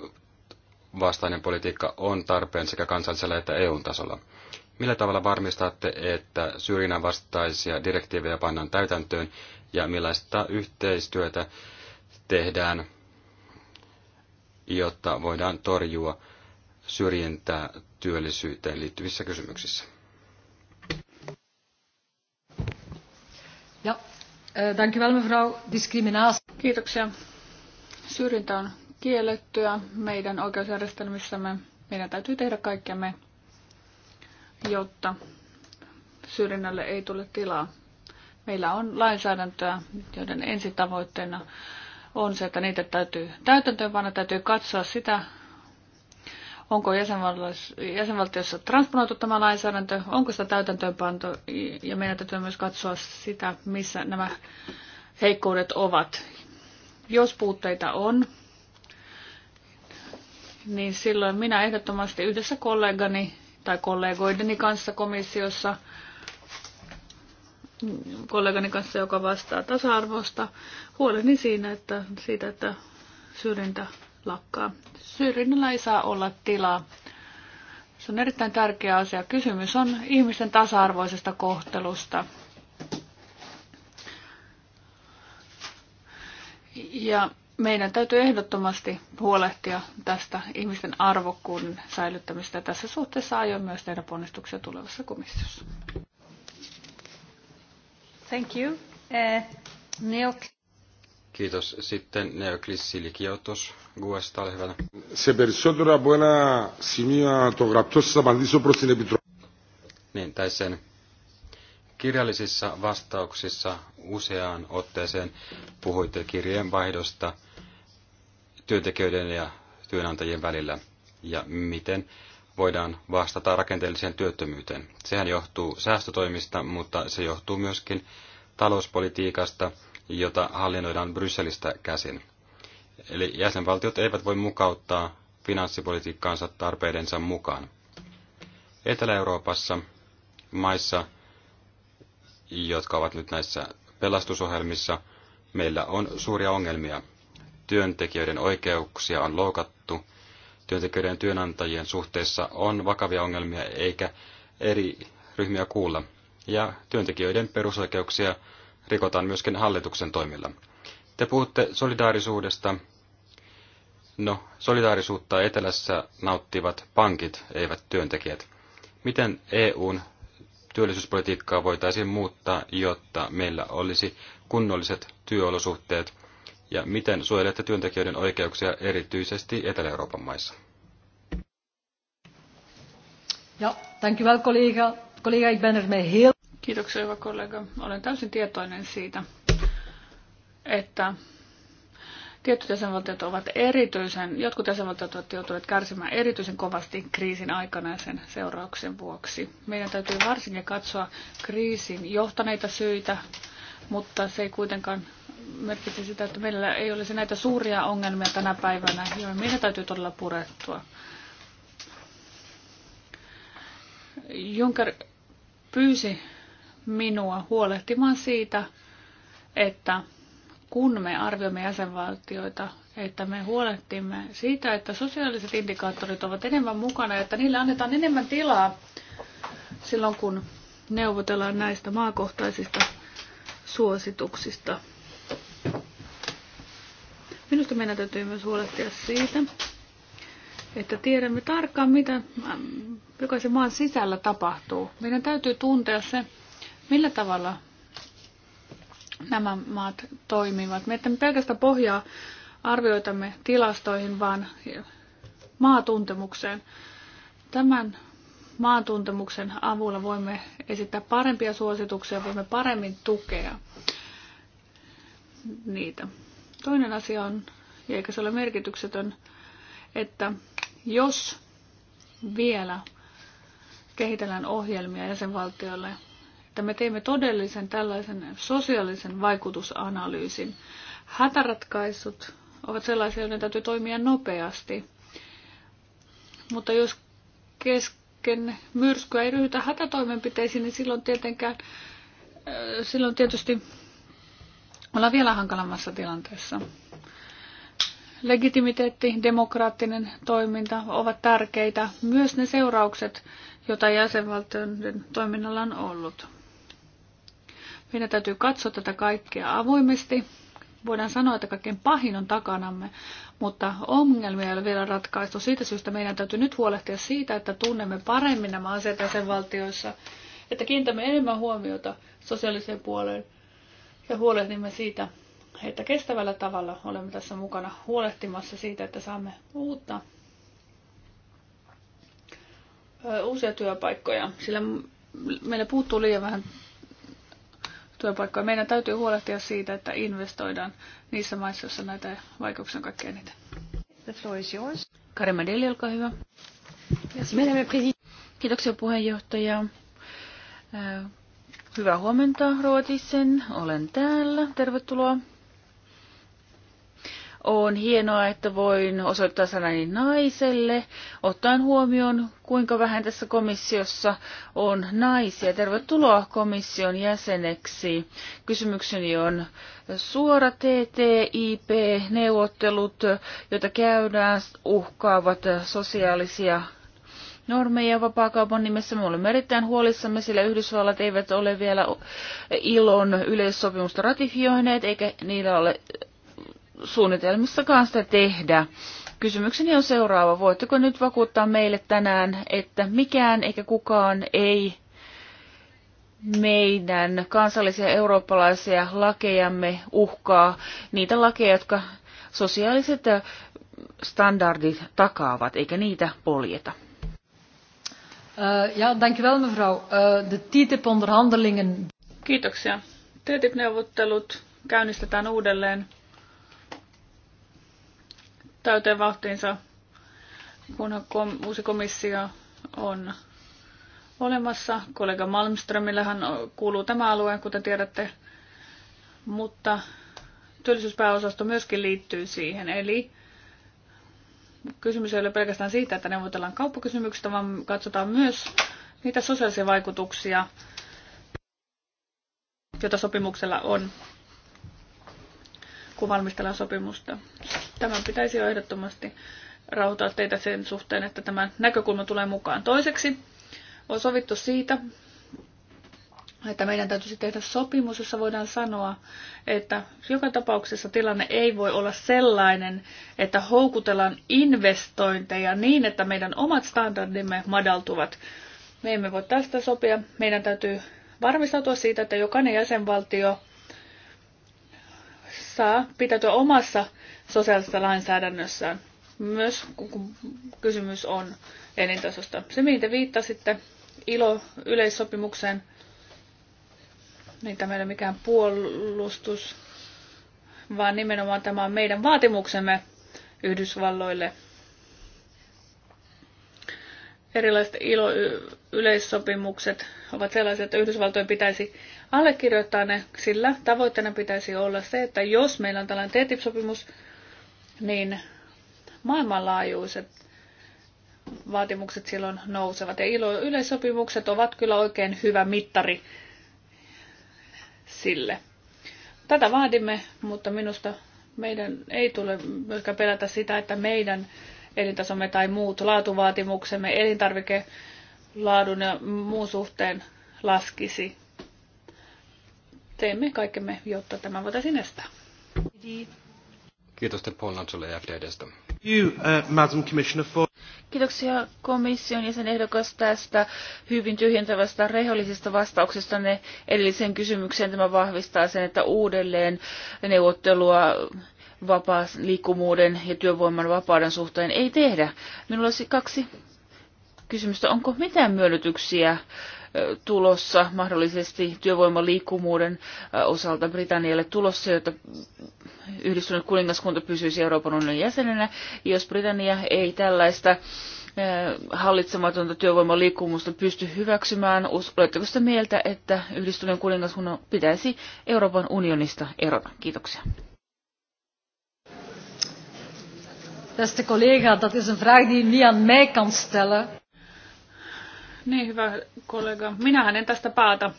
Speaker 3: vastainen politiikka on tarpeen sekä kansallisella että EU-tasolla. Millä tavalla varmistatte, että syrjinnän vastaisia direktiivejä pannaan täytäntöön ja millaista yhteistyötä tehdään, jotta voidaan torjua syrjintää työllisyyteen liittyvissä kysymyksissä?
Speaker 2: Eh, Kiitoksia.
Speaker 1: Syrjintä on kiellettyä meidän oikeusjärjestelmissämme. Meidän täytyy tehdä kaikkemme, jotta syrjinnälle ei tule tilaa. Meillä on lainsäädäntöä, joiden ensitavoitteena on se, että niitä täytyy täytäntöön, vaan täytyy katsoa sitä onko jäsenvaltiossa transponoitu tämä lainsäädäntö, onko sitä täytäntöönpanto, ja meidän täytyy myös katsoa sitä, missä nämä heikkoudet ovat. Jos puutteita on, niin silloin minä ehdottomasti yhdessä kollegani tai kollegoideni kanssa komissiossa, kollegani kanssa, joka vastaa tasa-arvosta, huoleni siinä, että, siitä, että syrjintä lakkaa. Syrjinnällä ei saa olla tilaa. Se on erittäin tärkeä asia. Kysymys on ihmisten tasa-arvoisesta kohtelusta. Ja meidän täytyy ehdottomasti huolehtia tästä ihmisten arvokkuuden säilyttämistä. Tässä suhteessa aion myös tehdä ponnistuksia tulevassa komissiossa.
Speaker 2: Thank you. Uh,
Speaker 3: Kiitos. Sitten Neoklis Silikiotos Guesta, ole hyvä. Se περισσότερα από ένα σημείο το γραπτό σας απαντήσω προς την Επιτροπή. Niin, tai sen kirjallisissa vastauksissa useaan otteeseen puhuitte kirjeenvaihdosta työntekijöiden ja työnantajien välillä ja miten voidaan vastata rakenteelliseen työttömyyteen. Sehän johtuu säästötoimista, mutta se johtuu myöskin talouspolitiikasta – jota hallinnoidaan Brysselistä käsin. Eli jäsenvaltiot eivät voi mukauttaa finanssipolitiikkaansa tarpeidensa mukaan. Etelä-Euroopassa maissa, jotka ovat nyt näissä pelastusohjelmissa, meillä on suuria ongelmia. Työntekijöiden oikeuksia on loukattu, työntekijöiden ja työnantajien suhteessa on vakavia ongelmia eikä eri ryhmiä kuulla, ja työntekijöiden perusoikeuksia rikotaan myöskin hallituksen toimilla. Te puhutte solidaarisuudesta. No, solidaarisuutta etelässä nauttivat pankit, eivät työntekijät. Miten EUn työllisyyspolitiikkaa voitaisiin muuttaa, jotta meillä olisi kunnolliset työolosuhteet, ja miten suojelette työntekijöiden oikeuksia erityisesti Etelä-Euroopan maissa?
Speaker 2: Ja, dankjewel collega. Collega, ik ben er mee heel Kiitoksia,
Speaker 1: hyvä kollega. Olen täysin tietoinen siitä, että tietyt jäsenvaltiot ovat erityisen, jotkut jäsenvaltiot ovat joutuneet kärsimään erityisen kovasti kriisin aikana ja sen seurauksen vuoksi. Meidän täytyy varsinkin katsoa kriisin johtaneita syitä, mutta se ei kuitenkaan merkitse sitä, että meillä ei olisi näitä suuria ongelmia tänä päivänä, joihin meidän täytyy todella purettua. Juncker pyysi minua huolehtimaan siitä, että kun me arvioimme jäsenvaltioita, että me huolehtimme siitä, että sosiaaliset indikaattorit ovat enemmän mukana, että niille annetaan enemmän tilaa silloin, kun neuvotellaan näistä maakohtaisista suosituksista. Minusta meidän täytyy myös huolehtia siitä, että tiedämme tarkkaan, mitä jokaisen maan sisällä tapahtuu. Meidän täytyy tuntea se, Millä tavalla nämä maat toimivat? Me emme pelkästään pohjaa arvioitamme tilastoihin, vaan maatuntemukseen. Tämän maantuntemuksen avulla voimme esittää parempia suosituksia, voimme paremmin tukea niitä. Toinen asia on, ja eikä se ole merkityksetön, että jos vielä kehitellään ohjelmia jäsenvaltioille, että me teimme todellisen tällaisen sosiaalisen vaikutusanalyysin. Hätäratkaisut ovat sellaisia, joiden täytyy toimia nopeasti. Mutta jos kesken myrskyä ei ryhdytä hätätoimenpiteisiin, niin silloin tietenkään, äh, silloin tietysti ollaan vielä hankalammassa tilanteessa. Legitimiteetti, demokraattinen toiminta ovat tärkeitä, myös ne seuraukset, joita jäsenvaltioiden toiminnalla on ollut. Meidän täytyy katsoa tätä kaikkea avoimesti. Voidaan sanoa, että kaikkein pahin on takanamme, mutta ongelmia ei ole vielä ratkaistu. Siitä syystä meidän täytyy nyt huolehtia siitä, että tunnemme paremmin nämä asiat jäsenvaltioissa, että kiinnitämme enemmän huomiota sosiaaliseen puoleen ja huolehdimme siitä, että kestävällä tavalla olemme tässä mukana huolehtimassa siitä, että saamme uutta uusia työpaikkoja, sillä meillä puuttuu liian vähän työpaikkoja. Meidän täytyy huolehtia siitä, että investoidaan niissä maissa, joissa näitä vaikeuksia on kaikkein eniten. The floor is yours.
Speaker 4: Deli, olkaa hyvä. Kiitoksia puheenjohtaja. Äh, hyvää huomenta, Ruotisen. Olen täällä. Tervetuloa on hienoa, että voin osoittaa sanani naiselle, ottaen huomioon, kuinka vähän tässä komissiossa on naisia. Tervetuloa komission jäseneksi. Kysymykseni on suora TTIP-neuvottelut, joita käydään, uhkaavat sosiaalisia normeja vapaakaupan nimessä. Me olemme erittäin huolissamme, sillä Yhdysvallat eivät ole vielä ilon yleissopimusta ratifioineet, eikä niillä ole suunnitelmissakaan sitä tehdä. Kysymykseni on seuraava. Voitteko nyt vakuuttaa meille tänään, että mikään eikä kukaan ei meidän kansallisia eurooppalaisia lakejamme uhkaa niitä lakeja, jotka sosiaaliset standardit takaavat, eikä niitä poljeta?
Speaker 2: Eh, ja, eh,
Speaker 1: Kiitoksia. TTIP-neuvottelut käynnistetään uudelleen täyteen vauhtiinsa, kun uusi komissio on olemassa. Kollega Malmströmillähän kuuluu tämä alue, kuten tiedätte, mutta työllisyyspääosasto myöskin liittyy siihen. Eli kysymys ei ole pelkästään siitä, että neuvotellaan kauppakysymyksistä, vaan katsotaan myös niitä sosiaalisia vaikutuksia, joita sopimuksella on, kun valmistellaan sopimusta. Tämän pitäisi jo ehdottomasti rauhoittaa teitä sen suhteen, että tämä näkökulma tulee mukaan. Toiseksi on sovittu siitä, että meidän täytyisi tehdä sopimus, jossa voidaan sanoa, että joka tapauksessa tilanne ei voi olla sellainen, että houkutellaan investointeja niin, että meidän omat standardimme madaltuvat. Me emme voi tästä sopia. Meidän täytyy varmistautua siitä, että jokainen jäsenvaltio saa pitäytyä omassa sosiaalisessa lainsäädännössään, myös kun kysymys on elintasosta. Se, mihin te viittasitte ILO-yleissopimukseen, niin tämä ei ole mikään puolustus, vaan nimenomaan tämä on meidän vaatimuksemme Yhdysvalloille. Erilaiset ILO-yleissopimukset ovat sellaiset, että Yhdysvaltojen pitäisi allekirjoittaa ne, sillä tavoitteena pitäisi olla se, että jos meillä on tällainen TTIP-sopimus, niin maailmanlaajuiset vaatimukset silloin nousevat. Ja ilo yleissopimukset ovat kyllä oikein hyvä mittari sille. Tätä vaadimme, mutta minusta meidän ei tule myöskään pelätä sitä, että meidän elintasomme tai muut laatuvaatimuksemme elintarvikelaadun ja muun suhteen laskisi teemme kaikkemme, jotta tämä voitaisiin estää.
Speaker 3: Kiitos te Paul ja FDDstä. Uh,
Speaker 1: Kiitoksia komission jäsenehdokas
Speaker 4: tästä hyvin tyhjentävästä rehellisestä vastauksesta ne edelliseen kysymykseen. Tämä vahvistaa sen, että uudelleen neuvottelua vapaan liikkumuuden ja työvoiman vapauden suhteen ei tehdä. Minulla olisi kaksi kysymystä. Onko mitään myönnytyksiä tulossa mahdollisesti työvoiman liikkumuuden osalta Britannialle tulossa, jotta yhdistynyt kuningaskunta pysyisi Euroopan unionin jäsenenä. Jos Britannia ei tällaista hallitsematonta työvoiman liikkumusta pysty hyväksymään. Oletteko sitä mieltä, että yhdistyneen kuningaskunnan pitäisi Euroopan unionista erota? Kiitoksia.
Speaker 2: Beste collega, dat is een vraag die u niet aan mij kan stellen.
Speaker 1: Niin, hyvä kollega. Minähän en tästä paata.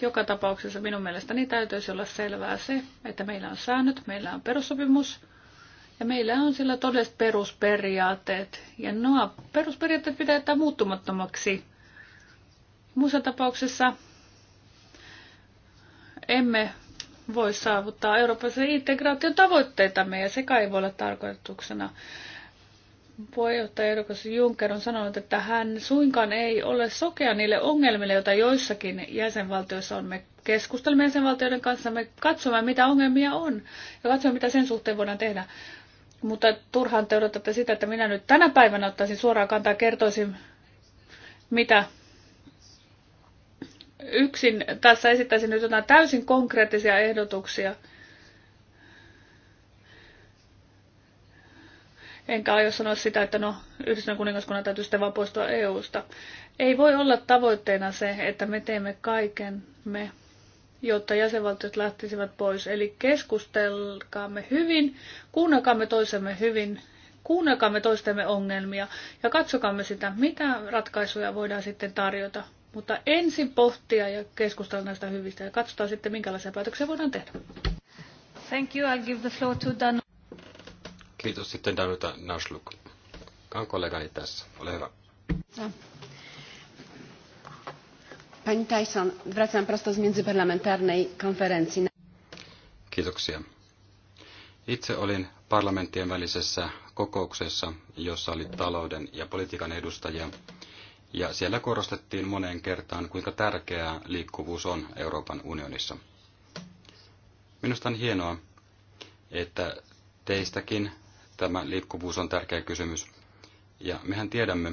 Speaker 1: Joka tapauksessa minun mielestäni täytyisi olla selvää se, että meillä on säännöt, meillä on perussopimus ja meillä on sillä todelliset perusperiaatteet. Ja nuo perusperiaatteet pitää jättää muuttumattomaksi. Muussa tapauksessa emme voi saavuttaa Euroopan integraation tavoitteita meidän, se kai voi olla tarkoituksena puheenjohtajaehdokas Juncker on sanonut, että hän suinkaan ei ole sokea niille ongelmille, joita joissakin jäsenvaltioissa on. Me keskustelemme jäsenvaltioiden kanssa, me katsomme, mitä ongelmia on ja katsomme, mitä sen suhteen voidaan tehdä. Mutta turhaan te odotatte sitä, että minä nyt tänä päivänä ottaisin suoraan kantaa ja kertoisin, mitä yksin tässä esittäisin nyt jotain täysin konkreettisia ehdotuksia – Enkä aio sanoa sitä, että no, Yhdistyneen kuningaskunnan täytyy sitten vaan poistua EUsta. Ei voi olla tavoitteena se, että me teemme kaiken me, jotta jäsenvaltiot lähtisivät pois. Eli keskustelkaamme hyvin, kuunnelkaamme toisemme hyvin, kuunnelkaamme toistemme ongelmia ja katsokaamme sitä, mitä ratkaisuja voidaan sitten tarjota. Mutta ensin pohtia ja keskustella näistä hyvistä ja katsotaan sitten, minkälaisia päätöksiä voidaan tehdä. Thank you. I'll give the floor to Dan.
Speaker 3: Kiitos sitten Danuta Nasluk. On kollegani tässä. Ole hyvä.
Speaker 1: No.
Speaker 4: Pani Tyson, vracam prosto z międzyparlamentarnej
Speaker 2: konferencji.
Speaker 3: Kiitoksia. Itse olin parlamenttien välisessä kokouksessa, jossa oli talouden ja politiikan edustajia, ja siellä korostettiin moneen kertaan, kuinka tärkeää liikkuvuus on Euroopan unionissa. Minusta on hienoa, että teistäkin Tämä liikkuvuus on tärkeä kysymys. Ja mehän tiedämme,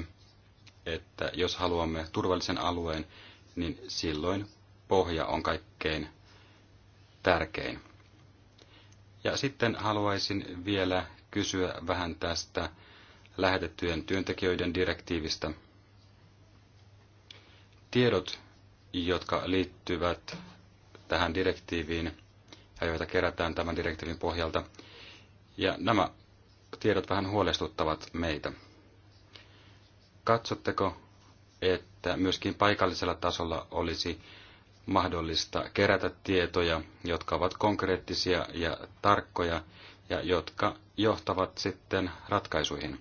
Speaker 3: että jos haluamme turvallisen alueen, niin silloin pohja on kaikkein tärkein. Ja sitten haluaisin vielä kysyä vähän tästä lähetettyjen työntekijöiden direktiivistä. Tiedot, jotka liittyvät tähän direktiiviin ja joita kerätään tämän direktiivin pohjalta, ja nämä tiedot vähän huolestuttavat meitä. Katsotteko, että myöskin paikallisella tasolla olisi mahdollista kerätä tietoja, jotka ovat konkreettisia ja tarkkoja ja jotka johtavat sitten ratkaisuihin?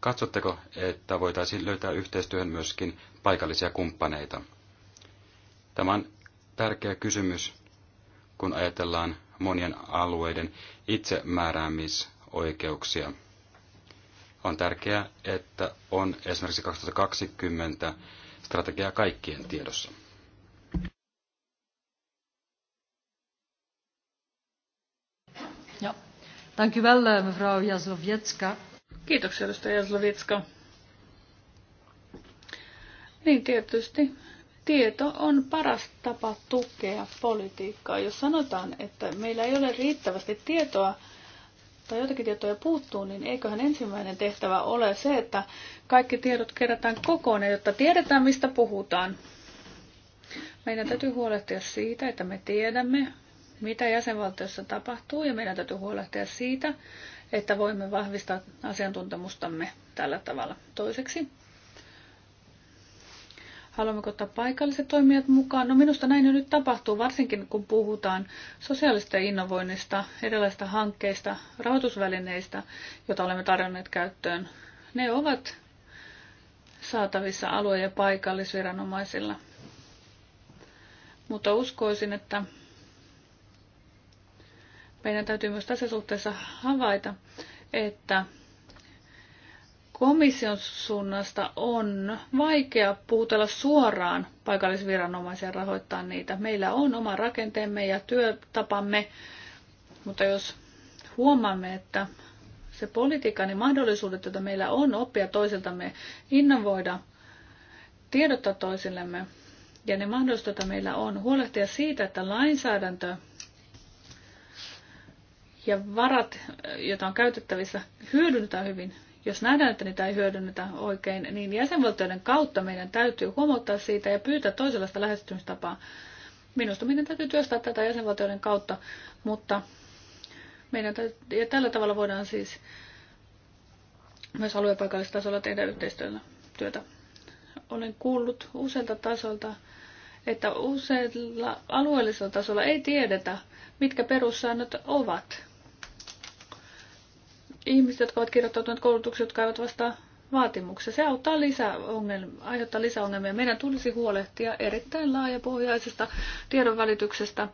Speaker 3: Katsotteko, että voitaisiin löytää yhteistyöhön myöskin paikallisia kumppaneita? Tämä on tärkeä kysymys, kun ajatellaan monien alueiden itsemääräämis- oikeuksia. On tärkeää, että on esimerkiksi 2020 strategia kaikkien tiedossa.
Speaker 2: Ja. Dank u mevrouw uh, Jaslovietska. Kiitoksia, edustaja Jaslovietska.
Speaker 1: Niin tietysti. Tieto on paras tapa tukea politiikkaa. Jos sanotaan, että meillä ei ole riittävästi tietoa, tai jotakin tietoja puuttuu, niin eiköhän ensimmäinen tehtävä ole se, että kaikki tiedot kerätään kokoon, jotta tiedetään, mistä puhutaan. Meidän täytyy huolehtia siitä, että me tiedämme, mitä jäsenvaltiossa tapahtuu, ja meidän täytyy huolehtia siitä, että voimme vahvistaa asiantuntemustamme tällä tavalla. Toiseksi Haluammeko ottaa paikalliset toimijat mukaan? No minusta näin jo nyt tapahtuu, varsinkin kun puhutaan sosiaalista innovoinnista, erilaisista hankkeista, rahoitusvälineistä, joita olemme tarjonneet käyttöön. Ne ovat saatavissa alue- ja paikallisviranomaisilla. Mutta uskoisin, että meidän täytyy myös tässä suhteessa havaita, että komission suunnasta on vaikea puutella suoraan paikallisviranomaisia rahoittaa niitä. Meillä on oma rakenteemme ja työtapamme, mutta jos huomaamme, että se politiikka, niin mahdollisuudet, joita meillä on oppia toisiltamme, innovoida, tiedottaa toisillemme ja ne mahdollisuudet, joita meillä on, huolehtia siitä, että lainsäädäntö ja varat, joita on käytettävissä, hyödynnetään hyvin, jos nähdään, että niitä ei hyödynnetä oikein, niin jäsenvaltioiden kautta meidän täytyy huomauttaa siitä ja pyytää toisenlaista lähestymistapaa. Minusta meidän täytyy työstää tätä jäsenvaltioiden kautta, mutta meidän täytyy, ja tällä tavalla voidaan siis myös aluepaikallistasolla tehdä yhteistyötä. Olen kuullut useilta tasolta, että useilla alueellisella tasolla ei tiedetä, mitkä perussäännöt ovat ihmiset, jotka ovat kirjoittautuneet koulutuksiin, jotka eivät vastaa vaatimuksia. Se auttaa lisää ongelmia, aiheuttaa lisäongelmia. Meidän tulisi huolehtia erittäin laajapohjaisesta tiedonvälityksestä.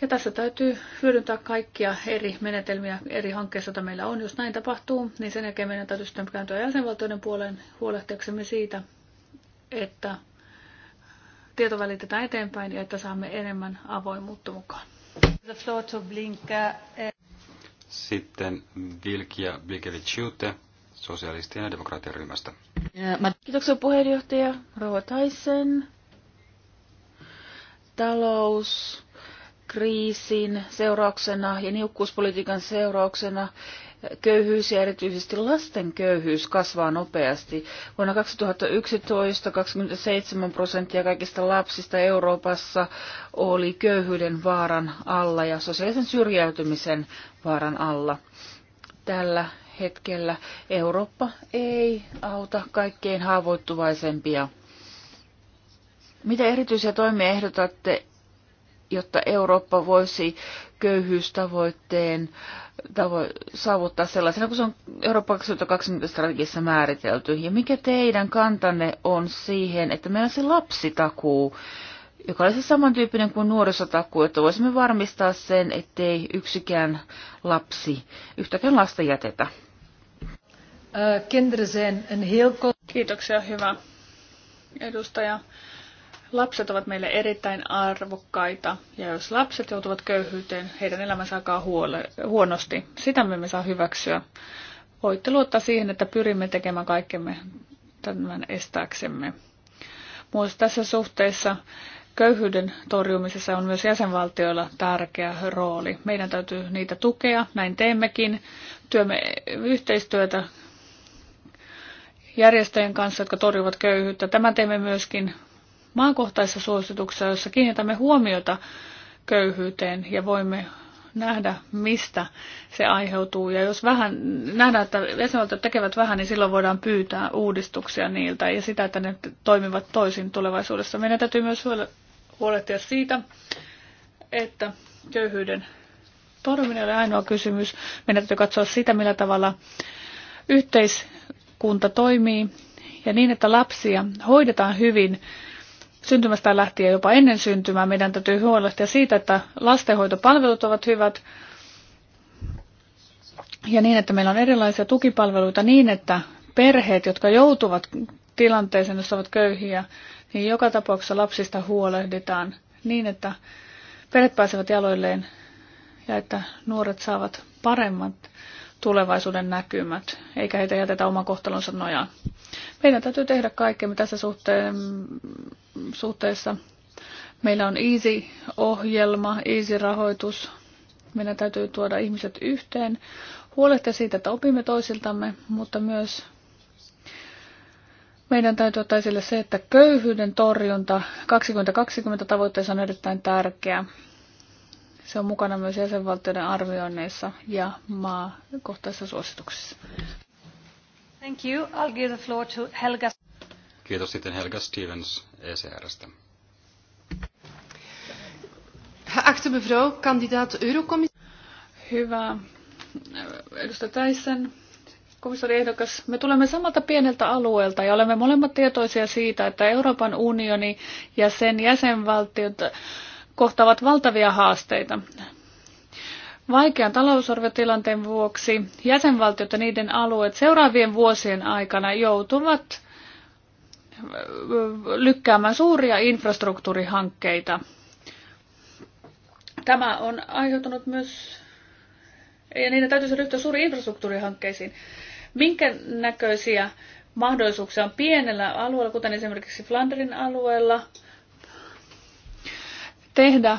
Speaker 1: Ja tässä täytyy hyödyntää kaikkia eri menetelmiä eri hankkeissa, joita meillä on. Jos näin tapahtuu, niin sen jälkeen meidän täytyy sitten kääntyä jäsenvaltioiden puoleen huolehtiaksemme siitä, että tieto välitetään eteenpäin ja että saamme enemmän avoimuutta mukaan. The Blinka. Eh,
Speaker 3: sitten Vilkia Bilkeviciute sosialistien ja demokraattien ryhmästä.
Speaker 4: Kiitoksia puheenjohtaja Rova Taisen. Talous kriisin seurauksena ja niukkuuspolitiikan seurauksena köyhyys ja erityisesti lasten köyhyys kasvaa nopeasti. Vuonna 2011 27 prosenttia kaikista lapsista Euroopassa oli köyhyyden vaaran alla ja sosiaalisen syrjäytymisen vaaran alla. Tällä hetkellä Eurooppa ei auta kaikkein haavoittuvaisempia. Mitä erityisiä toimia ehdotatte, jotta Eurooppa voisi köyhyystavoitteen äh, tavo- saavuttaa sellaisena kuin se on Eurooppa 2020 strategiassa määritelty. Ja mikä teidän kantanne on siihen, että meillä on se lapsitakuu, joka olisi samantyyppinen kuin nuorisotakuu, että voisimme varmistaa sen, ettei yksikään lapsi, yhtäkään lasta jätetä. Äh,
Speaker 2: Kiitoksia,
Speaker 1: hyvä edustaja. Lapset ovat meille erittäin arvokkaita, ja jos lapset joutuvat köyhyyteen, heidän elämänsä alkaa huonosti. Sitä me emme saa hyväksyä. Voitte luottaa siihen, että pyrimme tekemään kaikkemme tämän estääksemme. Muista tässä suhteessa köyhyyden torjumisessa on myös jäsenvaltioilla tärkeä rooli. Meidän täytyy niitä tukea, näin teemmekin. Työmme yhteistyötä järjestöjen kanssa, jotka torjuvat köyhyyttä. Tämän teemme myöskin maankohtaisessa suosituksessa, jossa kiinnitämme huomiota köyhyyteen ja voimme nähdä, mistä se aiheutuu. Ja jos vähän nähdään, että jäsenvaltiot tekevät vähän, niin silloin voidaan pyytää uudistuksia niiltä ja sitä, että ne toimivat toisin tulevaisuudessa. Meidän täytyy myös huolehtia siitä, että köyhyyden torjuminen oli ainoa kysymys. Meidän täytyy katsoa sitä, millä tavalla yhteiskunta toimii ja niin, että lapsia hoidetaan hyvin syntymästä lähtien jopa ennen syntymää. Meidän täytyy huolehtia siitä, että lastenhoitopalvelut ovat hyvät ja niin, että meillä on erilaisia tukipalveluita niin, että perheet, jotka joutuvat tilanteeseen, jos ovat köyhiä, niin joka tapauksessa lapsista huolehditaan niin, että perheet pääsevät jaloilleen ja että nuoret saavat paremmat tulevaisuuden näkymät, eikä heitä jätetä oman kohtalonsa nojaan. Meidän täytyy tehdä kaikkemme tässä suhteen, suhteessa. Meillä on Easy-ohjelma, Easy-rahoitus. Meidän täytyy tuoda ihmiset yhteen, huolehtia siitä, että opimme toisiltamme, mutta myös meidän täytyy ottaa esille se, että köyhyyden torjunta 2020 tavoitteessa on erittäin tärkeä. Se on mukana myös jäsenvaltioiden arvioinneissa ja
Speaker 2: maakohtaisissa suosituksissa. Thank you. I'll give the floor to Helga.
Speaker 3: Kiitos sitten Helga Stevens ECRstä.
Speaker 1: Geachte mevrouw, kandidaat eurocommissaris. Hyvä. Edustaja Täisen, komissaariehdokas, me tulemme samalta pieneltä alueelta ja olemme molemmat tietoisia siitä, että Euroopan unioni ja sen jäsenvaltiot kohtaavat valtavia haasteita. Vaikean talousarviotilanteen vuoksi jäsenvaltiot ja niiden alueet seuraavien vuosien aikana joutuvat äh, lykkäämään suuria infrastruktuurihankkeita. Tämä on aiheuttanut myös, ja niiden täytyisi ryhtyä suuriin infrastruktuurihankkeisiin. Minkä näköisiä mahdollisuuksia on pienellä alueella, kuten esimerkiksi Flanderin alueella, tehdä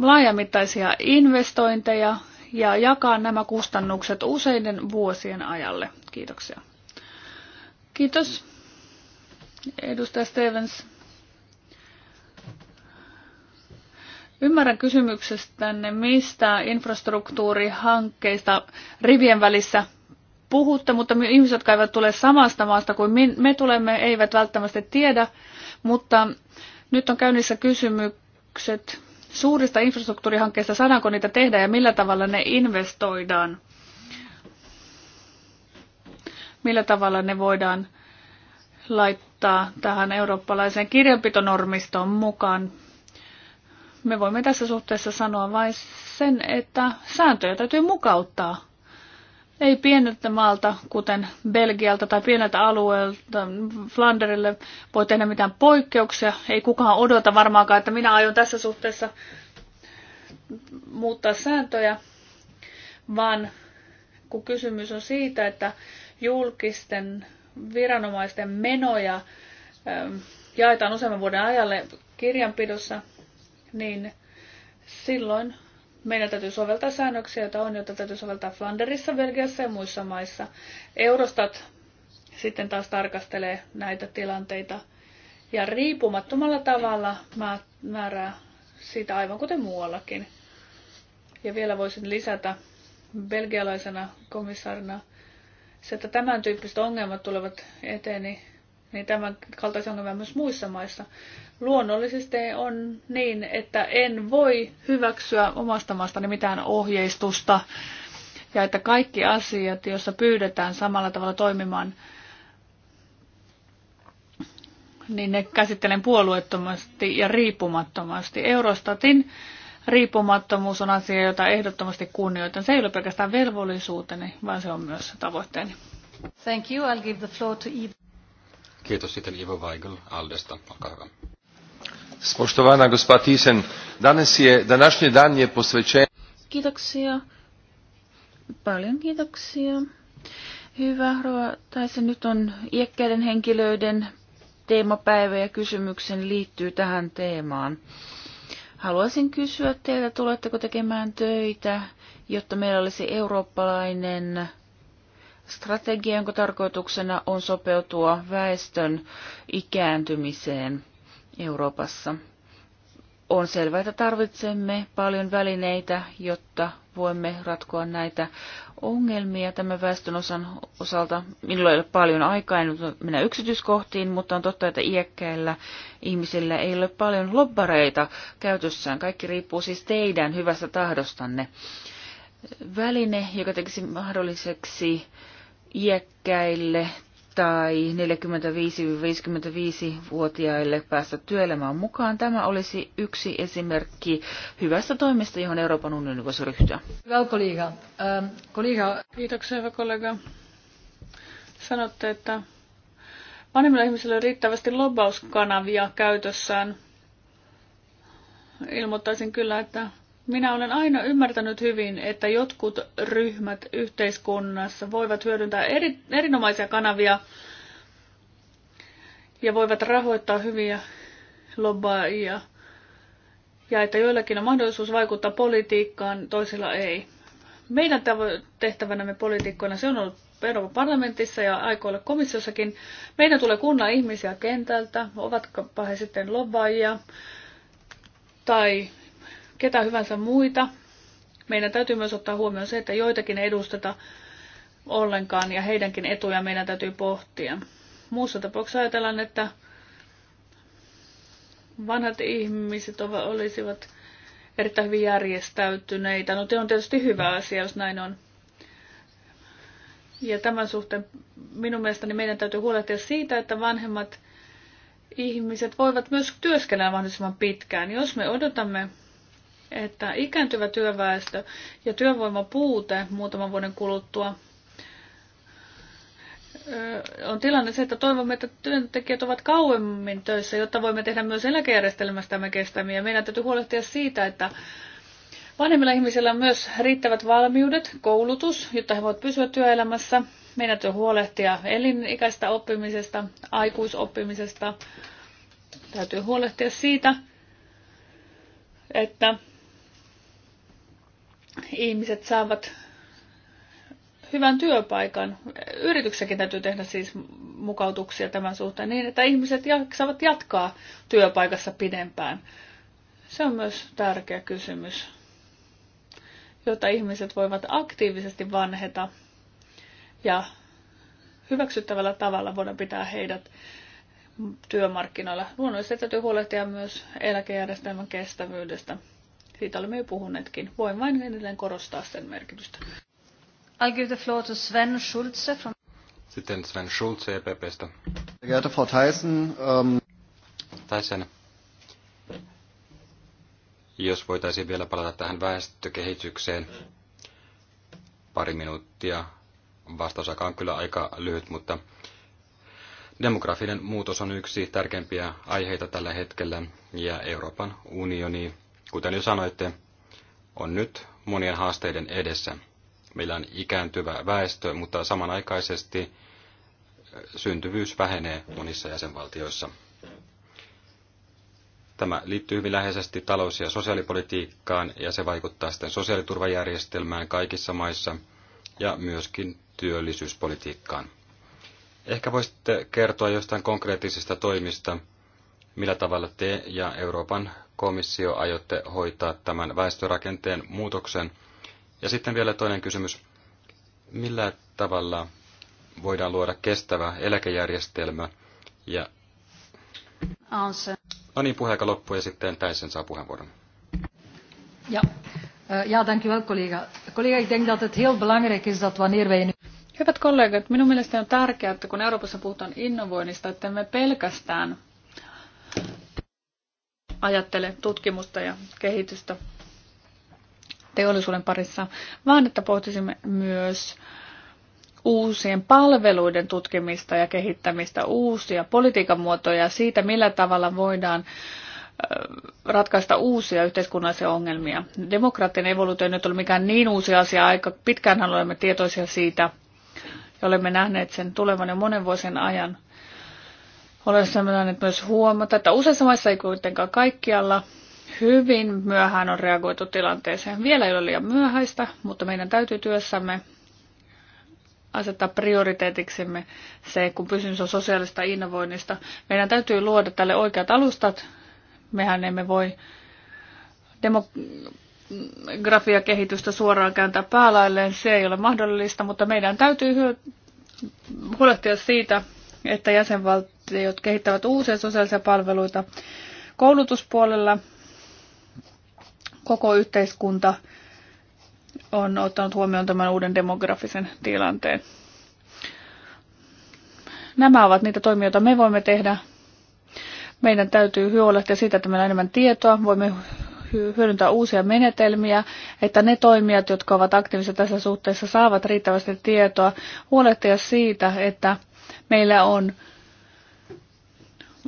Speaker 1: laajamittaisia investointeja ja jakaa nämä kustannukset useiden vuosien ajalle. Kiitoksia. Kiitos. Edustaja Stevens. Ymmärrän kysymyksestänne, mistä infrastruktuurihankkeista rivien välissä puhutte, mutta ihmiset, jotka eivät tule samasta maasta kuin me tulemme, eivät välttämättä tiedä. Mutta nyt on käynnissä kysymykset suurista infrastruktuurihankkeista, saadaanko niitä tehdä ja millä tavalla ne investoidaan? Millä tavalla ne voidaan laittaa tähän eurooppalaiseen kirjanpitonormistoon mukaan? Me voimme tässä suhteessa sanoa vain sen, että sääntöjä täytyy mukauttaa ei pieneltä maalta, kuten Belgialta tai pieneltä alueelta Flanderille voi tehdä mitään poikkeuksia. Ei kukaan odota varmaankaan, että minä aion tässä suhteessa muuttaa sääntöjä, vaan kun kysymys on siitä, että julkisten viranomaisten menoja ähm, jaetaan useamman vuoden ajalle kirjanpidossa, niin silloin meidän täytyy soveltaa säännöksiä, joita on, joita täytyy soveltaa Flanderissa, Belgiassa ja muissa maissa. Eurostat sitten taas tarkastelee näitä tilanteita ja riippumattomalla tavalla määrää siitä aivan kuten muuallakin. Ja vielä voisin lisätä belgialaisena komissarina, se, että tämän tyyppiset ongelmat tulevat eteeni niin tämän kaltaisia ongelmia myös muissa maissa. Luonnollisesti on niin, että en voi hyväksyä omasta maastani mitään ohjeistusta ja että kaikki asiat, joissa pyydetään samalla tavalla toimimaan, niin ne käsittelen puolueettomasti ja riippumattomasti. Eurostatin riippumattomuus on asia, jota ehdottomasti kunnioitan. Se ei ole pelkästään velvollisuuteni, vaan se on myös tavoitteeni.
Speaker 2: Thank you. I'll give the floor to Eva.
Speaker 3: Kiitos sitten Ivo Weigel Aldesta. Olkaa hyvä. Spoštovana gospa Tisen, je, današnji dan je posvećen...
Speaker 4: Kiitoksia. Paljon kiitoksia. Hyvä, Roa. se nyt on iäkkäiden henkilöiden teemapäivä ja kysymyksen liittyy tähän teemaan. Haluaisin kysyä teiltä, tuletteko tekemään töitä, jotta meillä olisi eurooppalainen strategia, jonka tarkoituksena on sopeutua väestön ikääntymiseen Euroopassa. On selvää, että tarvitsemme paljon välineitä, jotta voimme ratkoa näitä ongelmia tämän väestön osan osalta. Minulla ei ole paljon aikaa, en mennä yksityiskohtiin, mutta on totta, että iäkkäillä ihmisillä ei ole paljon lobbareita käytössään. Kaikki riippuu siis teidän hyvästä tahdostanne. Väline, joka tekisi mahdolliseksi iäkkäille tai 45-55-vuotiaille päästä työelämään mukaan. Tämä olisi yksi esimerkki hyvästä toimesta, johon Euroopan unioni voisi ryhtyä.
Speaker 2: Hyvä kollega. Ähm, kollega. Kiitoksia, hyvä kollega. Sanotte, että vanhemmilla
Speaker 1: ihmisillä on riittävästi lobbauskanavia käytössään. Ilmoittaisin kyllä, että minä olen aina ymmärtänyt hyvin, että jotkut ryhmät yhteiskunnassa voivat hyödyntää eri, erinomaisia kanavia ja voivat rahoittaa hyviä lobbaajia. Ja että joillakin on mahdollisuus vaikuttaa politiikkaan, toisilla ei. Meidän tehtävänämme poliitikkoina, se on ollut Euroopan parlamentissa ja aikoille komissiossakin, meidän tulee kunna ihmisiä kentältä, ovatko he sitten lobbaajia tai ketä hyvänsä muita. Meidän täytyy myös ottaa huomioon se, että joitakin ei edusteta ollenkaan ja heidänkin etuja meidän täytyy pohtia. Muussa tapauksessa ajatellaan, että vanhat ihmiset olisivat erittäin hyvin järjestäytyneitä. No se on tietysti hyvä asia, jos näin on. Ja tämän suhteen minun mielestäni meidän täytyy huolehtia siitä, että vanhemmat ihmiset voivat myös työskennellä mahdollisimman pitkään. Jos me odotamme että ikääntyvä työväestö ja työvoimapuute muutaman vuoden kuluttua on tilanne se, että toivomme, että työntekijät ovat kauemmin töissä, jotta voimme tehdä myös eläkejärjestelmästämme kestämiä. Meidän täytyy huolehtia siitä, että vanhemmilla ihmisillä on myös riittävät valmiudet, koulutus, jotta he voivat pysyä työelämässä. Meidän täytyy huolehtia elinikäistä oppimisesta, aikuisoppimisesta. Täytyy huolehtia siitä, että ihmiset saavat hyvän työpaikan. Yrityksäkin täytyy tehdä siis mukautuksia tämän suhteen niin, että ihmiset saavat jatkaa työpaikassa pidempään. Se on myös tärkeä kysymys, jotta ihmiset voivat aktiivisesti vanheta ja hyväksyttävällä tavalla voidaan pitää heidät työmarkkinoilla. Luonnollisesti täytyy huolehtia myös eläkejärjestelmän kestävyydestä. Siitä olemme jo puhuneetkin. Voin vain edelleen korostaa sen merkitystä. give
Speaker 2: the floor to Sven Schulze from...
Speaker 3: Sitten Sven Schulze EPPstä. Geehrte Frau Tyson, um... Ähm, Tyson, jos voitaisiin vielä palata tähän väestökehitykseen. Pari minuuttia. Vastausaika on kyllä aika lyhyt, mutta demografinen muutos on yksi tärkeimpiä aiheita tällä hetkellä ja Euroopan unioni Kuten jo sanoitte, on nyt monien haasteiden edessä. Meillä on ikääntyvä väestö, mutta samanaikaisesti eh, syntyvyys vähenee monissa jäsenvaltioissa. Tämä liittyy hyvin läheisesti talous- ja sosiaalipolitiikkaan ja se vaikuttaa sitten sosiaaliturvajärjestelmään kaikissa maissa ja myöskin työllisyyspolitiikkaan. Ehkä voisitte kertoa jostain konkreettisista toimista, millä tavalla te ja Euroopan komissio aiotte hoitaa tämän väestörakenteen muutoksen? Ja sitten vielä toinen kysymys. Millä tavalla voidaan luoda kestävä eläkejärjestelmä? Ja... No niin, puheaika loppuu ja sitten Täisen saa puheenvuoron.
Speaker 2: Ja, eh, ja dank collega. Collega, ik denk dat het heel belangrijk is dat wanneer wij nu... Hyvät kollegat, minun mielestäni on tärkeää, että kun Euroopassa puhutaan innovoinnista, että me
Speaker 1: pelkästään ajattele tutkimusta ja kehitystä teollisuuden parissa, vaan että pohtisimme myös uusien palveluiden tutkimista ja kehittämistä, uusia politiikan muotoja siitä, millä tavalla voidaan ratkaista uusia yhteiskunnallisia ongelmia. Demokraattinen evoluutio ei nyt ole mikään niin uusi asia, aika pitkään olemme tietoisia siitä ja olemme nähneet sen tulevan jo monen vuosien ajan ole sellainen myös huomata, että useissa maissa ei kuitenkaan kaikkialla hyvin myöhään on reagoitu tilanteeseen. Vielä ei ole liian myöhäistä, mutta meidän täytyy työssämme asettaa prioriteetiksemme se, kun pysymys on sosiaalista innovoinnista. Meidän täytyy luoda tälle oikeat alustat. Mehän emme voi demografiakehitystä suoraan kääntää päälailleen. Se ei ole mahdollista, mutta meidän täytyy huolehtia siitä, että jäsenvalt jotka kehittävät uusia sosiaalisia palveluita. Koulutuspuolella koko yhteiskunta on ottanut huomioon tämän uuden demografisen tilanteen. Nämä ovat niitä toimia, joita me voimme tehdä. Meidän täytyy huolehtia siitä, että meillä on enemmän tietoa, voimme hyödyntää uusia menetelmiä, että ne toimijat, jotka ovat aktiivisia tässä suhteessa, saavat riittävästi tietoa, huolehtia siitä, että meillä on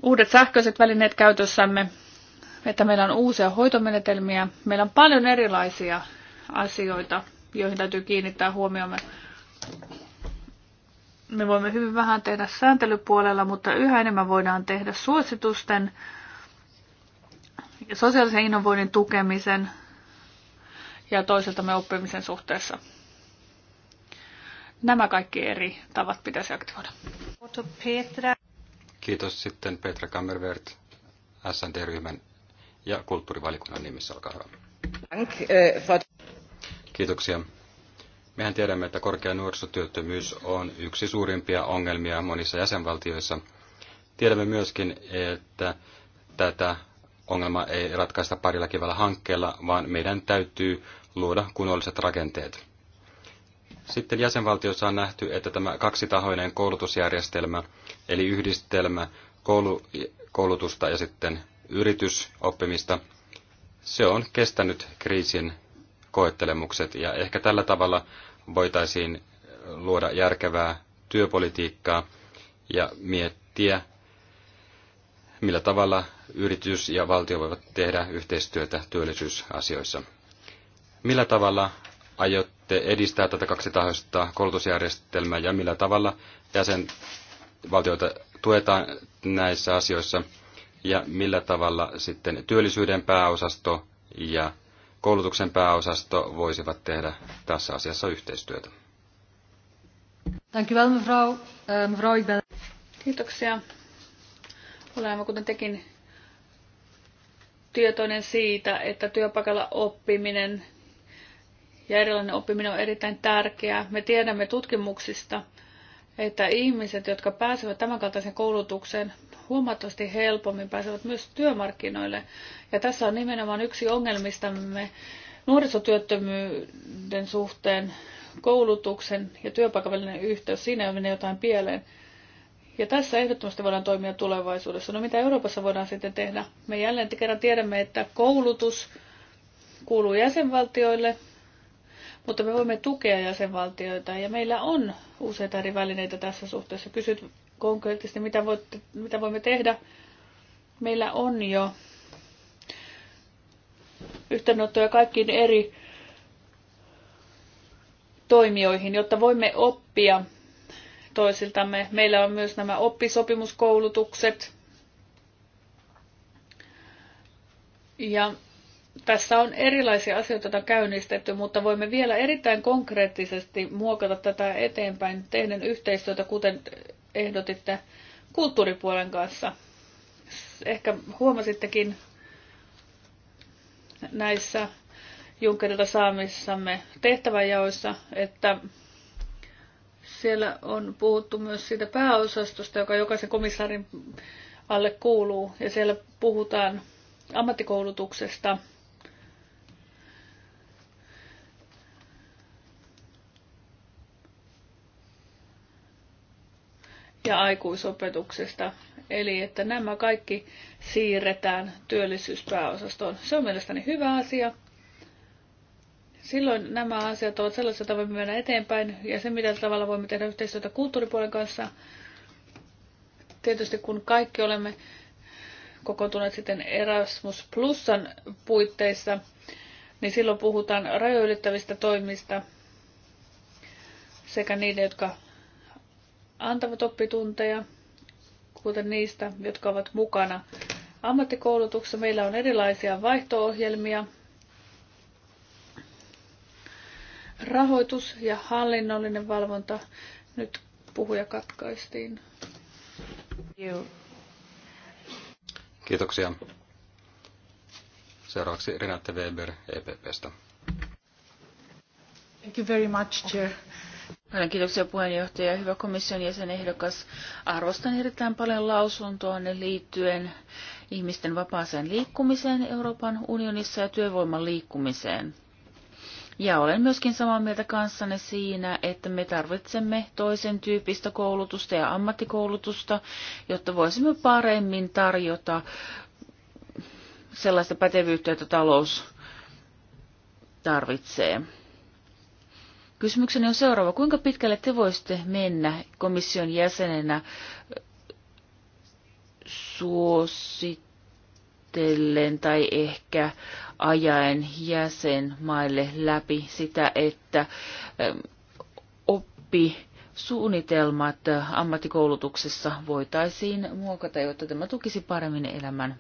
Speaker 1: uudet sähköiset välineet käytössämme, että meillä on uusia hoitomenetelmiä. Meillä on paljon erilaisia asioita, joihin täytyy kiinnittää huomiomme. Me voimme hyvin vähän tehdä sääntelypuolella, mutta yhä enemmän voidaan tehdä suositusten ja sosiaalisen innovoinnin tukemisen ja me oppimisen suhteessa. Nämä kaikki eri tavat pitäisi aktivoida.
Speaker 2: Petra.
Speaker 3: Kiitos sitten Petra Kammervert SNT-ryhmän ja kulttuurivalikunnan nimissä, olkaa hyvä. Eh, Kiitoksia. Mehän tiedämme, että korkea nuorisotyöttömyys on yksi suurimpia ongelmia monissa jäsenvaltioissa. Tiedämme myöskin, että tätä ongelmaa ei ratkaista parilla kivellä hankkeella, vaan meidän täytyy luoda kunnolliset rakenteet. Sitten jäsenvaltiossa on nähty, että tämä kaksitahoinen koulutusjärjestelmä, eli yhdistelmä koulu, koulutusta ja sitten yritysoppimista, se on kestänyt kriisin koettelemukset ja ehkä tällä tavalla voitaisiin luoda järkevää työpolitiikkaa ja miettiä, millä tavalla yritys ja valtio voivat tehdä yhteistyötä työllisyysasioissa. Millä tavalla aiot te edistää tätä kaksitahoista koulutusjärjestelmää ja millä tavalla jäsenvaltioita tuetaan näissä asioissa ja millä tavalla sitten työllisyyden pääosasto ja koulutuksen pääosasto voisivat tehdä tässä asiassa yhteistyötä.
Speaker 2: Eh, Kiitoksia. Olen kuten tekin
Speaker 1: tietoinen siitä, että työpaikalla oppiminen ja erilainen oppiminen on erittäin tärkeää. Me tiedämme tutkimuksista, että ihmiset, jotka pääsevät tämänkaltaisen koulutukseen, huomattavasti helpommin pääsevät myös työmarkkinoille. Ja tässä on nimenomaan yksi ongelmistamme nuorisotyöttömyyden suhteen koulutuksen ja työpaikan välinen yhteys. Siinä menee jotain pieleen. Ja tässä ehdottomasti voidaan toimia tulevaisuudessa. No mitä Euroopassa voidaan sitten tehdä? Me jälleen kerran tiedämme, että koulutus kuuluu jäsenvaltioille, mutta me voimme tukea jäsenvaltioita ja meillä on useita eri välineitä tässä suhteessa. Kysyt konkreettisesti, mitä, voitte, mitä voimme tehdä. Meillä on jo yhteydenottoja kaikkiin eri toimijoihin, jotta voimme oppia toisiltamme. Meillä on myös nämä oppisopimuskoulutukset. Ja tässä on erilaisia asioita, on käynnistetty, mutta voimme vielä erittäin konkreettisesti muokata tätä eteenpäin tehden yhteistyötä, kuten ehdotitte kulttuuripuolen kanssa. Ehkä huomasittekin näissä Junckerilta saamissamme tehtäväjaoissa, että siellä on puhuttu myös siitä pääosastosta, joka jokaisen komissaarin alle kuuluu, ja siellä puhutaan ammattikoulutuksesta – ja aikuisopetuksesta. Eli että nämä kaikki siirretään työllisyyspääosastoon. Se on mielestäni hyvä asia. Silloin nämä asiat ovat sellaisia, joita voimme mennä eteenpäin ja se, mitä tavalla voimme tehdä yhteistyötä kulttuuripuolen kanssa. Tietysti kun kaikki olemme kokoontuneet sitten Erasmus Plusan puitteissa, niin silloin puhutaan rajoylittävistä toimista sekä niiden, jotka antavat oppitunteja, kuten niistä, jotka ovat mukana ammattikoulutuksessa. Meillä on erilaisia vaihtoohjelmia, rahoitus ja hallinnollinen valvonta. Nyt puhuja katkaistiin.
Speaker 3: Kiitoksia. Seuraavaksi Renate Weber EPPstä.
Speaker 2: Thank you very much, Chair.
Speaker 4: Paljon kiitoksia puheenjohtaja. Hyvä komission ehdokas. Arvostan erittäin paljon lausuntoanne liittyen ihmisten vapaaseen liikkumiseen Euroopan unionissa ja työvoiman liikkumiseen. Ja olen myöskin samaa mieltä kanssanne siinä, että me tarvitsemme toisen tyyppistä koulutusta ja ammattikoulutusta, jotta voisimme paremmin tarjota sellaista pätevyyttä, jota talous tarvitsee. Kysymykseni on seuraava. Kuinka pitkälle te voisitte mennä komission jäsenenä äh, suosittelen tai ehkä ajaen jäsenmaille läpi sitä, että ähm, oppi suunnitelmat äh, ammattikoulutuksessa voitaisiin muokata, jotta tämä tukisi paremmin elämän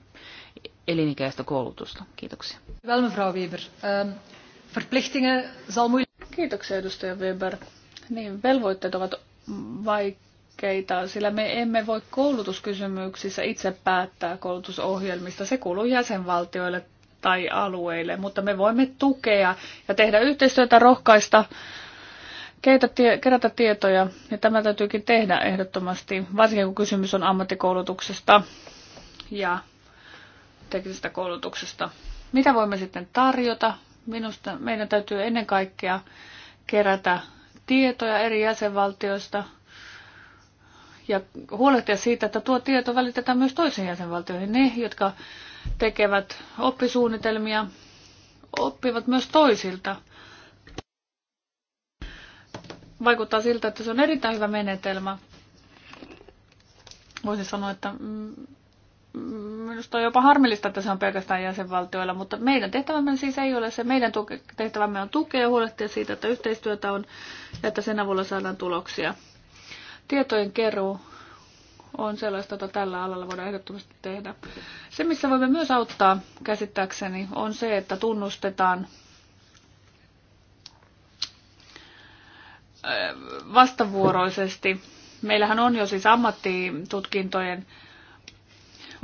Speaker 4: elinikäistä koulutusta. Kiitoksia.
Speaker 2: Wel mevrouw Weber, ehm, verplichtingen zal moeilijk Kiitoksia edustaja Weber. Niin,
Speaker 1: velvoitteet ovat vaikeita, sillä me emme voi koulutuskysymyksissä itse päättää koulutusohjelmista. Se kuuluu jäsenvaltioille tai alueille, mutta me voimme tukea ja tehdä yhteistyötä, rohkaista, kerätä tietoja. Ja tämä täytyykin tehdä ehdottomasti, varsinkin kun kysymys on ammattikoulutuksesta ja teknisestä koulutuksesta. Mitä voimme sitten tarjota? Minusta meidän täytyy ennen kaikkea kerätä tietoja eri jäsenvaltioista ja huolehtia siitä, että tuo tieto välitetään myös toisiin jäsenvaltioihin. Ne, jotka tekevät oppisuunnitelmia, oppivat myös toisilta. Vaikuttaa siltä, että se on erittäin hyvä menetelmä. Voisin sanoa, että mm, minusta on jopa harmillista, että se on pelkästään jäsenvaltioilla, mutta meidän tehtävämme siis ei ole se. Meidän tehtävämme on tukea ja huolehtia siitä, että yhteistyötä on ja että sen avulla saadaan tuloksia. Tietojen keruu on sellaista, jota tällä alalla voidaan ehdottomasti tehdä. Se, missä voimme myös auttaa käsittääkseni, on se, että tunnustetaan vastavuoroisesti. Meillähän on jo siis ammattitutkintojen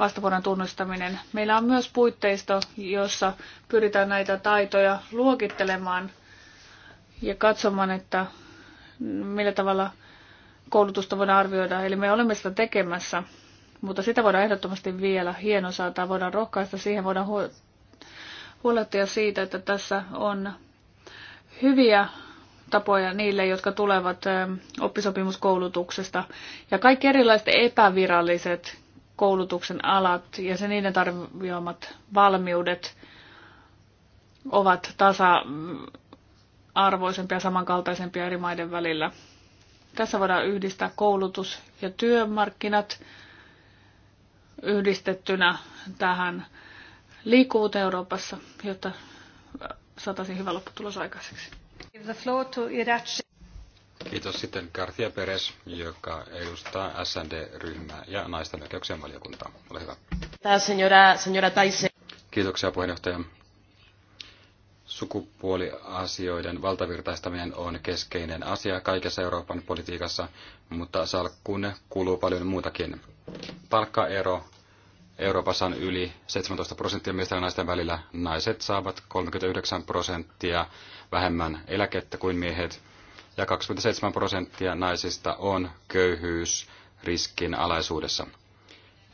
Speaker 1: vastavuoron tunnustaminen. Meillä on myös puitteisto, jossa pyritään näitä taitoja luokittelemaan ja katsomaan, että millä tavalla koulutusta voidaan arvioida. Eli me olemme sitä tekemässä, mutta sitä voidaan ehdottomasti vielä hieno saattaa, voidaan rohkaista siihen, voidaan huolehtia siitä, että tässä on hyviä tapoja niille, jotka tulevat oppisopimuskoulutuksesta. Ja kaikki erilaiset epäviralliset koulutuksen alat ja se niiden tarjoamat valmiudet ovat tasa-arvoisempia ja samankaltaisempia eri maiden välillä. Tässä voidaan yhdistää koulutus ja työmarkkinat yhdistettynä tähän liikkuvuuteen Euroopassa, jotta saataisiin hyvä lopputulos aikaiseksi.
Speaker 3: Kiitos sitten Garcia Perez, joka edustaa SND-ryhmää ja naisten oikeuksien valiokuntaa. Ole hyvä. Señora, señora Taisen. Kiitoksia puheenjohtaja. Sukupuoliasioiden valtavirtaistaminen on keskeinen asia kaikessa Euroopan politiikassa, mutta salkkuun kuuluu paljon muutakin. Palkkaero Euroopassa on yli 17 prosenttia miesten ja naisten välillä. Naiset saavat 39 prosenttia vähemmän eläkettä kuin miehet ja 27 prosenttia naisista on köyhyysriskin alaisuudessa.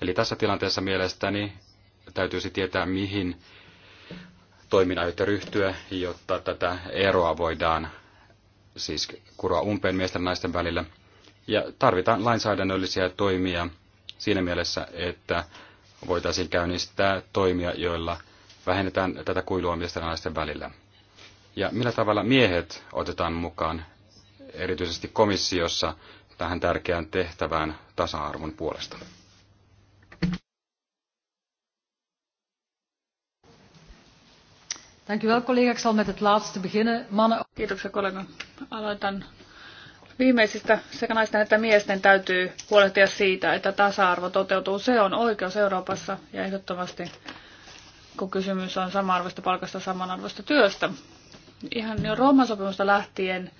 Speaker 3: Eli tässä tilanteessa mielestäni täytyisi tietää, mihin toiminnan ryhtyä, jotta tätä eroa voidaan siis kuroa umpeen miesten ja naisten välillä. Ja tarvitaan lainsäädännöllisiä toimia siinä mielessä, että voitaisiin käynnistää toimia, joilla vähennetään tätä kuilua miesten ja naisten välillä. Ja millä tavalla miehet otetaan mukaan erityisesti komissiossa tähän tärkeään tehtävään tasa-arvon puolesta.
Speaker 2: Dank u wel, collega. Ik zal met het laatste beginnen. Mannen... Kiitoksia, collega. Aloitan
Speaker 1: viimeisistä sekä naisten että miesten täytyy huolehtia siitä, että tasa-arvo toteutuu. Se on oikeus Euroopassa ja ehdottomasti, kun kysymys on sama-arvoista palkasta samanarvoista työstä. Ihan jo Rooman sopimusta lähtien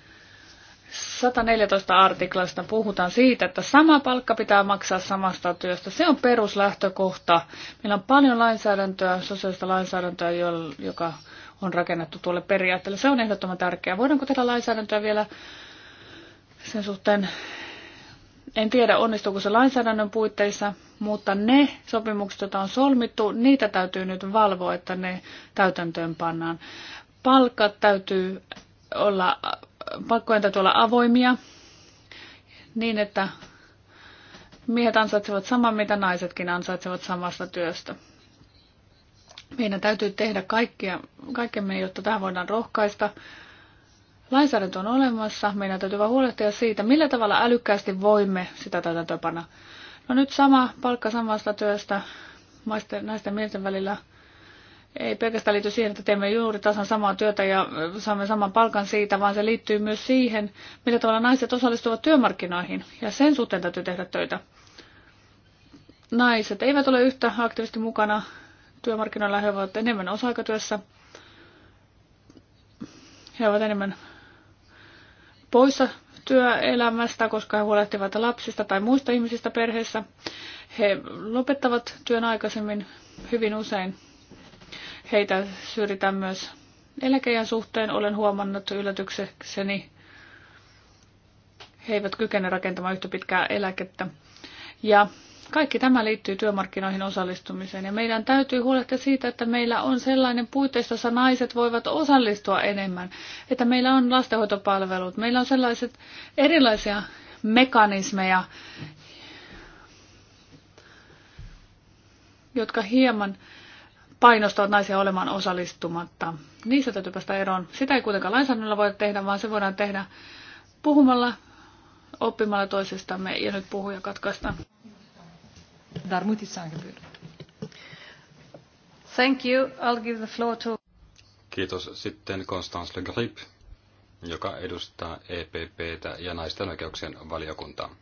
Speaker 1: 114 artiklasta puhutaan siitä, että sama palkka pitää maksaa samasta työstä. Se on peruslähtökohta. Meillä on paljon lainsäädäntöä, sosiaalista lainsäädäntöä, joka on rakennettu tuolle periaatteelle. Se on ehdottoman tärkeää. Voidaanko tehdä lainsäädäntöä vielä sen suhteen? En tiedä, onnistuuko se lainsäädännön puitteissa, mutta ne sopimukset, joita on solmittu, niitä täytyy nyt valvoa, että ne täytäntöön pannaan. Palkat täytyy olla pakkojen täytyy olla avoimia niin, että miehet ansaitsevat saman, mitä naisetkin ansaitsevat samasta työstä. Meidän täytyy tehdä kaikkia, kaikkemme, jotta tähän voidaan rohkaista. Lainsäädäntö on olemassa, meidän täytyy vain huolehtia siitä, millä tavalla älykkäästi voimme sitä täytäntöpana. No nyt sama palkka samasta työstä naisten ja miesten välillä – ei pelkästään liity siihen, että teemme juuri tasan samaa työtä ja saamme saman palkan siitä, vaan se liittyy myös siihen, millä tavalla naiset osallistuvat työmarkkinoihin. Ja sen suhteen täytyy tehdä töitä. Naiset eivät ole yhtä aktiivisesti mukana työmarkkinoilla, he ovat enemmän osa-aikatyössä. He ovat enemmän poissa työelämästä, koska he huolehtivat lapsista tai muista ihmisistä perheessä. He lopettavat työn aikaisemmin hyvin usein Heitä syrjitään myös eläkejän suhteen. Olen huomannut yllätyksekseni, he eivät kykene rakentamaan yhtä pitkää eläkettä. Ja kaikki tämä liittyy työmarkkinoihin osallistumiseen ja meidän täytyy huolehtia siitä, että meillä on sellainen puitteista, jossa naiset voivat osallistua enemmän, että meillä on lastenhoitopalvelut, meillä on sellaiset erilaisia mekanismeja, jotka hieman painostavat naisia olemaan osallistumatta. Niistä täytyy päästä eroon. Sitä ei kuitenkaan lainsäädännöllä voida tehdä, vaan se voidaan tehdä puhumalla, oppimalla toisistamme. Ja nyt puhuja katkaista.
Speaker 2: Thank you. I'll give the floor to...
Speaker 3: Kiitos. Sitten Constance Le Grip, joka edustaa EPPtä ja naisten oikeuksien valiokuntaa.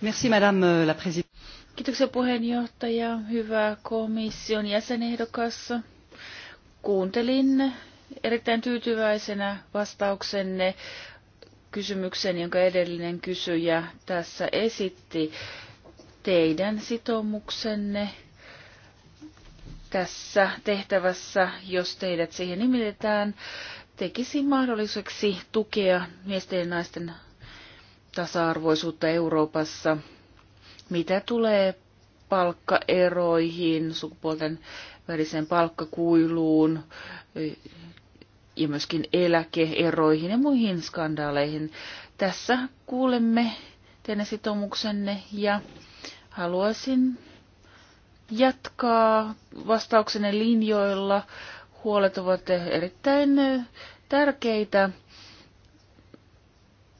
Speaker 2: Merci, Madame euh, la Présidente. Kiitoksia
Speaker 4: puheenjohtaja, hyvä komission jäsenehdokas. Kuuntelin erittäin tyytyväisenä vastauksenne kysymyksen, jonka edellinen kysyjä tässä esitti. Teidän sitoumuksenne tässä tehtävässä, jos teidät siihen nimitetään, tekisi mahdolliseksi tukea miesten ja naisten tasa-arvoisuutta Euroopassa – mitä tulee palkkaeroihin, sukupuolten väliseen palkkakuiluun ja myöskin eläkeeroihin ja muihin skandaaleihin. Tässä kuulemme teidän sitoumuksenne ja haluaisin jatkaa vastauksenne linjoilla. Huolet ovat erittäin tärkeitä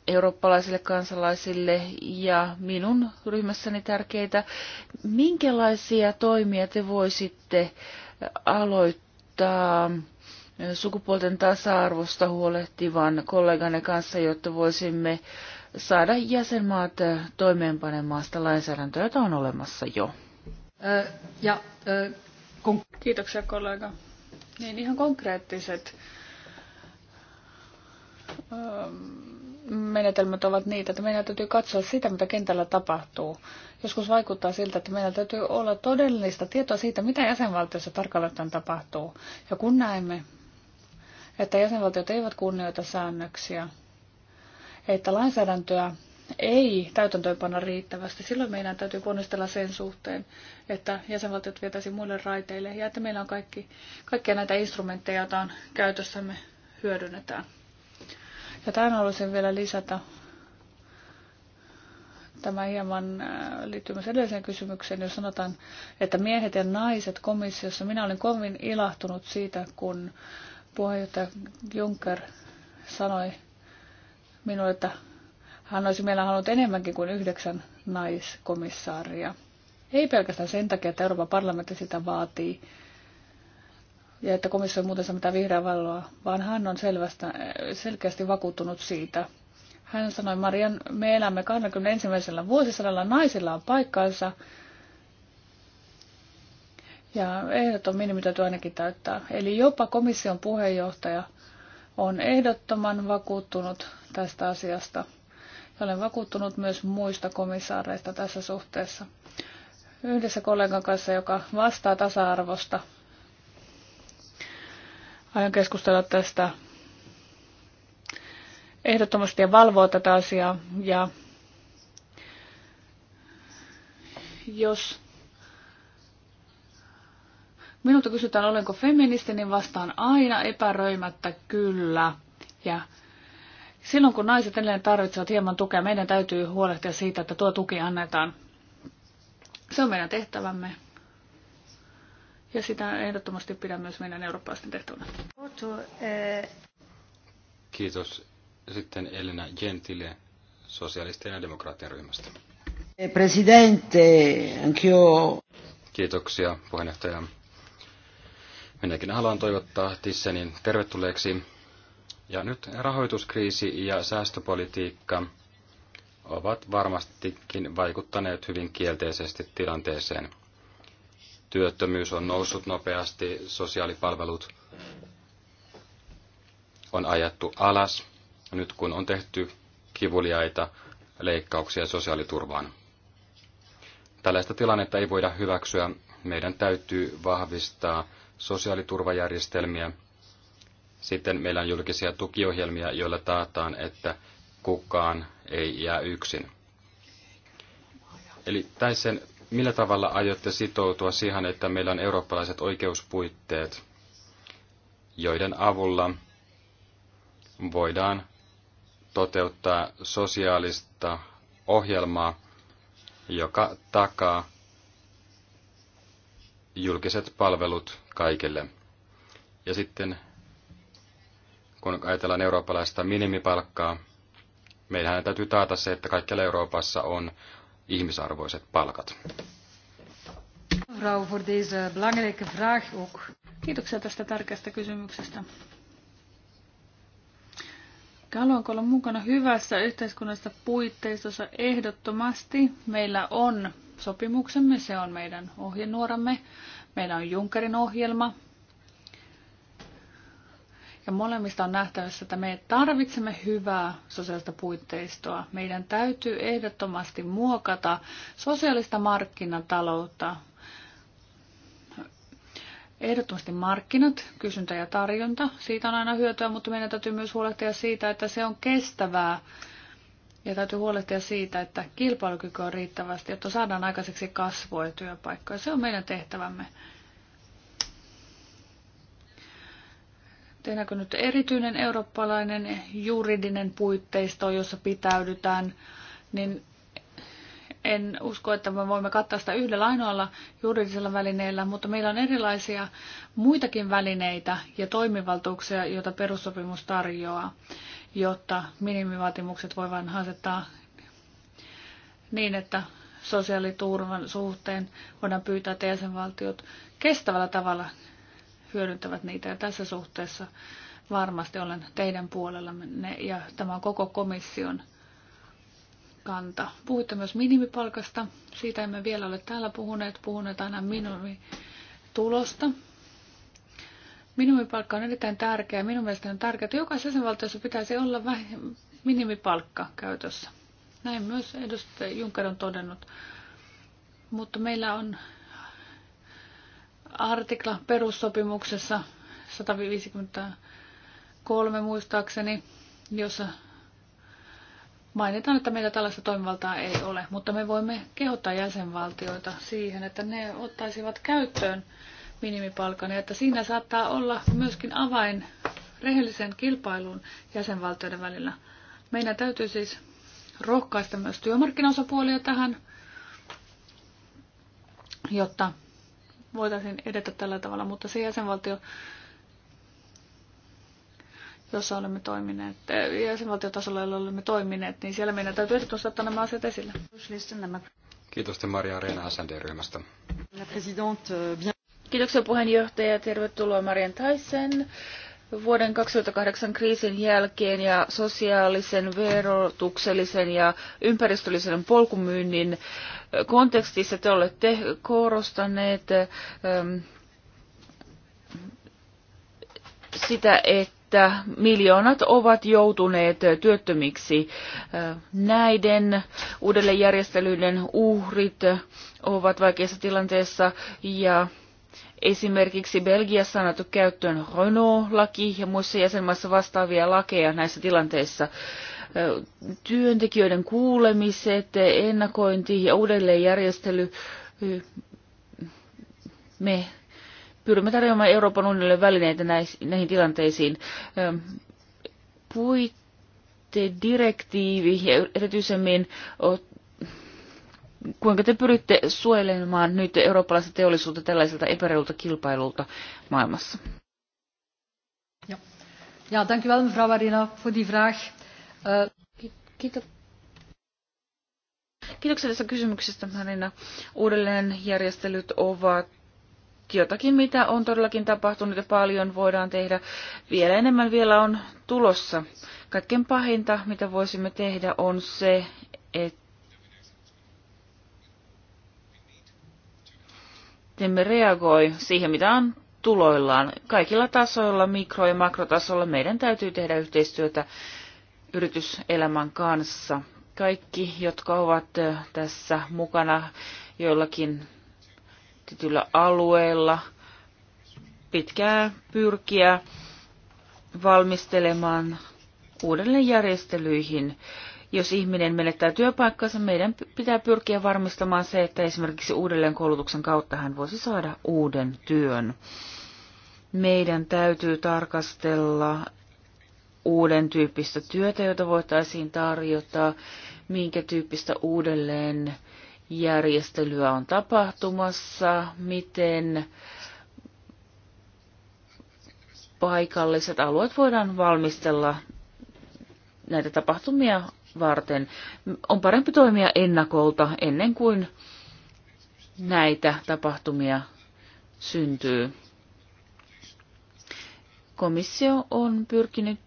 Speaker 4: eurooppalaisille kansalaisille ja minun ryhmässäni tärkeitä. Minkälaisia toimia te voisitte aloittaa sukupuolten tasa-arvosta huolehtivan kolleganne kanssa, jotta voisimme saada jäsenmaat toimeenpanemaan sitä lainsäädäntöä, jota on olemassa jo?
Speaker 1: Ja, kun... Kiitoksia kollega. Niin ihan konkreettiset menetelmät ovat niitä, että meidän täytyy katsoa sitä, mitä kentällä tapahtuu. Joskus vaikuttaa siltä, että meidän täytyy olla todellista tietoa siitä, mitä jäsenvaltiossa tarkalleen tapahtuu. Ja kun näemme, että jäsenvaltiot eivät kunnioita säännöksiä, että lainsäädäntöä ei täytäntöönpanna riittävästi, silloin meidän täytyy ponnistella sen suhteen, että jäsenvaltiot vietäisiin muille raiteille ja että meillä on kaikki, kaikkia näitä instrumentteja, joita on käytössämme, hyödynnetään. Ja tämän haluaisin vielä lisätä tämä hieman äh, liittyy myös edelliseen kysymykseen, jos sanotaan, että miehet ja naiset komissiossa. Minä olin kovin ilahtunut siitä, kun puheenjohtaja Juncker sanoi minulle, että hän olisi meillä halunnut enemmänkin kuin yhdeksän naiskomissaaria. Ei pelkästään sen takia, että Euroopan parlamentti sitä vaatii, ja että komissio muuten saa mitään vihreää valoa, vaan hän on selvästä, selkeästi vakuuttunut siitä. Hän sanoi, Marian, me elämme 21. vuosisadalla, naisilla on paikkansa, ja ehdot on minimi täytyy ainakin täyttää. Eli jopa komission puheenjohtaja on ehdottoman vakuuttunut tästä asiasta. Ja olen vakuuttunut myös muista komissaareista tässä suhteessa. Yhdessä kollegan kanssa, joka vastaa tasa-arvosta, Aion keskustella tästä ehdottomasti ja valvoa tätä asiaa. Ja jos minulta kysytään, olenko feministi, niin vastaan aina epäröimättä kyllä. Ja silloin kun naiset edelleen tarvitsevat hieman tukea, meidän täytyy huolehtia siitä, että tuo tuki annetaan. Se on meidän tehtävämme. Ja sitä ehdottomasti pidän myös meidän eurooppalaisten tehtävänä.
Speaker 3: Kiitos. Sitten Elina Gentile sosialistien ja demokraattien ryhmästä.
Speaker 4: Presidente, anch'io.
Speaker 3: Kiitoksia puheenjohtaja. Minäkin haluan toivottaa Tissenin tervetulleeksi. Ja nyt rahoituskriisi ja säästöpolitiikka ovat varmastikin vaikuttaneet hyvin kielteisesti tilanteeseen työttömyys on noussut nopeasti, sosiaalipalvelut on ajettu alas, nyt kun on tehty kivuliaita leikkauksia sosiaaliturvaan. Tällaista tilannetta ei voida hyväksyä. Meidän täytyy vahvistaa sosiaaliturvajärjestelmiä. Sitten meillä on julkisia tukiohjelmia, joilla taataan, että kukaan ei jää yksin. Eli täisen millä tavalla aiotte sitoutua siihen, että meillä on eurooppalaiset oikeuspuitteet, joiden avulla voidaan toteuttaa sosiaalista ohjelmaa, joka takaa julkiset palvelut kaikille. Ja sitten kun ajatellaan eurooppalaista minimipalkkaa, meidän täytyy taata se, että kaikkialla Euroopassa on ihmisarvoiset palkat.
Speaker 2: Mevrouw, voor deze belangrijke vraag ook. Kiitoksia tästä tärkeästä kysymyksestä.
Speaker 1: Haluanko olla mukana hyvässä yhteiskunnallisessa puitteistossa? Ehdottomasti meillä on sopimuksemme, se on meidän ohjenuoramme. Meillä on Junkerin ohjelma, ja molemmista on nähtävissä, että me tarvitsemme hyvää sosiaalista puitteistoa. Meidän täytyy ehdottomasti muokata sosiaalista markkinataloutta. Ehdottomasti markkinat, kysyntä ja tarjonta, siitä on aina hyötyä, mutta meidän täytyy myös huolehtia siitä, että se on kestävää. Ja täytyy huolehtia siitä, että kilpailukyky on riittävästi, jotta saadaan aikaiseksi kasvua ja työpaikkoja. Se on meidän tehtävämme. Tehdäänkö nyt erityinen eurooppalainen juridinen puitteisto, jossa pitäydytään, niin en usko, että me voimme kattaa sitä yhdellä ainoalla juridisella välineellä, mutta meillä on erilaisia muitakin välineitä ja toimivaltuuksia, joita perussopimus tarjoaa, jotta minimivaatimukset voivat asettaa niin, että sosiaaliturvan suhteen voidaan pyytää, että jäsenvaltiot kestävällä tavalla hyödyntävät niitä. Ja tässä suhteessa varmasti olen teidän puolellanne ja tämä on koko komission kanta. Puhuitte myös minimipalkasta. Siitä emme vielä ole täällä puhuneet. Puhuneet aina minimitulosta. Minimipalkka on erittäin tärkeä. Minun mielestäni on tärkeää, että jokaisessa jäsenvaltiossa pitäisi olla minimipalkka käytössä. Näin myös edustaja Juncker on todennut. Mutta meillä on artikla perussopimuksessa 153 muistaakseni, jossa mainitaan, että meillä tällaista toimivaltaa ei ole, mutta me voimme kehottaa jäsenvaltioita siihen, että ne ottaisivat käyttöön minimipalkan ja että siinä saattaa olla myöskin avain rehellisen kilpailun jäsenvaltioiden välillä. Meidän täytyy siis rohkaista myös työmarkkinaosapuolia tähän, jotta voitaisiin edetä tällä tavalla, mutta se jäsenvaltio, jossa olemme toimineet, eh, jäsenvaltiotasolla, jolla olemme toimineet, niin siellä meidän täytyy ehdottomasti ottaa nämä asiat esille.
Speaker 3: Kiitos te Maria Reena SND-ryhmästä.
Speaker 1: Kiitoksia puheenjohtaja. Tervetuloa Marian Taisen.
Speaker 4: Vuoden 2008 kriisin jälkeen ja sosiaalisen, verotuksellisen ja ympäristöllisen polkumyynnin kontekstissa te olette korostaneet sitä, että miljoonat ovat joutuneet työttömiksi. Näiden uudelleenjärjestelyiden uhrit ovat vaikeassa tilanteessa ja Esimerkiksi Belgiassa on annettu käyttöön Renault-laki ja muissa jäsenmaissa vastaavia lakeja näissä tilanteissa. Työntekijöiden kuulemiset, ennakointi ja uudelleenjärjestely. Me pyrimme tarjoamaan Euroopan unionille välineitä näihin tilanteisiin. Puitteet direktiivi ja erityisemmin kuinka te pyritte suojelemaan nyt eurooppalaista teollisuutta tällaiselta epäreilulta kilpailulta maailmassa?
Speaker 2: Ja, ja dank u wel mevrouw Arena voor die vraag. Uh, kiitos. Kiitoksia tästä kysymyksestä, Marina. Uudelleenjärjestelyt
Speaker 4: ovat jotakin, mitä on todellakin tapahtunut ja paljon voidaan tehdä. Vielä enemmän vielä on tulossa. Kaikkein pahinta, mitä voisimme tehdä, on se, että emme reagoi siihen, mitä on tuloillaan. Kaikilla tasoilla, mikro- ja makrotasolla, meidän täytyy tehdä yhteistyötä yrityselämän kanssa. Kaikki, jotka ovat tässä mukana joillakin tietyillä alueella, pitkää pyrkiä valmistelemaan uudelleenjärjestelyihin järjestelyihin jos ihminen menettää työpaikkansa, meidän pitää pyrkiä varmistamaan se, että esimerkiksi uudelleenkoulutuksen kautta hän voisi saada uuden työn. Meidän täytyy tarkastella uuden tyyppistä työtä, jota voitaisiin tarjota, minkä tyyppistä uudelleen järjestelyä on tapahtumassa, miten paikalliset alueet voidaan valmistella näitä tapahtumia varten. On parempi toimia ennakolta ennen kuin näitä tapahtumia syntyy. Komissio on pyrkinyt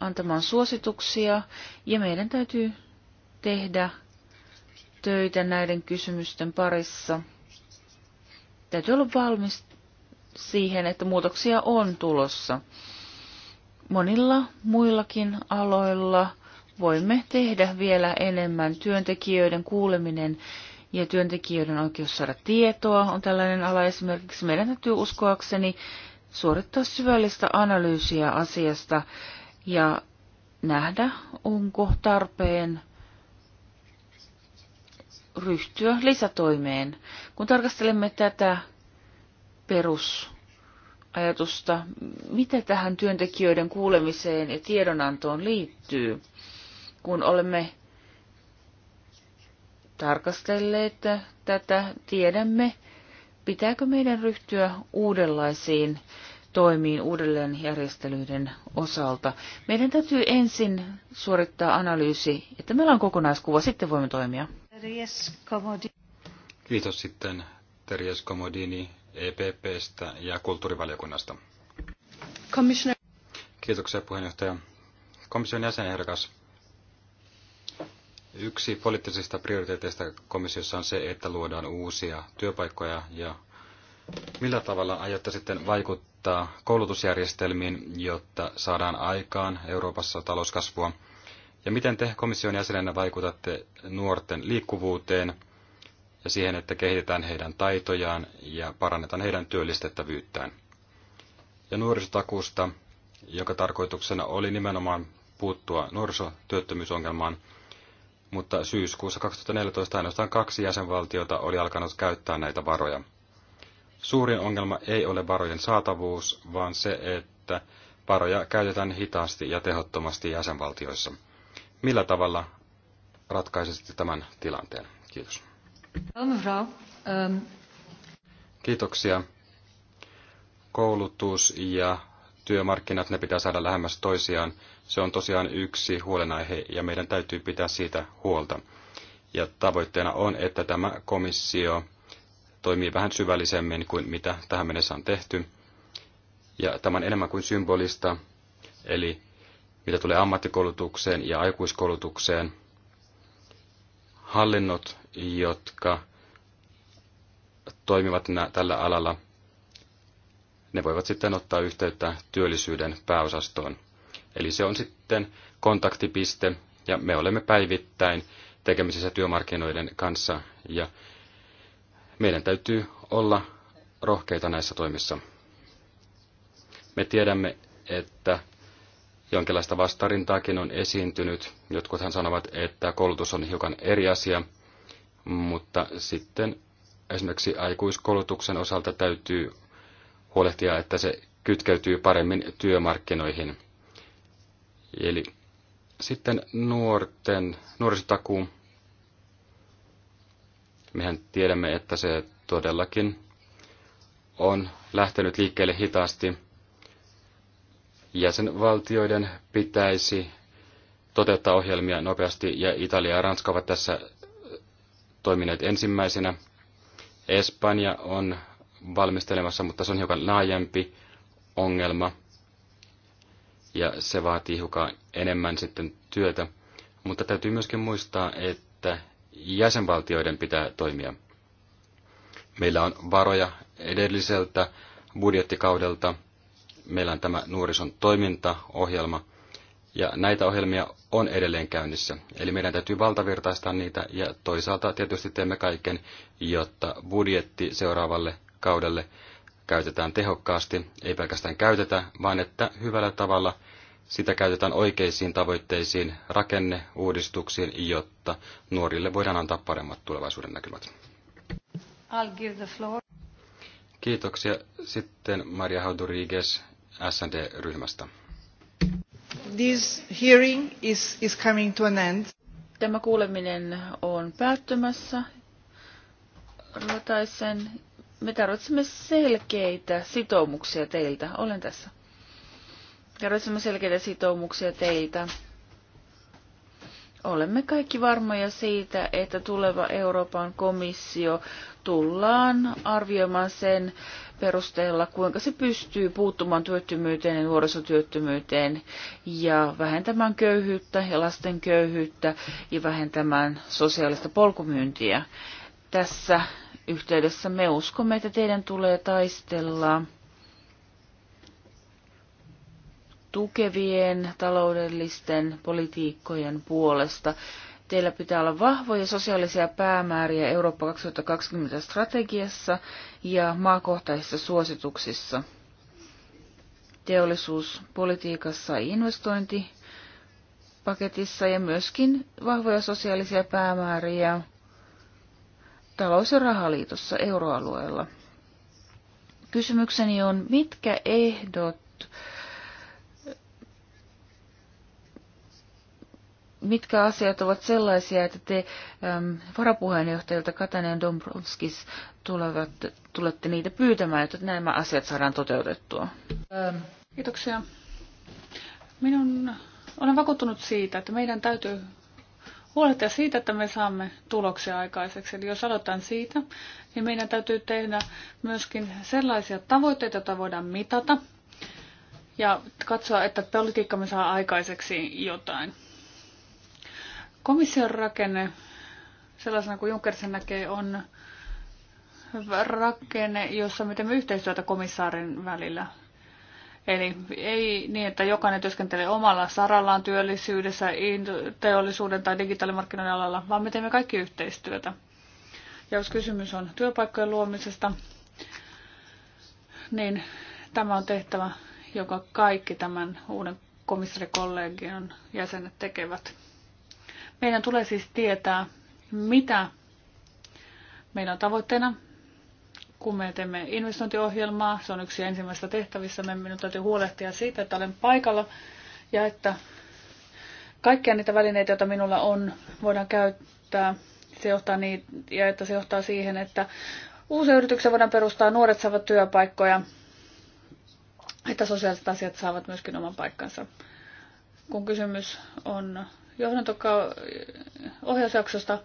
Speaker 4: antamaan suosituksia ja meidän täytyy tehdä töitä näiden kysymysten parissa. Täytyy olla valmis siihen, että muutoksia on tulossa. Monilla muillakin aloilla voimme tehdä vielä enemmän. Työntekijöiden kuuleminen ja työntekijöiden oikeus saada tietoa on tällainen ala esimerkiksi. Meidän täytyy uskoakseni suorittaa syvällistä analyysiä asiasta ja nähdä, onko tarpeen ryhtyä lisätoimeen. Kun tarkastelemme tätä perusajatusta, mitä tähän työntekijöiden kuulemiseen ja tiedonantoon liittyy, kun olemme tarkastelleet tätä, tiedämme, pitääkö meidän ryhtyä uudenlaisiin toimiin uudelleenjärjestelyiden osalta. Meidän täytyy ensin suorittaa analyysi, että meillä on kokonaiskuva, sitten voimme toimia.
Speaker 3: Kiitos sitten Terjes Komodini EPPstä ja kulttuurivaliokunnasta. Kiitoksia puheenjohtaja. Komission jäsenehdokas, Yksi poliittisista prioriteeteista komissiossa on se, että luodaan uusia työpaikkoja ja millä tavalla aiotte sitten vaikuttaa koulutusjärjestelmiin, jotta saadaan aikaan Euroopassa talouskasvua? Ja miten te komission jäsenenä vaikutatte nuorten liikkuvuuteen ja siihen, että kehitetään heidän taitojaan ja parannetaan heidän työllistettävyyttään? Ja nuorisotakuusta, joka tarkoituksena oli nimenomaan puuttua nuorisotyöttömyysongelmaan – mutta syyskuussa 2014 ainoastaan kaksi jäsenvaltiota oli alkanut käyttää näitä varoja. Suurin ongelma ei ole varojen saatavuus, vaan se, että varoja käytetään hitaasti ja tehottomasti jäsenvaltioissa. Millä tavalla ratkaisitte tämän tilanteen? Kiitos. Kiitoksia. Koulutus ja työmarkkinat, ne pitää saada lähemmäs toisiaan. Se on tosiaan yksi huolenaihe ja meidän täytyy pitää siitä huolta. Ja tavoitteena on, että tämä komissio toimii vähän syvällisemmin kuin mitä tähän mennessä on tehty. Ja tämä on enemmän kuin symbolista, eli mitä tulee ammattikoulutukseen ja aikuiskoulutukseen. Hallinnot, jotka toimivat tällä alalla, ne voivat sitten ottaa yhteyttä työllisyyden pääosastoon. Eli se on sitten kontaktipiste, ja me olemme päivittäin tekemisissä työmarkkinoiden kanssa, ja meidän täytyy olla rohkeita näissä toimissa. Me tiedämme, että jonkinlaista vastarintaakin on esiintynyt. Jotkuthan sanovat, että koulutus on hiukan eri asia, mutta sitten esimerkiksi aikuiskoulutuksen osalta täytyy huolehtia, että se kytkeytyy paremmin työmarkkinoihin. Eli sitten nuorten, nuorisotakuu. Mehän tiedämme, että se todellakin on lähtenyt liikkeelle hitaasti. Jäsenvaltioiden pitäisi toteuttaa ohjelmia nopeasti, ja Italia ja Ranska ovat tässä toimineet ensimmäisenä. Espanja on valmistelemassa, mutta se on hiukan laajempi ongelma – ja se vaatii hiukan enemmän sitten työtä. Mutta täytyy myöskin muistaa, että jäsenvaltioiden pitää toimia. Meillä on varoja edelliseltä budjettikaudelta, meillä on tämä nuorison toimintaohjelma, ja näitä ohjelmia on edelleen käynnissä. Eli meidän täytyy valtavirtaistaa niitä, ja toisaalta tietysti teemme kaiken, jotta budjetti seuraavalle kaudelle käytetään tehokkaasti, ei pelkästään käytetä, vaan että hyvällä tavalla sitä käytetään oikeisiin tavoitteisiin, rakenneuudistuksiin, jotta nuorille voidaan antaa paremmat tulevaisuuden näkymät.
Speaker 2: I'll give the floor.
Speaker 3: Kiitoksia. Sitten Maria Hauduriges SND-ryhmästä.
Speaker 1: This hearing is, is coming to an end. Tämä
Speaker 4: kuuleminen on päättymässä. Rataisen me tarvitsemme selkeitä sitoumuksia teiltä. Olen tässä. Tarvitsemme selkeitä sitoumuksia teiltä. Olemme kaikki varmoja siitä, että tuleva Euroopan komissio tullaan arvioimaan sen perusteella, kuinka se pystyy puuttumaan työttömyyteen ja nuorisotyöttömyyteen ja vähentämään köyhyyttä ja lasten köyhyyttä ja vähentämään sosiaalista polkumyyntiä. Tässä yhteydessä. Me uskomme, että teidän tulee taistella tukevien taloudellisten politiikkojen puolesta. Teillä pitää olla vahvoja sosiaalisia päämääriä Eurooppa 2020 strategiassa ja maakohtaisissa suosituksissa. Teollisuuspolitiikassa ja investointipaketissa ja myöskin vahvoja sosiaalisia päämääriä talous- ja rahaliitossa euroalueella. Kysymykseni on, mitkä ehdot mitkä asiat ovat sellaisia, että te äm, varapuheenjohtajilta Katainen Dombrovskis tulevat, tulette niitä pyytämään, että nämä asiat saadaan toteutettua?
Speaker 1: Ähm. Kiitoksia. Minun olen vakuuttunut siitä, että meidän täytyy huolehtia siitä, että me saamme tuloksia aikaiseksi. Eli jos aloitan siitä, niin meidän täytyy tehdä myöskin sellaisia tavoitteita, joita voidaan mitata ja katsoa, että politiikkamme saa aikaiseksi jotain. Komission rakenne, sellaisena kuin Juncker sen näkee, on rakenne, jossa me teemme yhteistyötä komissaarin välillä. Eli ei niin, että jokainen työskentelee omalla sarallaan työllisyydessä, teollisuuden tai digitaalimarkkinoiden alalla, vaan me teemme kaikki yhteistyötä. Ja jos kysymys on työpaikkojen luomisesta, niin tämä on tehtävä, joka kaikki tämän uuden komissarikollegion jäsenet tekevät. Meidän tulee siis tietää, mitä meillä on tavoitteena kun me teemme investointiohjelmaa, se on yksi ensimmäistä tehtävissä, me minun täytyy huolehtia siitä, että olen paikalla ja että kaikkia niitä välineitä, joita minulla on, voidaan käyttää. Se johtaa niin, ja että se johtaa siihen, että uusia yrityksiä voidaan perustaa, nuoret saavat työpaikkoja, että sosiaaliset asiat saavat myöskin oman paikkansa. Kun kysymys on johdantokaa ohjausjaksosta,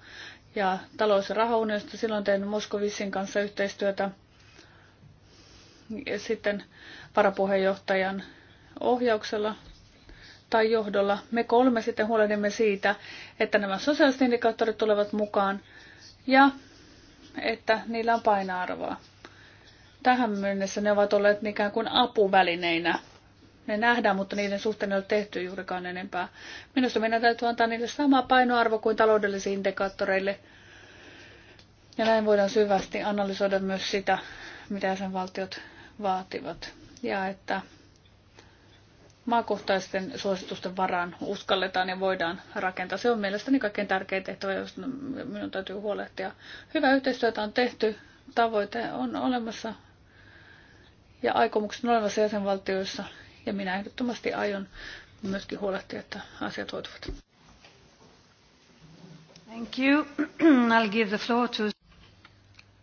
Speaker 1: ja talous- ja rahaunionista. Silloin tein Moskovissin kanssa yhteistyötä ja sitten varapuheenjohtajan ohjauksella tai johdolla. Me kolme sitten huolehdimme siitä, että nämä sosiaaliset indikaattorit tulevat mukaan ja että niillä on painoarvoa. Tähän mennessä ne ovat olleet ikään kuin apuvälineinä – ne nähdään, mutta niiden suhteen ei ole tehty juurikaan enempää. Minusta meidän täytyy antaa niille sama painoarvo kuin taloudellisille indikaattoreille. Ja näin voidaan syvästi analysoida myös sitä, mitä sen valtiot vaativat. Ja että maakohtaisten suositusten varaan uskalletaan ja voidaan rakentaa. Se on mielestäni kaikkein tärkein tehtävä, jos minun täytyy huolehtia. Hyvä yhteistyötä on tehty, tavoite on olemassa ja aikomukset on olemassa jäsenvaltioissa – ja minä ehdottomasti aion myöskin huolehtia, että asiat hoituvat.
Speaker 2: Thank you. I'll give the floor to...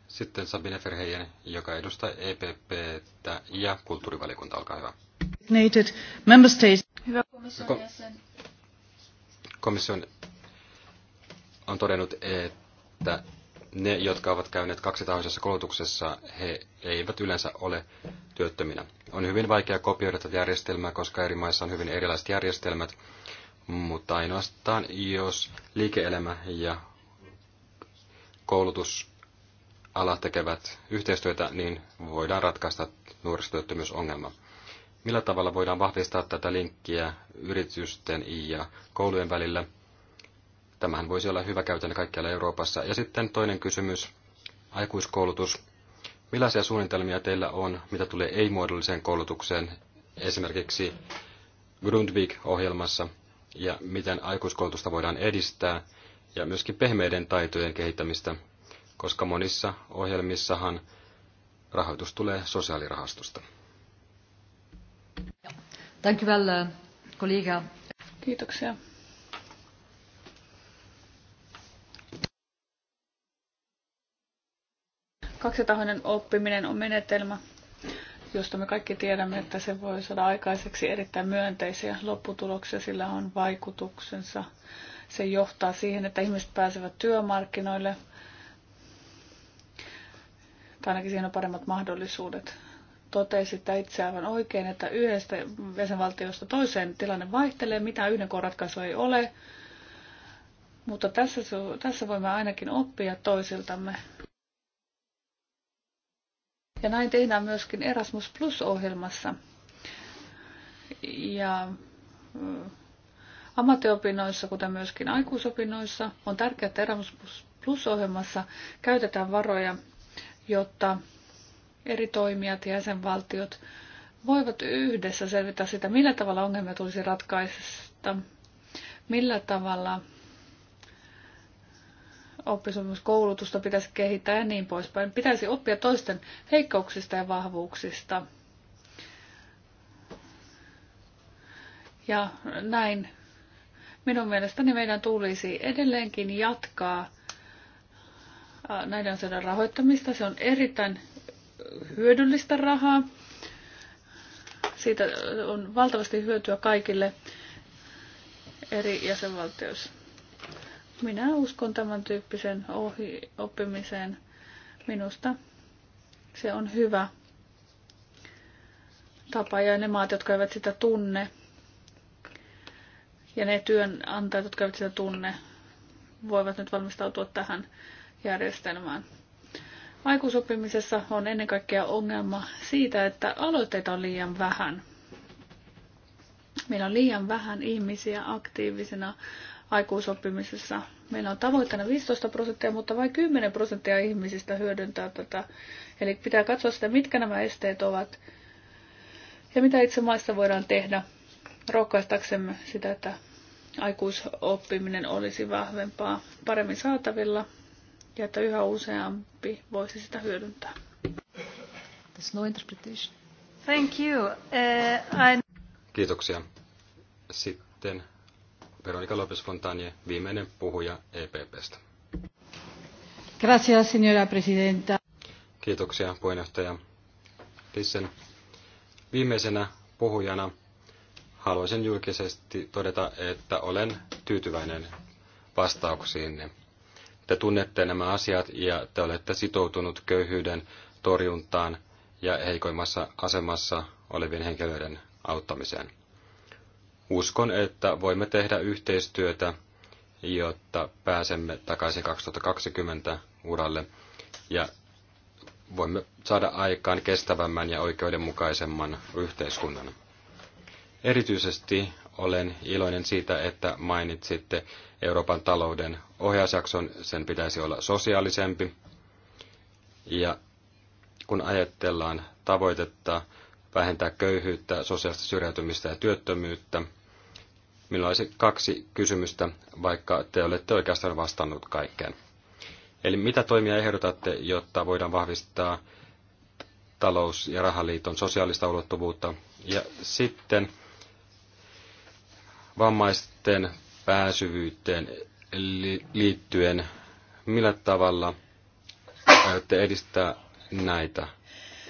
Speaker 3: Sitten Sabine Ferheijen, joka edustaa EPP ja kulttuurivaliokunta, olkaa hyvä.
Speaker 2: Member States. Hyvä komission
Speaker 3: jäsen. Komission on todennut, että ne, jotka ovat käyneet kaksitahoisessa koulutuksessa, he eivät yleensä ole työttöminä. On hyvin vaikea kopioida tätä järjestelmää, koska eri maissa on hyvin erilaiset järjestelmät, mutta ainoastaan jos liike-elämä ja koulutusala tekevät yhteistyötä, niin voidaan ratkaista nuorisotyöttömyysongelma. Millä tavalla voidaan vahvistaa tätä linkkiä yritysten ja koulujen välillä – Tämähän voisi olla hyvä käytäntö kaikkialla Euroopassa. Ja sitten toinen kysymys, aikuiskoulutus. Millaisia suunnitelmia teillä on, mitä tulee ei-muodolliseen koulutukseen, esimerkiksi Grundvik-ohjelmassa, ja miten aikuiskoulutusta voidaan edistää, ja myöskin pehmeiden taitojen kehittämistä, koska monissa ohjelmissahan rahoitus tulee sosiaalirahastosta.
Speaker 2: Uh, Kiitoksia.
Speaker 1: Kaksitahoinen oppiminen on menetelmä, josta me kaikki tiedämme, että se voi saada aikaiseksi erittäin myönteisiä lopputuloksia, sillä on vaikutuksensa. Se johtaa siihen, että ihmiset pääsevät työmarkkinoille, tai ainakin siinä on paremmat mahdollisuudet. että itse aivan oikein, että yhdestä jäsenvaltiosta toiseen tilanne vaihtelee, mitä yhden ratkaisua ei ole, mutta tässä, tässä voimme ainakin oppia toisiltamme. Ja näin tehdään myöskin Erasmus Plus-ohjelmassa. Ja ammattiopinnoissa, kuten myöskin aikuisopinnoissa, on tärkeää, että Erasmus Plus-ohjelmassa käytetään varoja, jotta eri toimijat ja jäsenvaltiot voivat yhdessä selvitä sitä, millä tavalla ongelmia tulisi ratkaista, millä tavalla oppisopimuskoulutusta pitäisi kehittää ja niin poispäin. Pitäisi oppia toisten heikkouksista ja vahvuuksista. Ja näin minun mielestäni meidän tulisi edelleenkin jatkaa näiden asioiden rahoittamista. Se on erittäin hyödyllistä rahaa. Siitä on valtavasti hyötyä kaikille eri jäsenvaltioissa. Minä uskon tämän tyyppisen ohi oppimiseen. Minusta se on hyvä tapa ja ne maat, jotka eivät sitä tunne, ja ne työnantajat, jotka eivät sitä tunne, voivat nyt valmistautua tähän järjestelmään. Aikuisoppimisessa on ennen kaikkea ongelma siitä, että aloitteita on liian vähän. Meillä on liian vähän ihmisiä aktiivisena aikuisoppimisessa. Meillä on tavoitteena 15 prosenttia, mutta vain 10 prosenttia ihmisistä hyödyntää tätä. Eli pitää katsoa sitä, mitkä nämä esteet ovat ja mitä itse maissa voidaan tehdä rohkaistaksemme sitä, että aikuisoppiminen olisi vahvempaa, paremmin saatavilla ja että yhä useampi voisi sitä hyödyntää.
Speaker 2: There's no interpretation. Thank you. Uh,
Speaker 3: Kiitoksia. Sitten Veronika Lopes Fontanie, viimeinen puhuja EPPstä.
Speaker 2: Gracias, señora presidenta.
Speaker 3: Kiitoksia, puheenjohtaja Tissen. Viimeisenä puhujana haluaisin julkisesti todeta, että olen tyytyväinen vastauksiinne. Te tunnette nämä asiat ja te olette sitoutunut köyhyyden torjuntaan ja heikoimmassa asemassa olevien henkilöiden auttamiseen uskon, että voimme tehdä yhteistyötä, jotta pääsemme takaisin 2020 uralle ja voimme saada aikaan kestävämmän ja oikeudenmukaisemman yhteiskunnan. Erityisesti olen iloinen siitä, että mainitsitte Euroopan talouden ohjausjakson, sen pitäisi olla sosiaalisempi. Ja kun ajatellaan tavoitetta vähentää köyhyyttä, sosiaalista syrjäytymistä ja työttömyyttä, Minulla olisi kaksi kysymystä, vaikka te olette oikeastaan vastannut kaikkeen. Eli mitä toimia ehdotatte, jotta voidaan vahvistaa talous- ja rahaliiton sosiaalista ulottuvuutta? Ja sitten vammaisten pääsyvyyteen liittyen, millä tavalla aiotte edistää näitä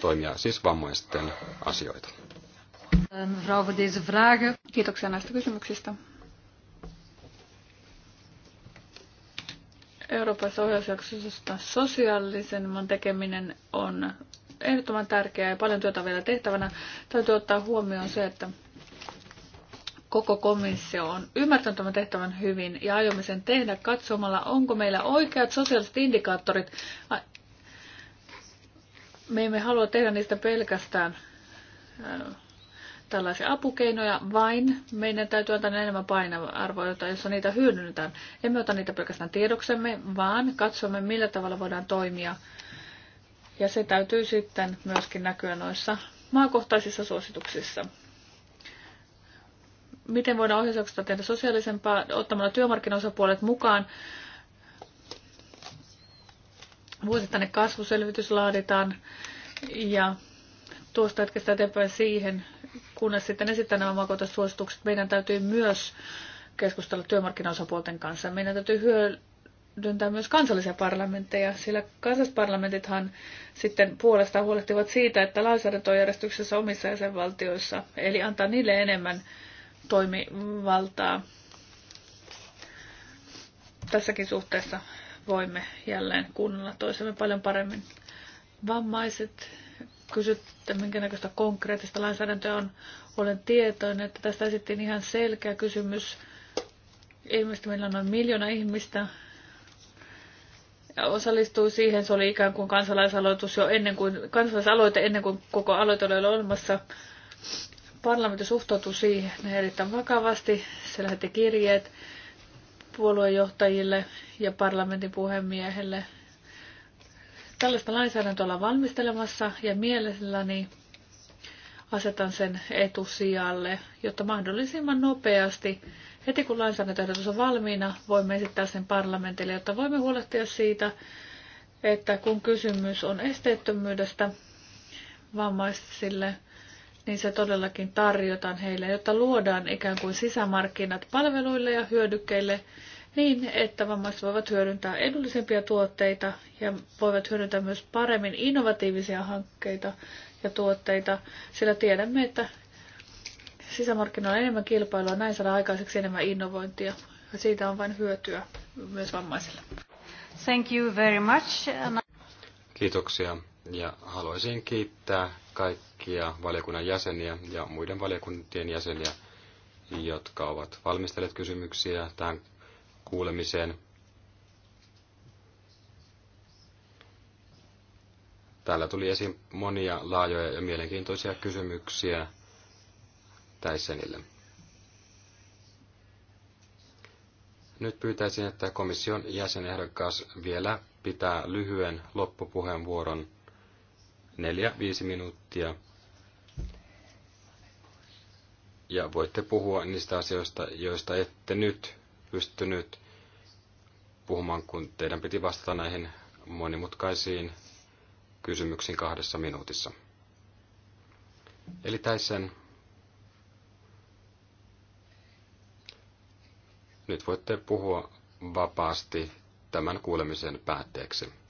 Speaker 3: toimia, siis vammaisten asioita?
Speaker 2: Mevrouw voor deze vragen. Kiitoksia näistä kysymyksistä.
Speaker 1: Euroopassa ohjausjaksosta sosiaalisemman tekeminen on ehdottoman tärkeää ja paljon työtä vielä tehtävänä. Täytyy ottaa huomioon se, että koko komissio on ymmärtänyt tämän tehtävän hyvin ja aiomme sen tehdä katsomalla, onko meillä oikeat sosiaaliset indikaattorit. Me emme halua tehdä niistä pelkästään äh, tällaisia apukeinoja, vain meidän täytyy antaa enemmän painoarvoja, jossa niitä hyödynnetään. Emme ota niitä pelkästään tiedoksemme, vaan katsomme, millä tavalla voidaan toimia. Ja se täytyy sitten myöskin näkyä noissa maakohtaisissa suosituksissa. Miten voidaan ohjauksesta tehdä sosiaalisempaa ottamalla työmarkkinaosapuolet mukaan? Vuosittainen kasvuselvitys laaditaan ja tuosta hetkestä eteenpäin siihen, kunnes sitten esittää nämä makotussuositukset, meidän täytyy myös keskustella työmarkkinaosapuolten kanssa. Meidän täytyy hyödyntää myös kansallisia parlamentteja, sillä kansallisparlamentithan sitten puolestaan huolehtivat siitä, että lainsäädäntö on järjestyksessä omissa jäsenvaltioissa, eli antaa niille enemmän toimivaltaa. Tässäkin suhteessa voimme jälleen kuunnella toisemme paljon paremmin. Vammaiset kysytte, minkä näköistä konkreettista lainsäädäntöä on. Olen tietoinen, että tästä esittiin ihan selkeä kysymys. Ilmeisesti meillä on noin miljoona ihmistä, osallistui siihen. Se oli ikään kuin kansalaisaloitus jo ennen kuin, kansalaisaloite ennen kuin koko aloite oli olemassa. Parlamentti suhtautui siihen erittäin vakavasti. Se lähetti kirjeet puoluejohtajille ja parlamentin puhemiehelle Tällaista lainsäädäntöä ollaan valmistelemassa ja mielelläni asetan sen etusijalle, jotta mahdollisimman nopeasti, heti kun lainsäädäntöehdotus on valmiina, voimme esittää sen parlamentille, jotta voimme huolehtia siitä, että kun kysymys on esteettömyydestä vammaisille, niin se todellakin tarjotaan heille, jotta luodaan ikään kuin sisämarkkinat palveluille ja hyödykkeille, niin, että vammaiset voivat hyödyntää edullisempia tuotteita ja voivat hyödyntää myös paremmin innovatiivisia hankkeita ja tuotteita, sillä tiedämme, että sisämarkkinoilla on enemmän kilpailua, näin saadaan aikaiseksi enemmän innovointia. Ja siitä on vain hyötyä myös vammaisille.
Speaker 2: Thank you very much.
Speaker 3: Kiitoksia ja haluaisin kiittää kaikkia valiokunnan jäseniä ja muiden valiokuntien jäseniä, jotka ovat valmistelleet kysymyksiä tähän kuulemiseen. Täällä tuli esiin monia laajoja ja mielenkiintoisia kysymyksiä Täisenille. Nyt pyytäisin, että komission jäsenehdokas vielä pitää lyhyen loppupuheenvuoron, 4-5 minuuttia. Ja voitte puhua niistä asioista, joista ette nyt pystynyt puhumaan, kun teidän piti vastata näihin monimutkaisiin kysymyksiin kahdessa minuutissa. Eli täisen nyt voitte puhua vapaasti tämän kuulemisen päätteeksi.